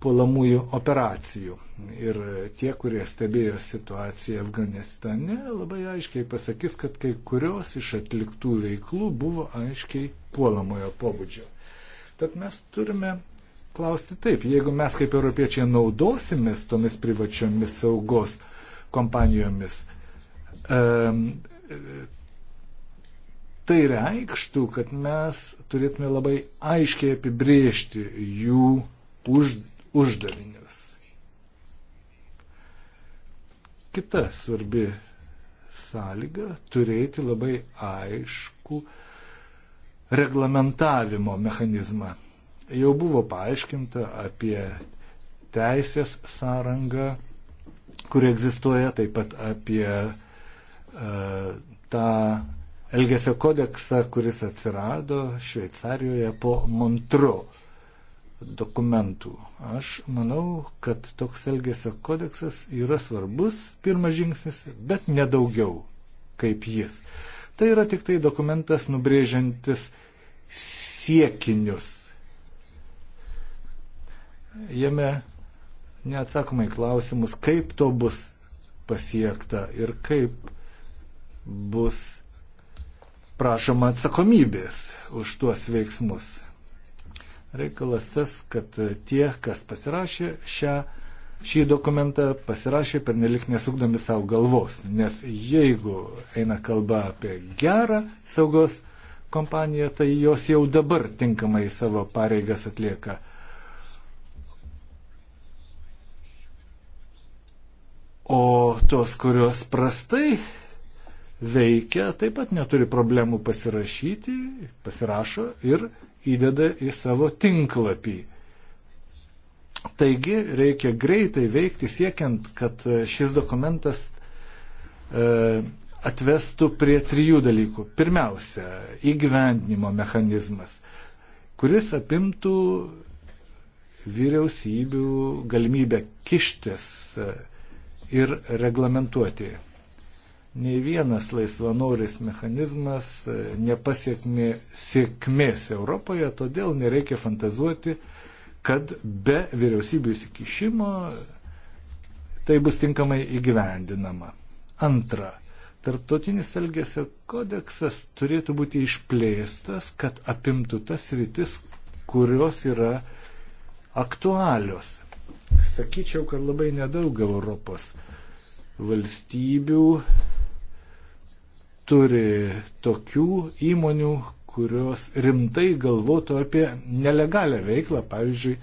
Speaker 1: puolamųjų operacijų. Ir tie, kurie stebėjo situaciją Afganistane, labai aiškiai pasakys, kad kai kurios iš atliktų veiklų buvo aiškiai puolamojo pobūdžio. Tad mes turime klausti taip, jeigu mes kaip europiečiai naudosimės tomis privačiomis saugos kompanijomis, um, tai reikštų, kad mes turėtume labai aiškiai apibriežti jų už uždavinius. Kita svarbi sąlyga - turėti labai aišku reglamentavimo mechanizmą. Jau buvo paaiškinta apie teisės sąrangą, kuri egzistuoja, taip pat apie e, tą Elgesio kodeksą, kuris atsirado Šveicarijoje po Montro. E, dokumentų. Aš manau, kad toks elgesio kodeksas yra svarbus pirmas žingsnis, bet nedaugiau kaip jis. Tai yra tik tai dokumentas nubrėžiantis siekinius. Jame neatsakomai klausimus, kaip to bus pasiekta ir kaip bus prašoma atsakomybės už tuos veiksmus. Reikalas tas, kad tie, kas pasirašė šią, šį dokumentą, pasirašė per nelik nesukdami savo galvos. Nes jeigu eina kalba apie gerą saugos kompaniją, tai jos jau dabar tinkamai savo pareigas atlieka. O tos, kurios prastai veikia, taip pat neturi problemų pasirašyti, pasirašo ir įdeda į savo tinklapį. Taigi reikia greitai veikti siekiant, kad šis dokumentas e, atvestų prie trijų dalykų. Pirmiausia, įgyvendinimo mechanizmas, kuris apimtų vyriausybių galimybę kištis e, ir reglamentuoti Nei vienas laisvanoris mechanizmas e, nepasiekmė sėkmės Europoje, todėl nereikia fantazuoti, kad be vyriausybių įsikišimo tai bus tinkamai įgyvendinama. Antra, tarptautinis elgesio kodeksas turėtų būti išplėstas, kad apimtų tas rytis, kurios yra aktualios. Sakyčiau, kad labai nedaug Europos valstybių turi tokių įmonių, kurios rimtai galvotų apie nelegalią veiklą, pavyzdžiui,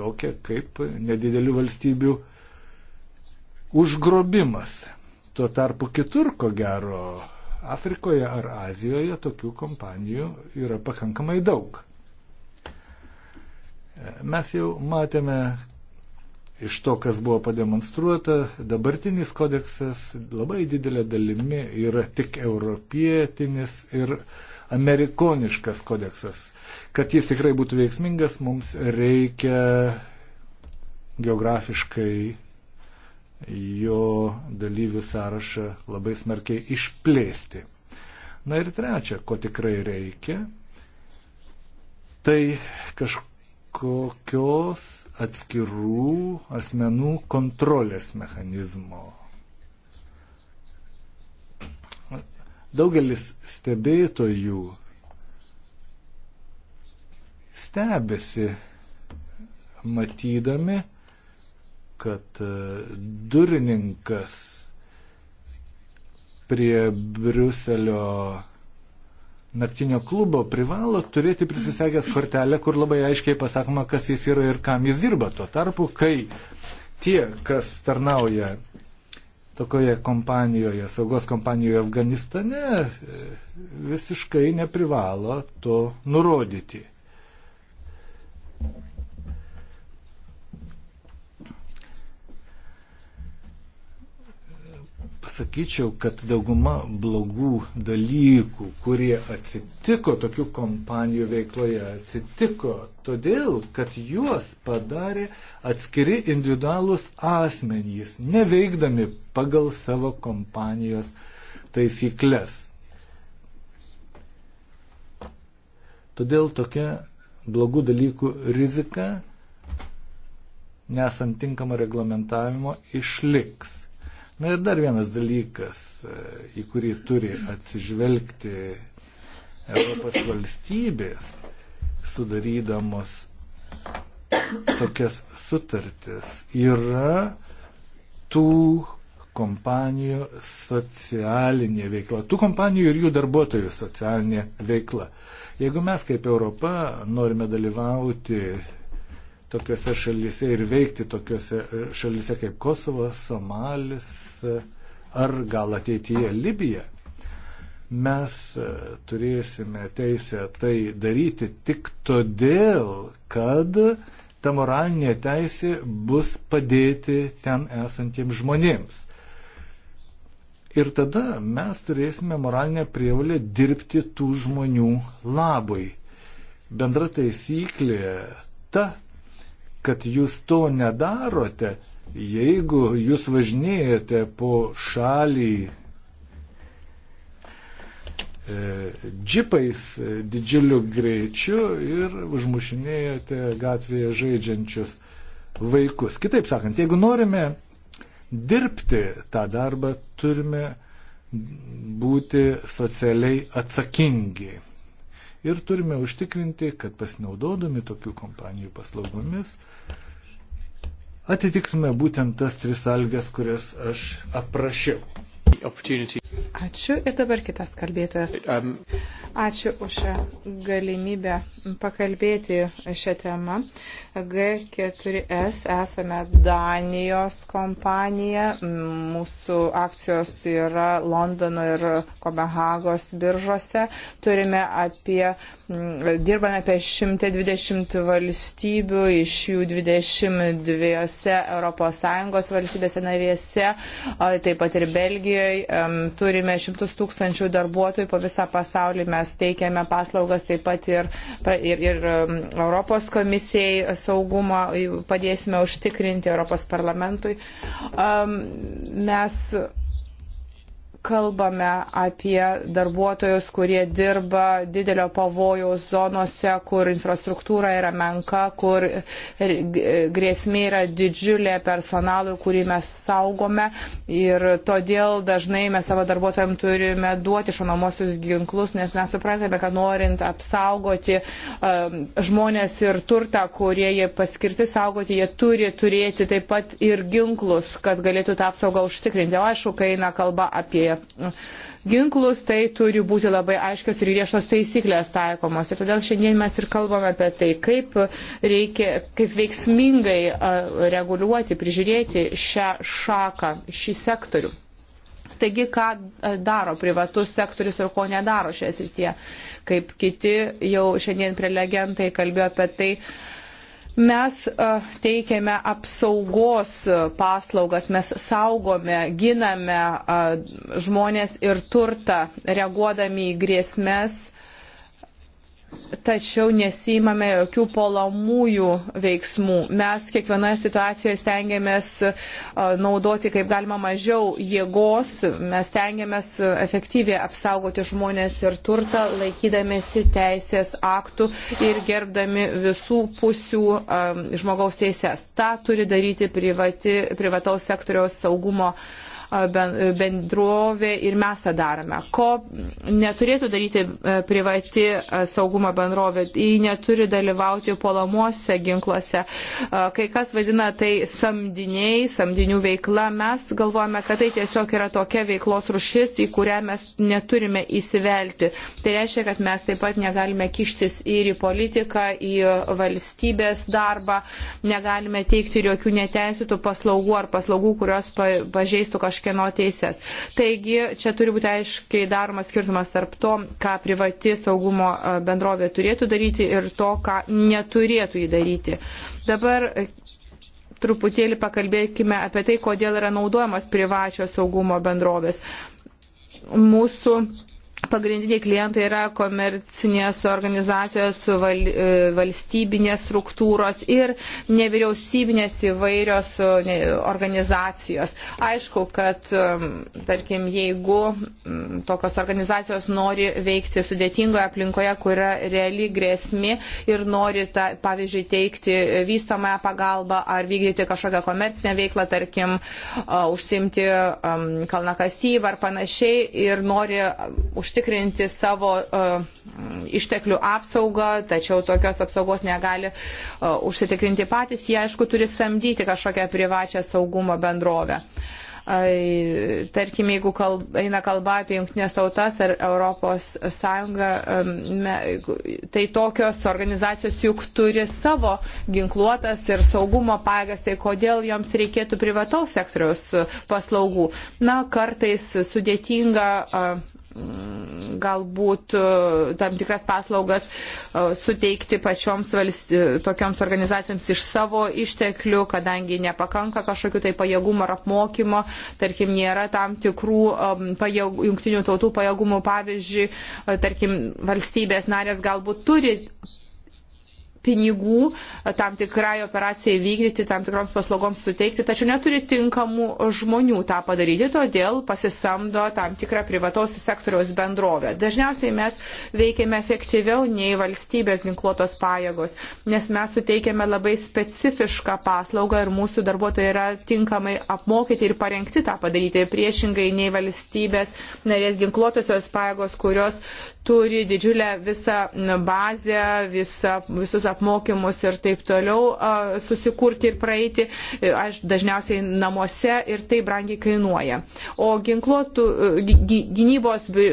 Speaker 1: tokią kaip nedidelių valstybių užgrobimas. Tuo tarpu kitur, ko gero, Afrikoje ar Azijoje tokių kompanijų yra pakankamai daug. Mes jau matėme, iš to, kas buvo pademonstruota, dabartinis kodeksas labai didelė dalimi yra tik europietinis ir amerikoniškas kodeksas. Kad jis tikrai būtų veiksmingas, mums reikia geografiškai jo dalyvių sąrašą labai smarkiai išplėsti. Na ir trečia, ko tikrai reikia, tai kažkokia kokios atskirų asmenų kontrolės mechanizmo. Daugelis stebėtojų stebisi matydami, kad e, durininkas prie Briuselio naktinio klubo privalo turėti prisisegęs kortelę, kur labai aiškiai pasakoma, kas jis yra ir kam jis dirba. Tuo tarpu, kai tie, kas tarnauja tokioje kompanijoje, saugos kompanijoje Afganistane, e, visiškai neprivalo to nurodyti. Sakyčiau, kad dauguma blogų dalykų, kurie atsitiko tokių kompanijų veikloje, atsitiko todėl, kad juos padarė atskiri individualūs asmenys, neveikdami pagal savo kompanijos taisyklės. Todėl tokia blogų dalykų rizika, nesant tinkamo reglamentavimo, išliks. Na ir dar vienas dalykas, e, į kurį turi atsižvelgti Europos valstybės, sudarydamos tokias sutartis, yra tų kompanijų socialinė veikla, tų kompanijų ir jų darbuotojų socialinė veikla. Jeigu mes kaip Europa norime dalyvauti tokiuose šalise ir veikti tokiuose e, šalise kaip Kosovo, Somalis e, ar gal ateityje Libija. Mes e, turėsime teisę tai daryti tik todėl, kad ta moralinė teisė bus padėti ten esantiems žmonėms. Ir tada mes turėsime moralinę prievalę dirbti tų žmonių labui. Bendra taisyklė ta, kad jūs to nedarote, jeigu jūs važinėjate po šalį e, džipais e, didžiuliu greičiu ir užmušinėjate gatvėje žaidžiančius vaikus. Kitaip sakant, jeigu norime dirbti tą darbą, turime būti socialiai atsakingi ir turime užtikrinti, kad pasinaudodami tokių kompanijų paslaugomis atitiktume būtent tas tris algas, kurias aš aprašiau.
Speaker 2: Ačiū ir dabar kitas kalbėtojas. Um, Ačiū už galimybę pakalbėti šią temą. G4S esame Danijos kompanija. Mūsų akcijos yra Londono ir Kopenhagos biržose. Turime apie, mm, dirbame apie 120 valstybių, iš jų 22 ES valstybėse narėse, taip pat ir Belgijoje turime šimtus tūkstančių darbuotojų po visą pasaulį, mes teikiame paslaugas taip pat ir, ir, ir um, Europos komisijai saugumo padėsime užtikrinti Europos parlamentui. Um, mes kalbame apie darbuotojus, kurie dirba didelio pavojaus zonose, kur infrastruktūra yra menka, kur grėsmė yra didžiulė personalui, kurį mes saugome. Ir todėl dažnai mes savo darbuotojams turime duoti šonamosius ginklus, nes mes suprantame, kad norint apsaugoti um, žmonės ir turtą, kurie jie paskirti saugoti, jie turi turėti taip pat ir ginklus, kad galėtų tą apsaugą užtikrinti. O aišku, kai eina kalba apie naudoja ginklus, tai turi būti labai aiškios ir griežtos taisyklės taikomos. Ir todėl šiandien mes ir kalbame apie tai, kaip, reikia, kaip veiksmingai reguliuoti, prižiūrėti šią šaką, šį sektorių. Taigi, ką daro privatus sektorius ir ko nedaro šioje srityje. Kaip kiti jau šiandien prelegentai kalbėjo apie tai, uh, Mes e, teikiame apsaugos e, paslaugas, mes saugome, giname e, žmonės ir turtą, reaguodami į grėsmės tačiau nesijimame jokių polamųjų veiksmų. Mes kiekvienoje situacijoje stengiamės naudoti kaip galima mažiau jėgos, mes stengiamės efektyviai apsaugoti žmonės ir turtą, laikydamėsi teisės aktų ir gerbdami visų pusių um, žmogaus teises. Ta turi daryti privati, privataus sektoriaus saugumo uh, bendrovė ir mes tą darome. Ko neturėtų daryti e, privati e, saugumo bendrovė, ji neturi dalyvauti polamuose ginkluose. Kai kas vadina tai samdiniai, samdinių veikla, mes galvojame, kad tai tiesiog yra tokia veiklos rušis, į kurią mes neturime įsivelti. Tai reiškia, kad mes taip pat negalime kištis ir į politiką, į valstybės darbą, negalime teikti ir jokių neteisėtų paslaugų ar paslaugų, kurios pažeistų kažką kažkieno teises. Taigi čia turi būti aiškiai daromas skirtumas tarp to, ką privati saugumo e, bendrovė turėtų daryti ir to, ką neturėtų jį daryti. Dabar e, truputėlį pakalbėkime apie tai, kodėl yra naudojamos privačios saugumo bendrovės. Mūsų Pagrindiniai klientai yra komercinės organizacijos, val, e, valstybinės struktūros ir nevyriausybinės įvairios e, organizacijos. Aišku, kad, e, tarkim, jeigu tokios organizacijos nori veikti sudėtingoje aplinkoje, kur yra reali grėsmi ir nori, ta, pavyzdžiui, teikti vystomąją pagalbą ar vykdyti kažkokią komercinę veiklą, tarkim, užsimti kalnakasybą ar panašiai ir nori užtikrinti užtikrinti savo e, išteklių apsaugą, tačiau tokios apsaugos negali e, užsitikrinti patys, jie aišku turi samdyti kažkokią privačią saugumo bendrovę e, tarkim, jeigu kalb, eina kalba apie jungtinės tautas ar Europos Sąjungą, tai tokios organizacijos juk turi savo ginkluotas ir saugumo pagas, tai kodėl joms reikėtų privataus sektoriaus paslaugų. Na, kartais sudėtinga Mm, galbūt e, tam tikras paslaugas e, suteikti pačioms valsty, e, tokioms organizacijoms iš savo išteklių, kadangi nepakanka kažkokių tai pajėgumų ar apmokymo, tarkim, nėra tam tikrų um, pajėg, jungtinių tautų pajėgumų, pavyzdžiui, tarkim, valstybės narės galbūt turi pinigų e, tam tikrai operacijai vykdyti, tam tikroms paslaugoms suteikti, tačiau neturi tinkamų žmonių tą padaryti, todėl pasisamdo tam tikrą privataus sektoriaus bendrovę. Dažniausiai mes veikiame efektyviau nei valstybės ginkluotos pajėgos, nes mes suteikiame labai specifišką paslaugą ir mūsų darbuotojai yra tinkamai apmokyti ir parengti tą padaryti, priešingai nei valstybės narės ginkluotosios pajėgos, kurios turi didžiulę visą bazę, visą, visus apmokymus ir taip toliau susikurti ir praeiti, e, aš dažniausiai namuose ir tai brangiai kainuoja. O ginkluotų e, gynybos e,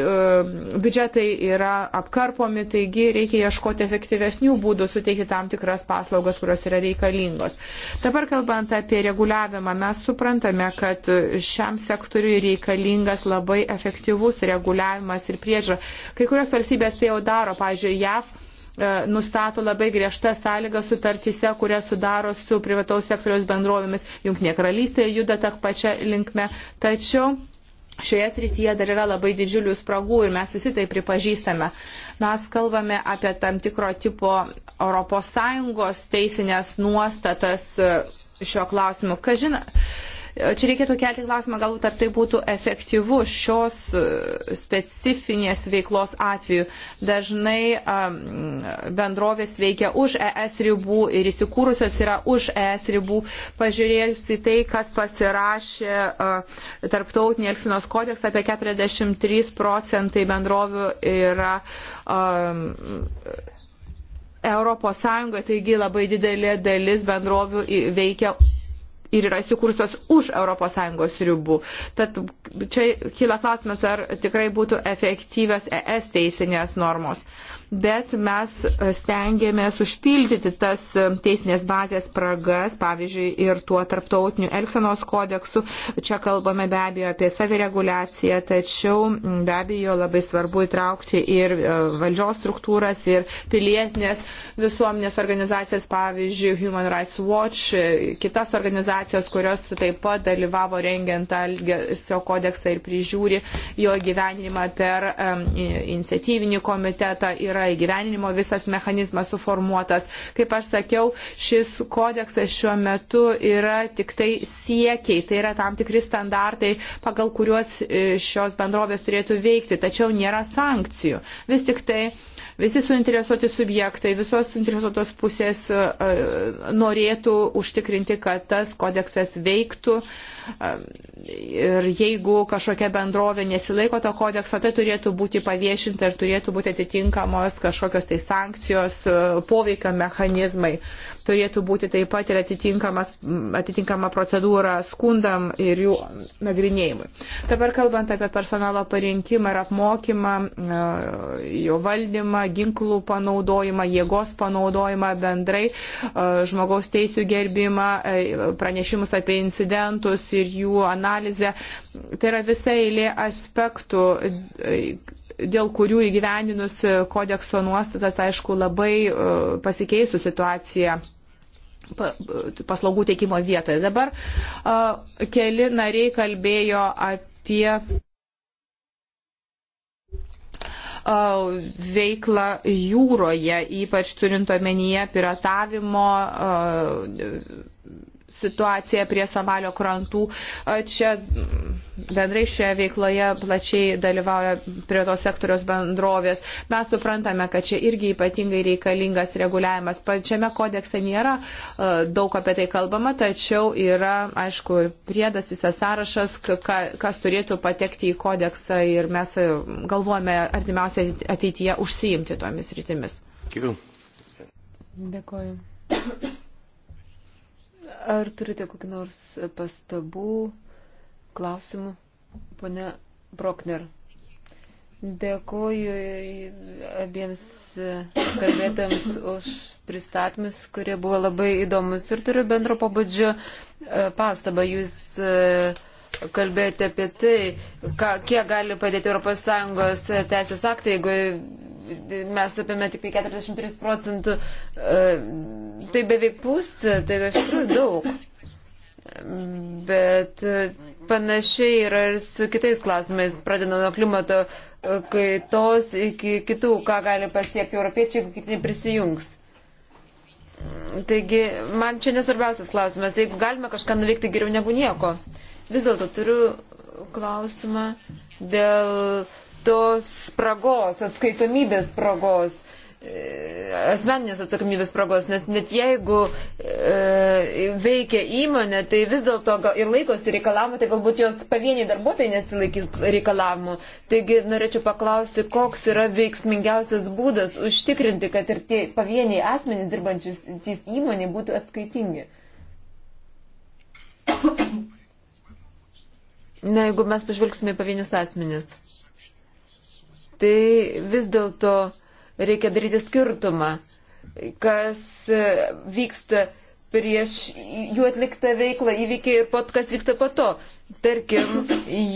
Speaker 2: biudžetai yra apkarpomi, taigi reikia ieškoti efektyvesnių būdų suteikti tam tikras paslaugas, kurios yra reikalingos. Dabar kalbant apie reguliavimą, mes suprantame, kad šiam sektoriui reikalingas labai efektyvus reguliavimas ir priežiūra. Kai kurios Kurios valstybės tai jau daro, pavyzdžiui, JAV e, nustato labai griežtas sąlygas sutartyse, kurias sudaro su privataus sektoriaus bendrovėmis. Junknė karalystė juda tą pačią linkmę. Tačiau Šioje srityje dar yra labai didžiulių spragų ir mes visi tai pripažįstame. Mes kalbame apie tam tikro tipo ES teisinės nuostatas e, šio klausimu. Kažina, Čia reikėtų kelti klausimą, galbūt ar tai būtų efektyvu šios e, specifinės veiklos atveju. Dažnai um, bendrovės veikia už ES ribų ir įsikūrusios yra už ES ribų. Pažiūrėjus į tai, kas pasirašė uh, tarptautinį Elsinos kodeksą, apie 43 procentai bendrovių yra. Um, Europos Sąjungoje, taigi labai didelė dalis bendrovių veikia ir yra įsikūrusios už ES ribų. Tad čia kyla klausimas, ar tikrai būtų efektyvios ES teisinės normos. Uh, bet mes e, stengiamės užpildyti tas e, teisinės bazės spragas, pavyzdžiui, ir tuo tarptautiniu Elksenos kodeksu. Čia kalbame be abejo apie savireguliaciją, tačiau be abejo labai svarbu įtraukti ir e, valdžios struktūras, ir pilietinės visuomenės organizacijas, pavyzdžiui, Human Rights Watch, kitas organizacijos, kurios taip pat dalyvavo rengiant Elgesio kodeksą ir prižiūri jo gyvenimą per um, iniciatyvinį komitetą. Yra yra įgyveninimo visas mechanizmas suformuotas. Kaip aš sakiau, šis kodeksas šiuo metu yra tik tai siekiai, tai yra tam tikri standartai, pagal kuriuos e, šios bendrovės turėtų veikti, tačiau nėra sankcijų. Vis tik tai Visi suinteresuoti subjektai, visos suinteresuotos pusės e, e, norėtų užtikrinti, kad tas kodeksas veiktų e, ir jeigu kažkokia bendrovė nesilaiko to kodekso, tai turėtų būti paviešinta ir turėtų būti atitinkamos kažkokios tai sankcijos poveikio mechanizmai turėtų būti taip pat ir atitinkama procedūra skundam ir jų nagrinėjimui. Dabar kalbant apie personalo parinkimą ir apmokymą, jo valdymą, ginklų panaudojimą, jėgos panaudojimą bendrai, žmogaus teisų gerbimą, pranešimus apie incidentus ir jų analizę. Tai yra visa eilė aspektų dėl kurių įgyvendinus kodekso nuostatas, aišku, labai pasikeisų situacija paslaugų teikimo vietoje. Dabar keli nariai kalbėjo apie veiklą jūroje, ypač turint omenyje piratavimo situaciją prie Somalio krantų. Čia bendrai šioje veikloje plačiai dalyvauja prie to sektoriaus bendrovės. Mes suprantame, kad čia irgi ypatingai reikalingas reguliavimas. Pačiame kodekse nėra daug apie tai kalbama, tačiau yra, aišku, priedas visas sąrašas, kas turėtų patekti į kodeksą ir mes galvojame artimiausiai ateityje užsiimti tomis rytimis.
Speaker 3: Dėkuoju. Ar turite kokį nors pastabų, klausimų, pone Brokner? Dėkoju abiems kalbėtams už pristatymus, kurie buvo labai įdomus ir turiu bendro pabudžio e, pastabą. Jūs e, kalbėjote apie tai, ką, kiek gali padėti ES e, teisės aktai, jeigu mes apėmė tik 43 tai procentų, e, tai beveik pusė, tai iš tikrųjų daug. Bet e, panašiai yra ir su kitais klausimais, pradedant nuo klimato e, kaitos iki kitų, ką gali pasiekti europiečiai, jeigu kiti neprisijungs. Taigi, man čia nesvarbiausias klausimas, jeigu galime kažką nuveikti geriau negu nieko. Vis dėlto turiu klausimą dėl uh, tos spragos, atskaitomybės spragos e, asmeninės atsakomybės spragos, nes net jeigu e, veikia įmonė, tai vis dėlto ir laikosi reikalavimų, tai galbūt jos pavieniai darbuotojai nesilaikys reikalavimų. Taigi norėčiau paklausti, koks yra veiksmingiausias būdas užtikrinti, kad ir tie pavieniai asmenys dirbančius ties įmonė būtų atskaitingi. Na, jeigu mes pažvelgsime pavienius asmenis tai vis dėlto reikia daryti skirtumą, kas e, vyksta prieš jų atliktą veiklą įvykį ir pot, kas vyksta po to. Tarkim,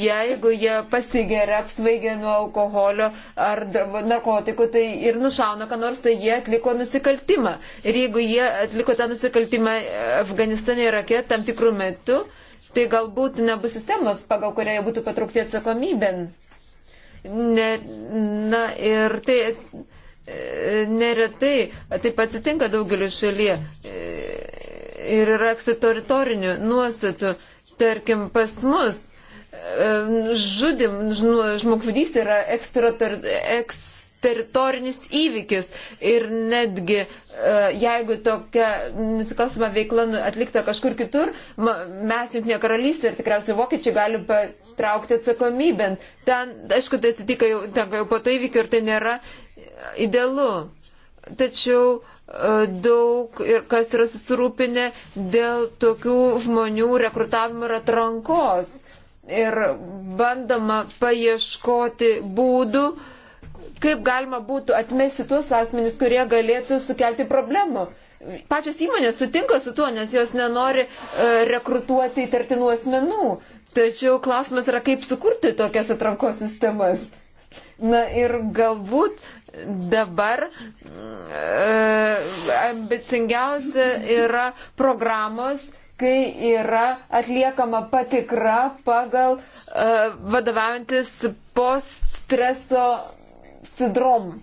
Speaker 3: jeigu jie pasigeria, apsvaigia nuo alkoholio ar narkotikų tai ir nušauna, ką nors tai jie atliko nusikaltimą. Ir jeigu jie atliko tą nusikaltimą Afganistane ir Irake tam tikrų metų, tai galbūt nebus sistemos, pagal kurią jie būtų patraukti atsakomybėn. Ne, na ir tai e, neretai taip atsitinka daugeliu šalyje e, ir yra eksteritorinių nuostatų. Tarkim, pas mus e, žudim, žmogžudystė yra eksteritorinių. Eks, teritorinis įvykis ir netgi e, jeigu tokia nusikalstama veikla nu, atlikta kažkur kitur, mes Junktinė karalystė ir tikriausiai vokiečiai gali patraukti atsakomybę. Ten, aišku, tai atsitiko jau, ten, jau po to įvykio ir tai nėra idealu. Tačiau e, daug ir kas yra susirūpinę dėl tokių žmonių rekrutavimo ir atrankos. Ir bandama paieškoti būdų, uh, kaip galima būtų atmesti tuos asmenys, kurie galėtų sukelti problemų. Pačios įmonės sutinka su tuo, nes jos nenori e, rekrutuoti įtartinų asmenų. Tačiau klausimas yra, kaip sukurti tokias atrankos sistemas. Na ir galbūt dabar mm, e, ambicingiausia yra programos, kai yra atliekama patikra pagal e, vadovaujantis post streso sindrom.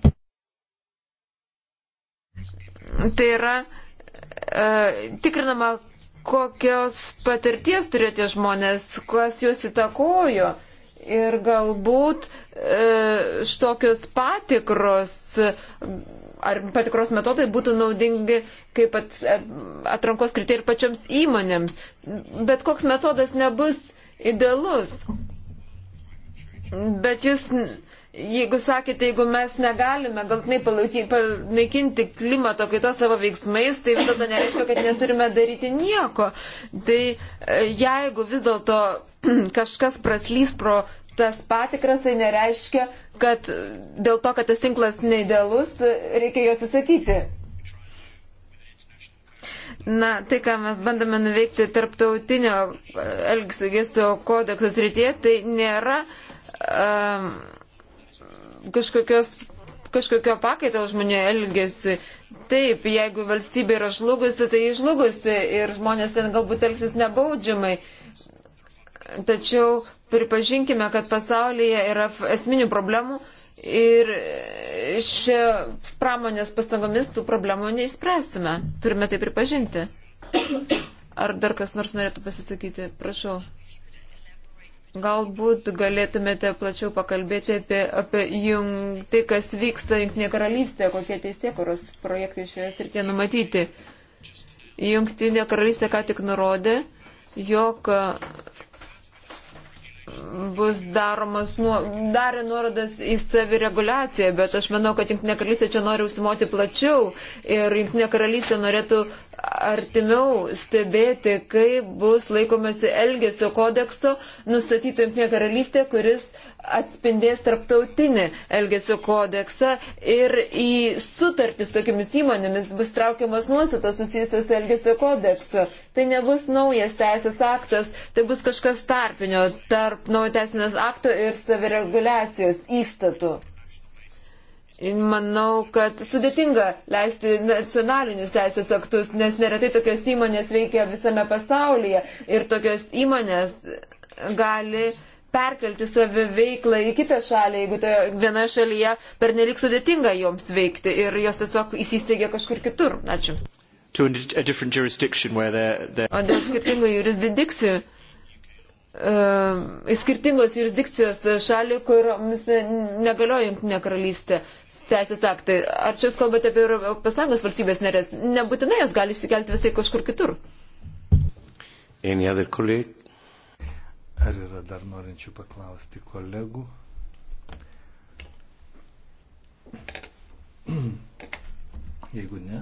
Speaker 3: Tai yra e, tikrinama, kokios patirties turėjo tie žmonės, kas juos įtakojo. Ir galbūt e, štokios patikros ar patikros metodai būtų naudingi kaip at, e, atrankos kriterijai ir pačioms įmonėms. Bet koks metodas nebus idealus. Bet jūs Jeigu sakėte, jeigu mes negalime galtinai panaikinti klimato kaitos savo veiksmais, tai vis dėlto nereiškia, kad neturime daryti nieko. Tai e, jeigu vis dėlto [CLEARS THROAT] kažkas praslys pro tas patikras, tai nereiškia, kad dėl to, kad tas tinklas neidealus, reikia jo atsisakyti. Na, tai, ką mes bandome nuveikti tarptautinio e, elgesio kodeksas rytie, tai nėra. Um, kažkokios kažkokio pakaito žmonių elgesi. Taip, jeigu valstybė yra žlugusi, tai žlugusi ir žmonės ten galbūt elgsis nebaudžiamai. Tačiau pripažinkime, kad pasaulyje yra esminių problemų ir šios pramonės pastangomis tų problemų neišspręsime. Turime tai pripažinti. Ar dar kas nors norėtų pasisakyti? Prašau. Galbūt galėtumėte plačiau pakalbėti apie, apie jung, tai, kas vyksta Junktinė karalystė, kokie teisėkuros projektai šioje srityje numatyti. Junktinė karalystė ką tik nurodė, jog bus daromas, nuo, darė nuorodas į savireguliaciją, bet aš manau, kad Junktinė karalystė čia nori užsimoti plačiau ir Junktinė karalystė norėtų artimiau stebėti, kaip bus laikomasi Elgesio kodekso nustatyto Junktinė karalystė, kuris uh, atspindės tarptautinį elgesio kodeksą ir į sutartis tokiamis įmonėmis bus traukiamas nuostatos susijusios su elgesio kodeksu. Tai nebus naujas teisės aktas, tai bus kažkas tarpinio tarp naujo teisinės akto ir savireguliacijos įstatų. Manau, kad sudėtinga leisti nacionalinius teisės aktus, nes neretai tokios įmonės veikia visame pasaulyje ir tokios įmonės gali uh, perkelti save veiklą į kitą šalį, jeigu tai vienoje šalyje per nelik sudėtinga joms veikti ir jos tiesiog įsisteigia kažkur kitur. Ačiū. They're, they're... O dėl skirtingų jurisdikcijų. Uh, skirtingos jurisdikcijos šalių, kur negalioja jungtinė karalystė teisės aktai. Ar čia jūs kalbate apie ES valstybės narės? Nebūtinai jos gali išsikelti visai kažkur kitur.
Speaker 1: Any other colleague? Ar yra dar norinčių paklausti kolegų? [CLEARS THROAT] Jeigu ne,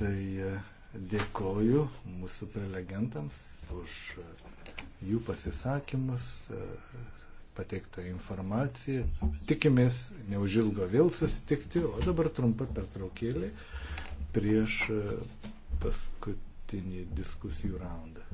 Speaker 1: tai e, dėkoju mūsų prelegentams už e, jų pasisakymus, e, pateiktą informaciją. Tikimės neužilgo vėl susitikti, o dabar trumpa pertraukėlė prieš paskutinį diskusijų raundą.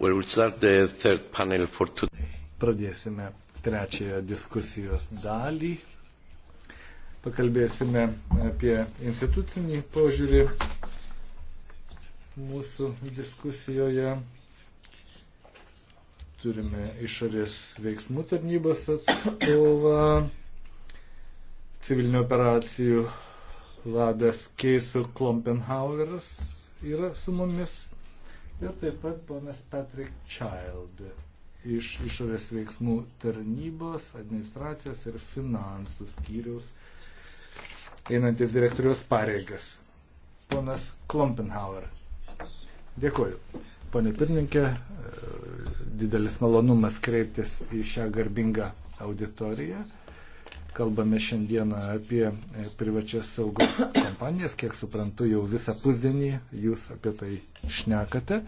Speaker 1: Pradėsime trečiąją diskusijos dalį. Pakalbėsime apie institucinį požiūrį mūsų diskusijoje. Turime išorės veiksmų tarnybos atstovą, civilinio operacijų vadas Keisų Klompenhaueras yra su mumis ir taip pat ponas Patrick Child iš išorės veiksmų tarnybos, administracijos ir finansų skyriaus einantis direktorius pareigas. Ponas Klompenhauer. Dėkuoju. Pane pirmininkė, e, didelis malonumas kreiptis į šią garbingą auditoriją. Kalbame šiandieną apie e, privačias saugos kompanijas, kiek suprantu, jau visą pusdienį jūs apie tai šnekate.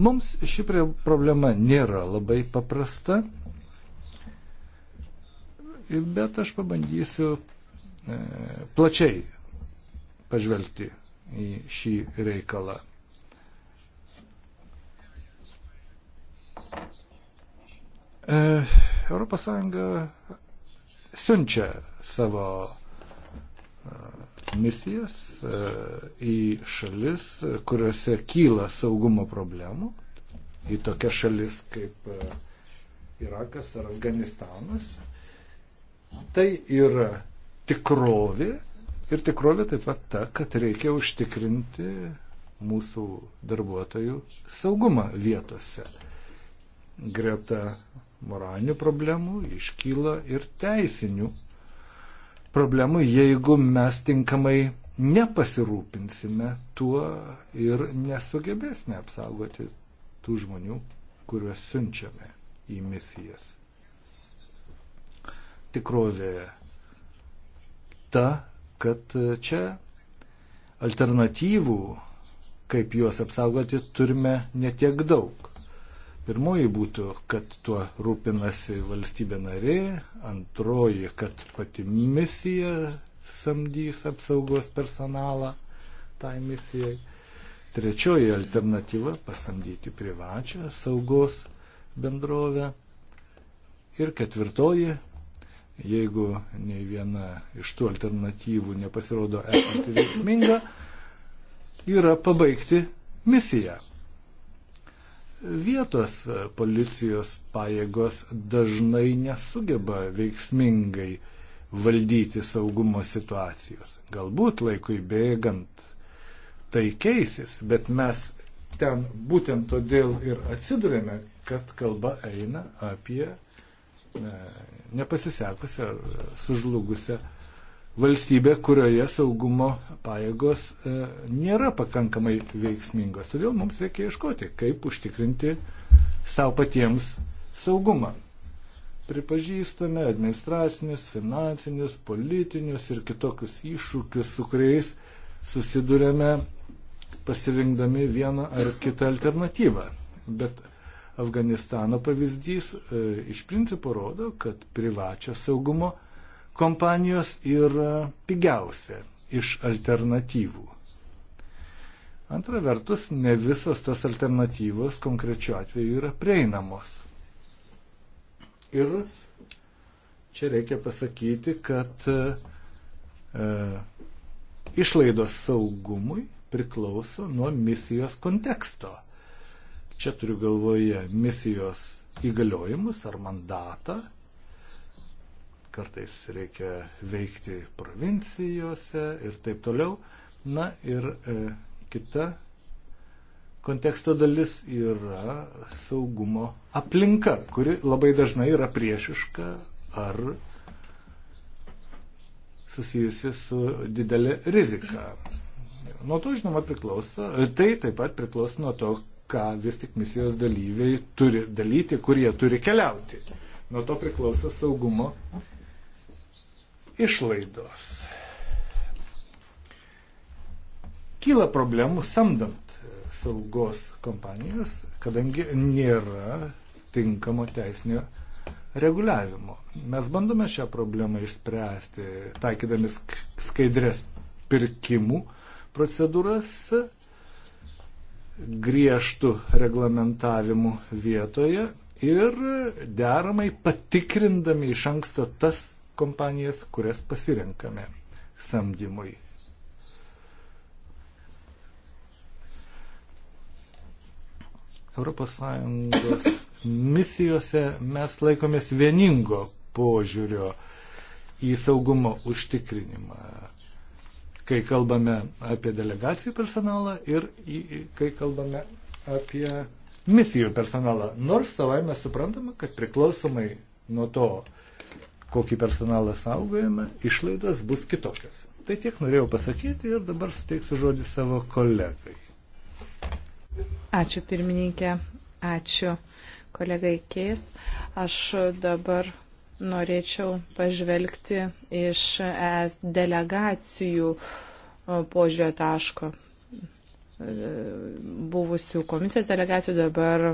Speaker 1: Mums ši problema nėra labai paprasta, bet aš pabandysiu e, plačiai pažvelgti į šį reikalą. ES siunčia savo e, misijas e, į šalis, kuriuose kyla saugumo problemų, į tokias šalis kaip e, Irakas ar Afganistanas. Tai yra tikrovė ir tikrovė taip pat ta, kad reikia užtikrinti mūsų darbuotojų saugumą vietose. Greta moralinių problemų, iškyla ir teisinių problemų, jeigu mes tinkamai nepasirūpinsime tuo ir nesugebėsime apsaugoti tų žmonių, kuriuos siunčiame į misijas. Tikrovė ta, kad čia alternatyvų, kaip juos apsaugoti, turime netiek daug. Pirmoji būtų, kad tuo rūpinasi valstybė narė, antroji, kad pati misija samdys apsaugos personalą tai misijai, trečioji alternatyva pasamdyti privačią saugos bendrovę ir ketvirtoji, jeigu nei viena iš tų alternatyvų nepasirodo esanti veiksminga, yra pabaigti misiją. Vietos policijos pajėgos dažnai nesugeba veiksmingai valdyti saugumo situacijos. Galbūt laikui bėgant tai keisis, bet mes ten būtent todėl ir atsidurėme, kad kalba eina apie e, nepasisekusią ar sužlugusią valstybė, kurioje saugumo pajėgos e, nėra pakankamai veiksmingos. Todėl mums reikia ieškoti, kaip užtikrinti savo patiems saugumą. Pripažįstame administracinius, finansinius, politinius ir kitokius iššūkius, su kuriais susidurėme pasirinkdami vieną ar kitą alternatyvą. Bet Afganistano pavyzdys e, iš principo rodo, kad privačią saugumo kompanijos yra pigiausia iš alternatyvų. Antra vertus, ne visas tas alternatyvas konkrečiu atveju yra prieinamos. Ir čia reikia pasakyti, kad e, išlaidos saugumui priklauso nuo misijos konteksto. Čia turiu galvoje misijos įgaliojimus ar mandatą kartais reikia veikti provincijose ir taip toliau. Na ir e, kita konteksto dalis yra saugumo aplinka, kuri labai dažnai yra priešiška ar susijusi su didelė rizika. Nuo to, žinoma, priklauso, tai taip pat priklauso nuo to, ką vis tik misijos dalyviai turi dalyti, kur jie turi keliauti. Nuo to priklauso saugumo išlaidos. Kyla problemų samdant saugos kompanijas, kadangi nėra tinkamo teisinio reguliavimo. Mes bandome šią problemą išspręsti, taikydami skaidrės pirkimų procedūras griežtų reglamentavimų vietoje ir deramai patikrindami iš anksto tas kompanijas, kurias pasirenkame samdymui. ES misijose mes laikomės vieningo požiūrio į saugumo užtikrinimą, kai kalbame apie delegacijų personalą ir į, kai kalbame apie misijų personalą. Nors savai mes suprantame, kad priklausomai nuo to, kokį personalą saugojame, išlaidos bus kitokios. Tai tiek norėjau pasakyti ir dabar suteiksiu žodį savo kolegai.
Speaker 2: Ačiū pirmininkė, ačiū kolegai Keis. Aš dabar norėčiau pažvelgti iš ES delegacijų požiūrio taško e, buvusių komisijos delegacijų, dabar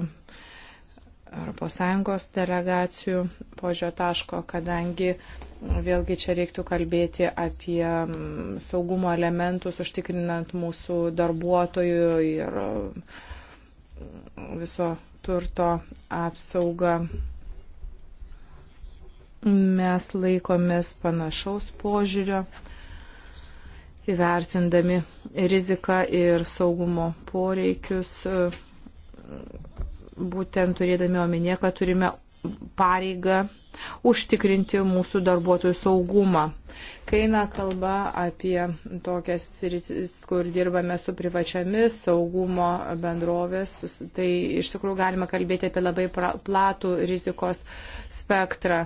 Speaker 2: ES delegacijų požio taško, kadangi vėlgi čia reiktų kalbėti apie saugumo elementus, užtikrinant mūsų darbuotojų ir viso turto apsaugą. Mes laikomės panašaus požiūrio, įvertindami riziką ir saugumo poreikius būtent turėdami omenyje, kad turime pareigą užtikrinti mūsų darbuotojų saugumą. Kai eina kalba apie tokias rytis, kur dirbame su privačiamis saugumo bendrovės, tai iš tikrųjų galima kalbėti apie labai platų rizikos spektrą.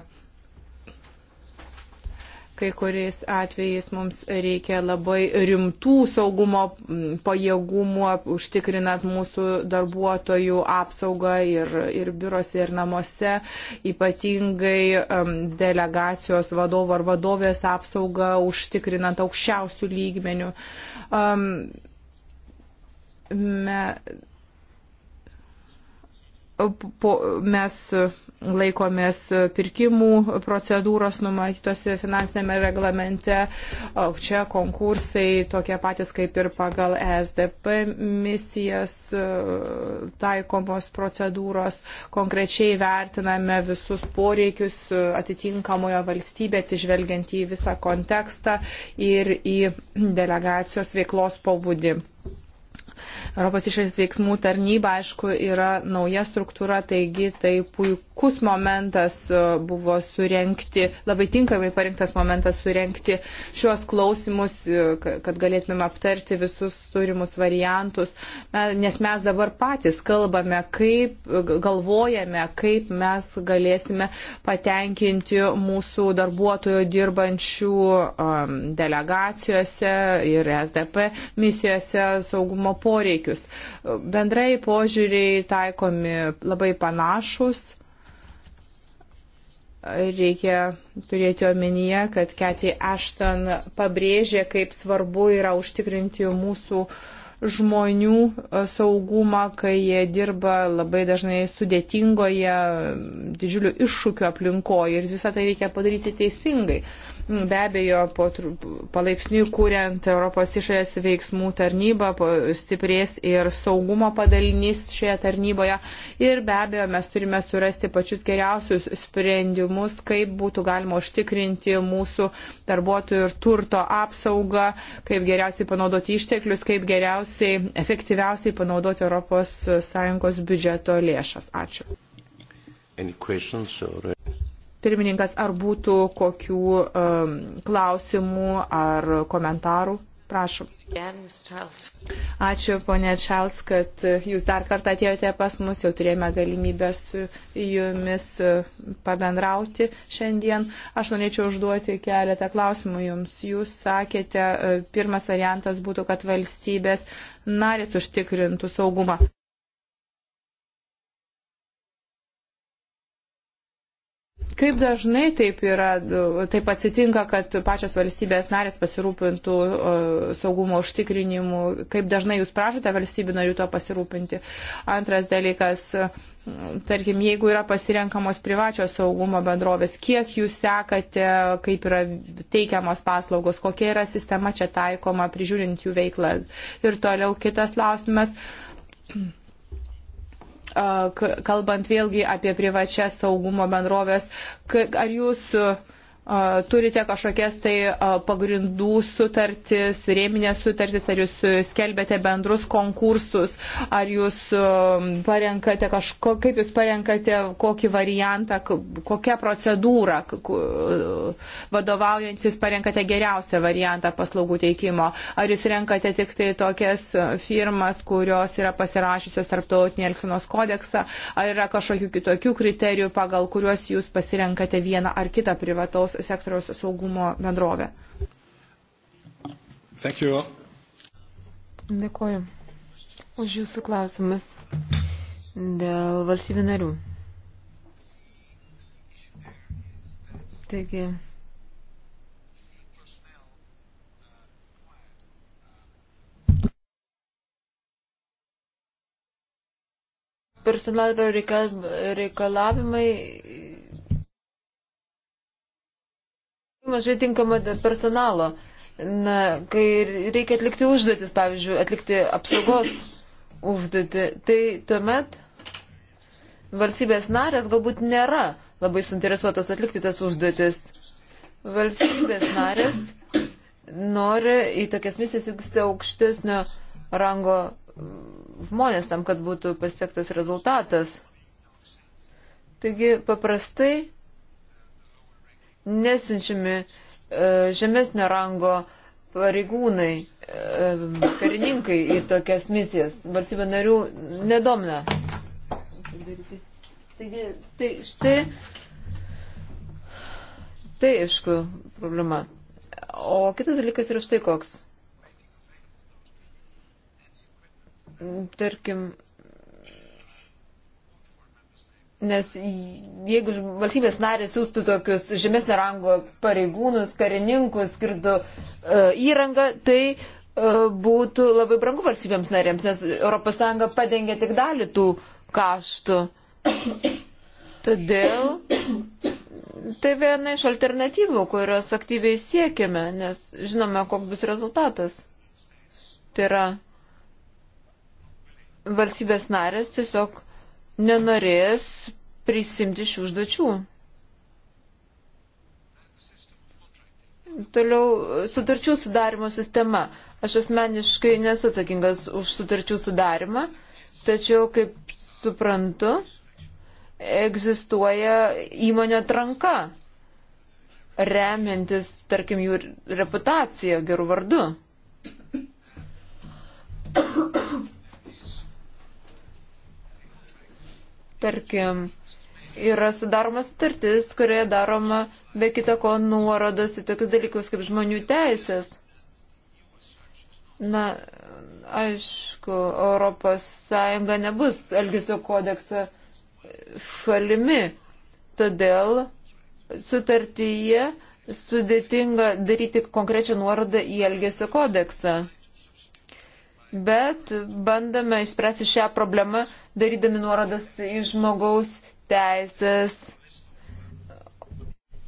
Speaker 2: Kai kuriais atvejais mums reikia labai rimtų saugumo pajėgumų, užtikrinant mūsų darbuotojų apsaugą ir, ir biurose, ir namuose, ypatingai um, delegacijos vadovo ar vadovės apsaugą, užtikrinant aukščiausių lygmenių. Um, me, po, mes laikomės pirkimų procedūros numatytos finansinėme reglamente. Čia konkursai tokie patys kaip ir pagal ESDP misijas e, taikomos procedūros. Konkrečiai vertiname visus poreikius e, atitinkamojo valstybė atsižvelgiant į visą kontekstą ir į delegacijos veiklos pobūdį. Europos išorės veiksmų tarnyba, aišku, yra nauja struktūra, taigi tai puikus momentas e, buvo surenkti, labai tinkamai parinktas momentas surenkti šios klausimus, e, kad galėtumėm aptarti visus turimus variantus, nes mes dabar patys kalbame, kaip galvojame, kaip mes galėsime patenkinti mūsų darbuotojų dirbančių delegacijose ir SDP misijose saugumo poreikį poreikius. Bendrai požiūriai taikomi labai panašus. Reikia turėti omenyje, kad Keti Ashton pabrėžė, kaip svarbu yra užtikrinti mūsų žmonių e, saugumą, kai jie dirba labai dažnai sudėtingoje, didžiulių iššūkių aplinkoje ir visą tai reikia padaryti teisingai. Uh, Be abejo, po, palaipsniui kuriant Europos išorės veiksmų tarnybą, stiprės ir saugumo padalinys šioje tarnyboje. Ir be abejo, mes turime surasti pačius geriausius sprendimus, kaip būtų galima užtikrinti mūsų darbuotojų ir turto apsaugą, kaip geriausiai panaudoti išteklius, kaip geriausiai, efektyviausiai panaudoti ES biudžeto lėšas. Ačiū.
Speaker 1: Any questions or...
Speaker 2: Pirmininkas, ar būtų kokių um, klausimų ar komentarų? Prašom. Ačiū, ponė Čels, kad jūs dar kartą atėjote pas mus, jau turėjome galimybę su jumis uh, pabendrauti šiandien. Aš norėčiau užduoti keletą klausimų jums. Jūs sakėte, uh, pirmas variantas būtų, kad valstybės narės užtikrintų saugumą. Kaip dažnai taip yra, taip atsitinka, kad pačios valstybės narės pasirūpintų saugumo užtikrinimu, kaip dažnai jūs prašote valstybių narių to pasirūpinti. Antras dalykas, tarkim, jeigu yra pasirenkamos privačios saugumo bendrovės, kiek jūs sekate, kaip yra teikiamos paslaugos, kokia yra sistema čia taikoma, prižiūrint jų veiklas. Ir toliau kitas klausimas kalbant vėlgi apie privačias saugumo bendrovės, ar jūs turite kažkokias tai pagrindų sutartis, rėminės sutartis, ar jūs skelbėte bendrus konkursus, ar jūs parenkate kažko, kaip jūs parenkate kokį variantą, kokią procedūrą vadovaujantis parenkate geriausią variantą paslaugų teikimo, ar jūs renkate tik tai tokias firmas, kurios yra pasirašysios tarptautinį Elksinos kodeksą, ar yra kažkokių kitokių kriterijų, pagal kuriuos jūs pasirenkate vieną ar kitą privataus gynybos sektoriaus saugumo bendrovė.
Speaker 3: Dėkuoju už Jūsų klausimus dėl valstybių narių. Taigi, personalo reikalavimai mažai tinkamo personalo, na, kai reikia atlikti užduotis, pavyzdžiui, atlikti apsaugos užduotį, tai tuomet valstybės narės galbūt nėra labai suinteresuotos atlikti tas užduotis. Valstybės narės nori į tokias misijas vyksta aukštesnio rango žmonės tam, kad būtų pasiektas rezultatas. Taigi paprastai nesinčiami e, žemesnio rango pareigūnai, e, karininkai į tokias misijas. Valstybė narių nedomina. Taigi, tai štai, tai aišku, problema. O kitas dalykas yra štai koks. Tarkim, Nes jeigu valstybės narės siūstų tokius žemesnio rango pareigūnus, karininkus, skirtų e, įrangą, tai e, būtų labai brangu valstybėms narėms, nes ES padengia tik dalį tų kaštų. Todėl tai viena iš alternatyvų, kurios aktyviai siekiame, nes žinome, koks bus rezultatas. Tai yra valstybės narės tiesiog nenorės prisimti šių užduočių. Toliau sutarčių sudarimo sistema. Aš asmeniškai nesu atsakingas už sutarčių sudarimą, tačiau, kaip suprantu, egzistuoja įmonė tranka, remiantis, tarkim, jų reputaciją gerų vardu. Tarkim, yra sudaroma sutartis, kurioje daroma be kita ko nuorodos į tokius dalykus kaip žmonių teisės. Na, aišku, ES nebus Elgesio kodekso šalimi, todėl sutartyje sudėtinga daryti konkrečią nuorodą į Elgesio kodeksą bet bandome išspręsti šią problemą, darydami nuorodas į žmogaus teisės,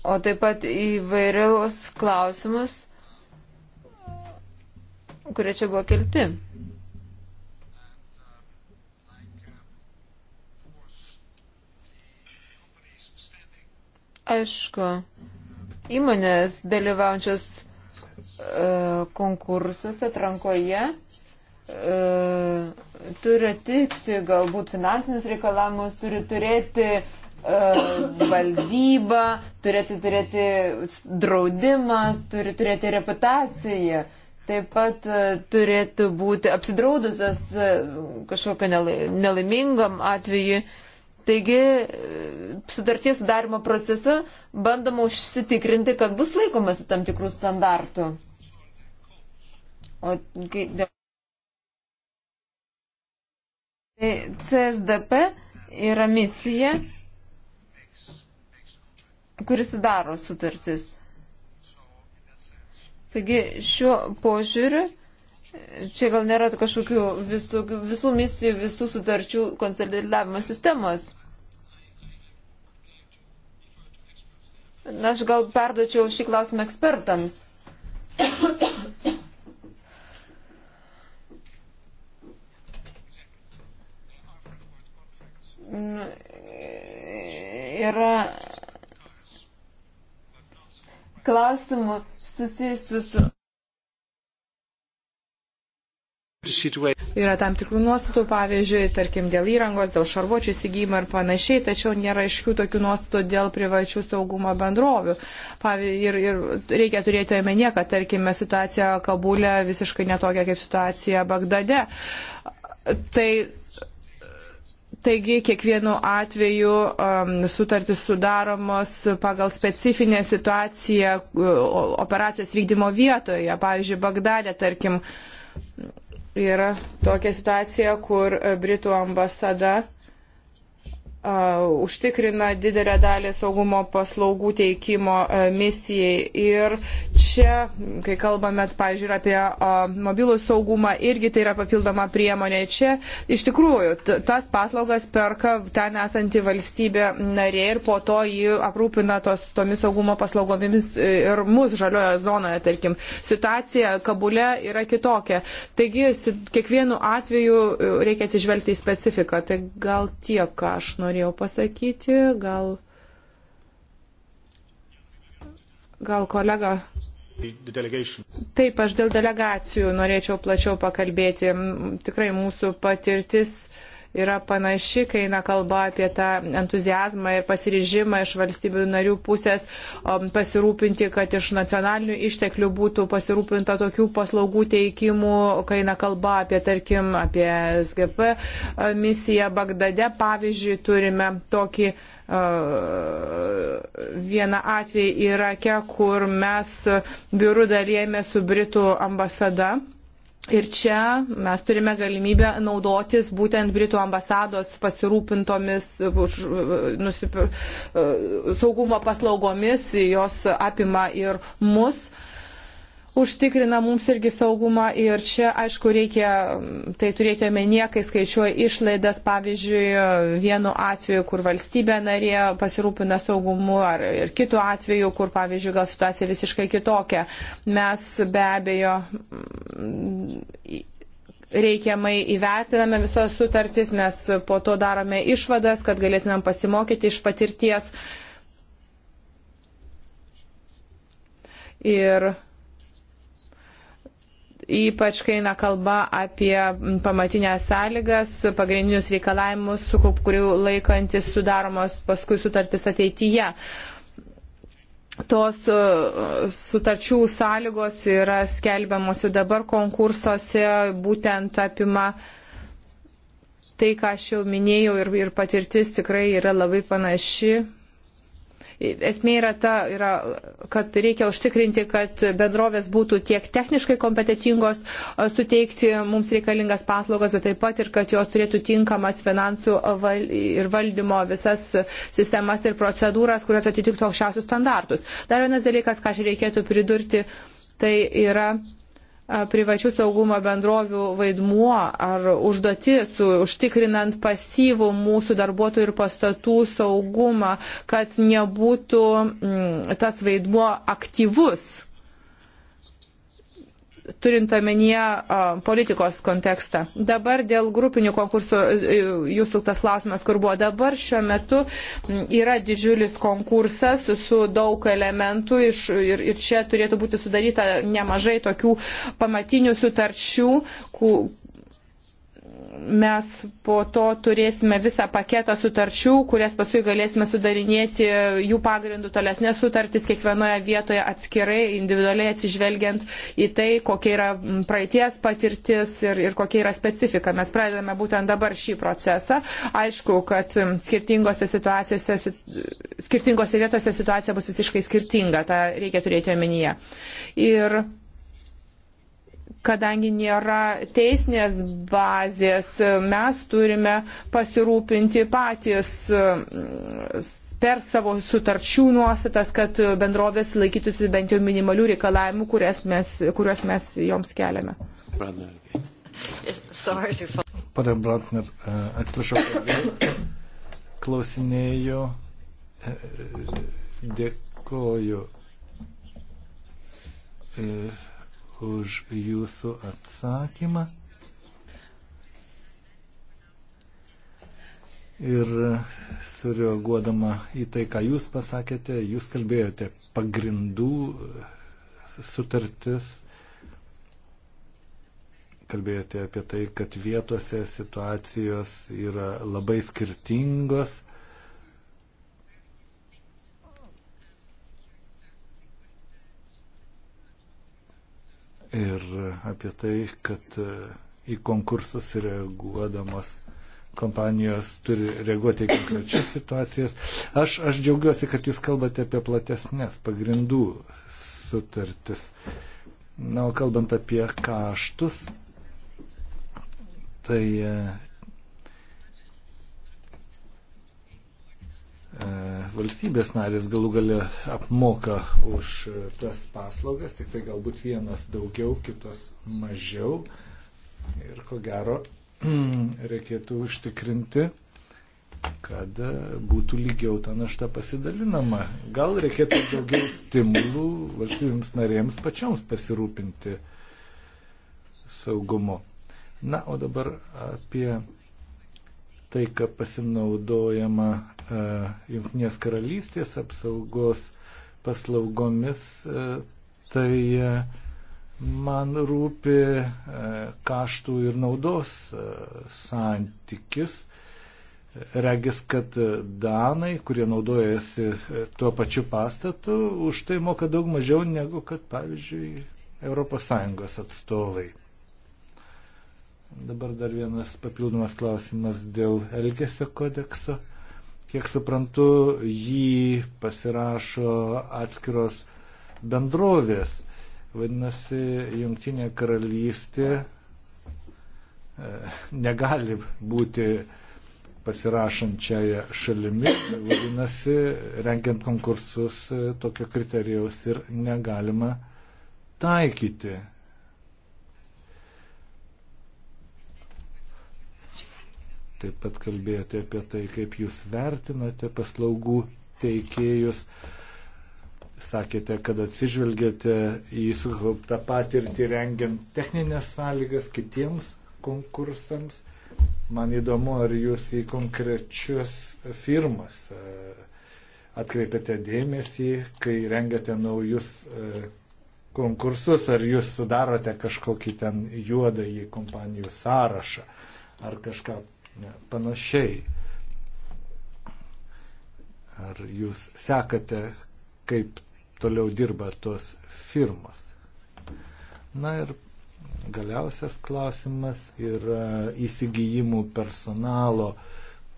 Speaker 3: o taip pat įvairiaus klausimus, kurie čia buvo kelti. Aišku, įmonės dalyvaujančios e, konkursuose atrankoje E, turi atitikti galbūt finansinius reikalavimus, turi turėti e, valdybą, turėti turėti draudimą, turi turėti reputaciją. Taip pat e, turėtų būti apsidraudusios kažkokio nelaimingam atveju. Taigi sutarties sudarimo procese bandoma užsitikrinti, kad bus laikomasi tam tikrų standartų. O kai dėl E, CSDP yra misija, kuris sudaro sutartis. Taigi šiuo požiūriu čia gal nėra kažkokių visų, visų misijų, visų sutarčių konsolidavimo sistemos. Na, aš gal perduočiau šį klausimą ekspertams. yra klausimų susijusių su.
Speaker 2: Yra tam tikrų nuostatų, pavyzdžiui, tarkim, dėl įrangos, dėl šarvuočių įsigijimo ir panašiai, tačiau nėra iškių tokių nuostatų dėl privačių saugumo bendrovių. Pavyzdžiui, ir, ir reikia turėti omenyje, kad, tarkime, situacija Kabulė visiškai netokia kaip situacija Bagdade. Tai Taigi kiekvienu atveju um, sutartys sudaromos pagal specifinę situaciją uh, operacijos vykdymo vietoje. Pavyzdžiui, Bagdadė, tarkim, yra tokia situacija, kur Britų ambasada užtikrina didelę dalį saugumo paslaugų teikimo misijai. Ir čia, kai kalbame, pavyzdžiui, apie mobilų saugumą, irgi tai yra papildoma priemonė. Čia iš tikrųjų tas paslaugas perka ten esanti valstybė narė ir po to jį aprūpina tos, tomis saugumo paslaugomis e, ir mūsų žaliojo zonoje, tarkim. Situacija kabule yra kitokia. Taigi, kiekvienu atveju e, reikia atsižvelgti į specifiką. Tai gal tiek aš noriu norėjau pasakyti. Gal, gal kolega. Taip, aš dėl delegacijų norėčiau plačiau pakalbėti. Tikrai mūsų patirtis yra panaši, kai eina kalba apie tą entuzijazmą ir pasiryžimą iš valstybių narių pusės um, pasirūpinti, kad iš nacionalinių išteklių būtų pasirūpinta tokių paslaugų teikimų, kai eina kalba apie, tarkim, apie SGP uh, misiją Bagdade. Pavyzdžiui, turime tokį uh, vieną atvejį Irake, kur mes uh, biurų dalėjame su Britų ambasada. Ir čia mes turime galimybę naudotis būtent Britų ambasados pasirūpintomis nusip, e, saugumo paslaugomis, jos apima ir mus užtikrina mums irgi saugumą ir čia, aišku, reikia tai turėti omenyje, kai skaičiuoja išlaidas, pavyzdžiui, vienu atveju, kur valstybė narė pasirūpina saugumu ar ir kitu atveju, kur, pavyzdžiui, gal situacija visiškai kitokia. Mes be abejo reikiamai įvertiname visas sutartis, mes po to darome išvadas, kad galėtumėm pasimokyti iš patirties. Ir ypač kai eina kalba apie pamatinės sąlygas, pagrindinius reikalavimus, su kurių laikantis sudaromos paskui sutartis ateityje tos e, sutarčių sąlygos yra skelbiamos jau dabar konkursuose, būtent apima tai, ką aš jau minėjau ir, ir patirtis tikrai yra labai panaši. Esmė yra ta, yra, kad reikia užtikrinti, kad bendrovės būtų tiek techniškai kompetitingos suteikti mums reikalingas paslaugas, bet taip pat ir kad jos turėtų tinkamas finansų ir valdymo visas sistemas ir procedūras, kurios atitiktų aukščiausius standartus. Dar vienas dalykas, ką čia reikėtų pridurti, tai yra privačių saugumo bendrovių vaidmuo ar užduotis užtikrinant pasyvų mūsų darbuotojų ir pastatų saugumą, kad nebūtų mm, tas vaidmuo aktyvus, turint omenyje politikos kontekstą. Dabar dėl grupinių konkursų, jūsų tas klausimas, kur buvo dabar, šiuo metu yra didžiulis konkursas su daug elementų iš, ir, ir čia turėtų būti sudaryta nemažai tokių pamatinių sutarčių, ku, mes po to turėsime visą paketą sutarčių, kurias paskui galėsime sudarinėti jų pagrindų tolesnės sutartys kiekvienoje vietoje atskirai, individualiai atsižvelgiant į tai, kokia yra praeities patirtis ir, ir kokia yra specifika. Mes pradedame būtent dabar šį procesą. Aišku, kad skirtingose, skirtingose vietose situacija bus visiškai skirtinga, tą reikia turėti omenyje. Ir kadangi nėra teisinės bazės, mes turime pasirūpinti patys mm, per savo sutarčių nuostatas, kad bendrovės laikytųsi bent jau minimalių reikalavimų, mes, kuriuos mes joms keliame.
Speaker 1: Pane Brantner, e, atsiprašau, klausinėjau, e, e, dėkoju. E, už jūsų atsakymą. Ir sureaguodama į tai, ką jūs pasakėte, jūs kalbėjote pagrindų sutartis, kalbėjote apie tai, kad vietose situacijos yra labai skirtingos ir apie tai, kad e, į konkursus reaguodamos kompanijos turi reaguoti į konkrečias situacijas. Aš, aš džiaugiuosi, kad jūs kalbate apie platesnės pagrindų sutartis. Na, o kalbant apie kaštus, tai e, E, valstybės narės galų gale apmoka už e, tas paslaugas, tik tai galbūt vienas daugiau, kitos mažiau. Ir ko gero [CLEARS THROAT] reikėtų užtikrinti, kad e, būtų lygiau ta našta pasidalinama. Gal reikėtų daugiau stimulų valstybėms narėms pačioms pasirūpinti saugumu. Na, o dabar apie tai, kad pasinaudojama e, Junktinės karalystės apsaugos paslaugomis, e, tai e, man rūpi kaštų ir naudos santykis. Regis, kad Danai, kurie naudojasi tuo pačiu pastatu, už tai moka daug mažiau negu kad, pavyzdžiui, ES atstovai. Dabar dar vienas papildomas klausimas dėl Elgesio kodekso. Kiek suprantu, jį pasirašo atskiros bendrovės. Vadinasi, Junktinė karalystė e, negali būti pasirašančiaja šalimi. Vadinasi, rengiant konkursus e, tokio kriterijaus ir negalima taikyti. Taip pat kalbėjote apie tai, kaip jūs vertinate paslaugų teikėjus. Sakėte, kad atsižvelgėte į sukauptą patirtį rengiant techninės sąlygas kitiems konkursams. Man įdomu, ar jūs į konkrečius firmas e, atkreipiate dėmesį, kai rengiate naujus e, konkursus, ar jūs sudarote kažkokį ten juodąjį kompanijų sąrašą, ar kažką panašiai. Ar jūs sekate, kaip toliau dirba tos firmos? Na ir galiausias klausimas yra įsigijimų personalo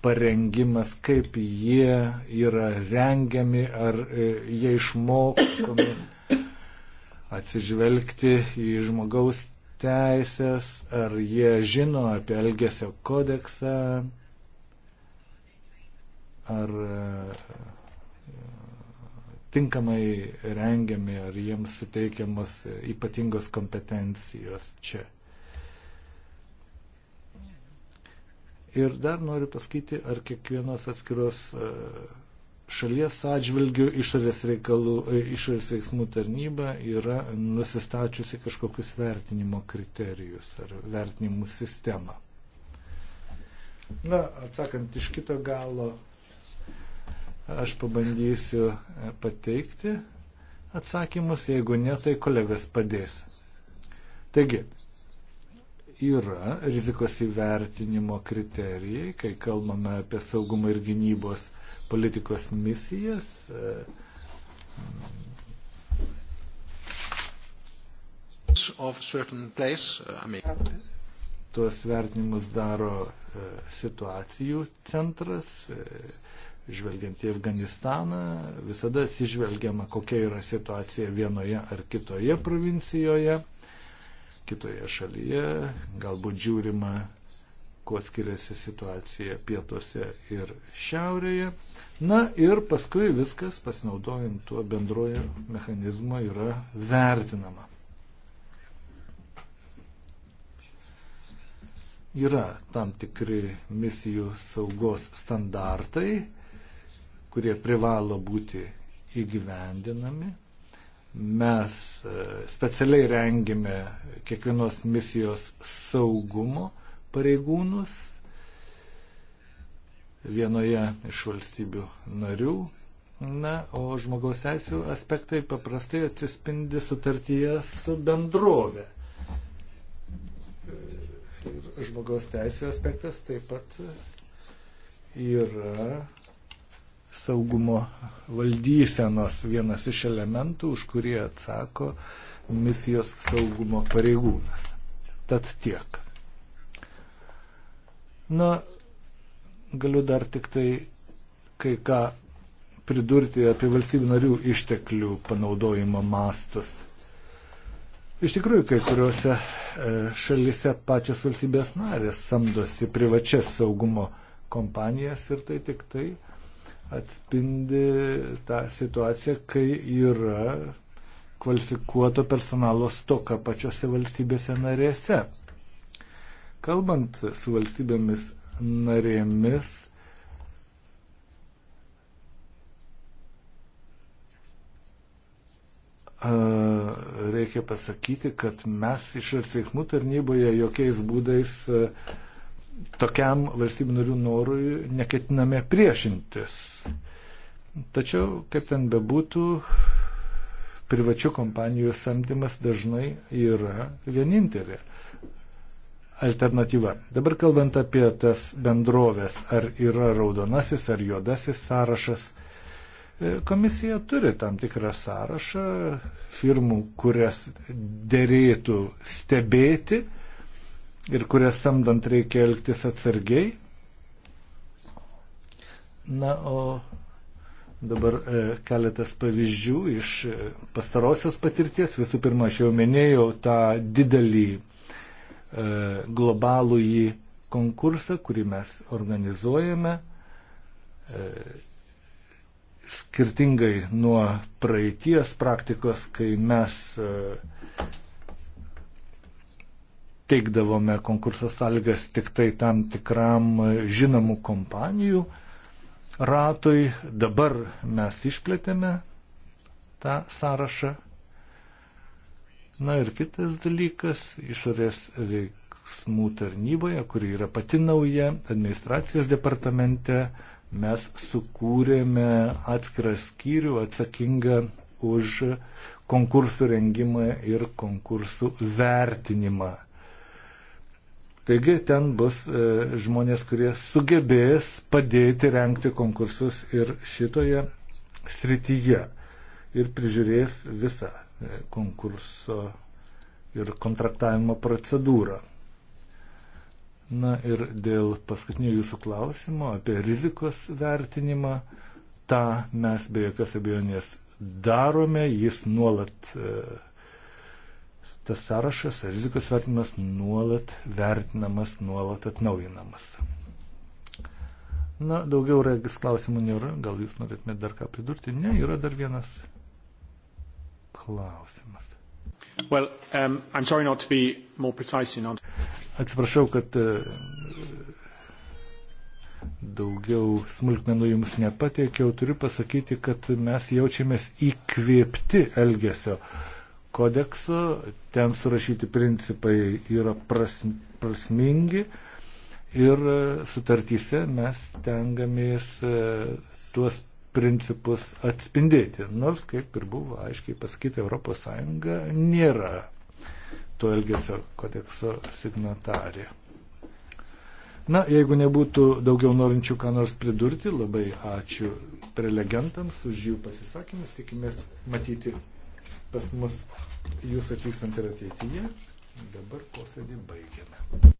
Speaker 1: parengimas, kaip jie yra rengiami, ar e, jie išmokomi atsižvelgti į žmogaus teisės, ar jie žino apie Elgesio kodeksą, ar e, tinkamai rengiami, ar jiems suteikiamos ypatingos kompetencijos čia. Ir dar noriu pasakyti, ar kiekvienos atskiros e, šalies atžvilgių išorės reikalų, e, išorės veiksmų tarnyba yra nusistačiusi kažkokius vertinimo kriterijus ar vertinimų sistemą. Na, atsakant iš kito galo, aš pabandysiu e, pateikti atsakymus, jeigu ne, tai kolegas padės. Taigi, yra rizikos įvertinimo kriterijai, kai kalbame apie saugumą ir gynybos politikos misijas. Eh, eh, tuos vertinimus daro eh, situacijų centras, žvelgiant į Afganistaną, visada atsižvelgiama, kokia yra situacija vienoje ar kitoje provincijoje, kitoje šalyje, galbūt žiūrima kuo skiriasi situacija pietuose ir šiaurėje. Na ir paskui viskas, pasinaudojant tuo bendroju mechanizmu, yra vertinama. Yra tam tikri misijų saugos standartai, kurie privalo būti įgyvendinami. Mes e, specialiai rengime kiekvienos misijos saugumo pareigūnus vienoje iš valstybių narių. Na, o žmogaus teisų aspektai paprastai atsispindi sutartyje su bendrove. Ir žmogaus teisų aspektas taip pat yra saugumo valdysenos vienas iš elementų, už kurį atsako misijos saugumo pareigūnas. Tad tiek. Na, galiu dar tik tai kai ką pridurti apie valstybių narių išteklių panaudojimo mastus. Iš tikrųjų, kai kuriuose e, šalise pačias valstybės narės samdosi privačias saugumo kompanijas ir tai tik tai atspindi tą situaciją, kai yra kvalifikuoto personalo stoka pačiose valstybėse narėse. Kalbant su valstybėmis narėmis, reikia pasakyti, kad mes išorės veiksmų tarnyboje jokiais būdais tokiam valstybių narių norui neketiname priešintis. Tačiau, kaip ten bebūtų, privačių kompanijų samdymas dažnai yra vienintelė alternatyva. Dabar kalbant apie tas bendrovės, ar yra raudonasis ar juodasis sąrašas, e, komisija turi tam tikrą sąrašą firmų, kurias dėrėtų stebėti ir kurias samdant reikia elgtis atsargiai. Na, o dabar e, keletas pavyzdžių iš e, pastarosios patirties. Visų pirma, aš jau minėjau tą didelį E, globalų į konkursą, kurį mes organizuojame, e, skirtingai nuo praeities praktikos, kai mes e, teikdavome konkurso sąlygas tik tai tam tikram žinomų kompanijų ratui. Dabar mes išplėtėme tą sąrašą Na ir kitas dalykas, išorės veiksmų tarnyboje, kuri yra pati nauja, administracijos departamente, mes sukūrėme atskirą skyrių atsakingą už konkursų rengimą ir konkursų vertinimą. Taigi ten bus e, žmonės, kurie sugebės padėti renkti konkursus ir šitoje srityje ir prižiūrės visą konkurso ir kontraktavimo procedūrą. Na ir dėl paskutinio jūsų klausimo apie rizikos vertinimą, tą mes be jokios abejonės darome, jis nuolat, e, tas sąrašas, rizikos vertinimas nuolat vertinamas, nuolat atnaujinamas. Na, daugiau regis klausimų nėra, gal jūs norėtumėte dar ką pridurti? Ne, yra dar vienas klausimas. Well, um, Atsiprašau, kad e, daugiau smulkmenų jums nepateikiau, turiu pasakyti, kad mes jaučiamės įkvėpti elgesio kodekso, ten surašyti principai yra prasmingi ir e, sutartyse mes tengiamės e, tuos principus atspindėti. Nors, kaip ir buvo aiškiai pasakyti, ES nėra to Elgesio kodekso signatarė. Na, jeigu nebūtų daugiau norinčių ką nors pridurti, labai ačiū prelegentams už jų pasisakymus. Tikimės matyti pas mus jūs atvykstant ir ateityje. Dabar posėdį baigiame.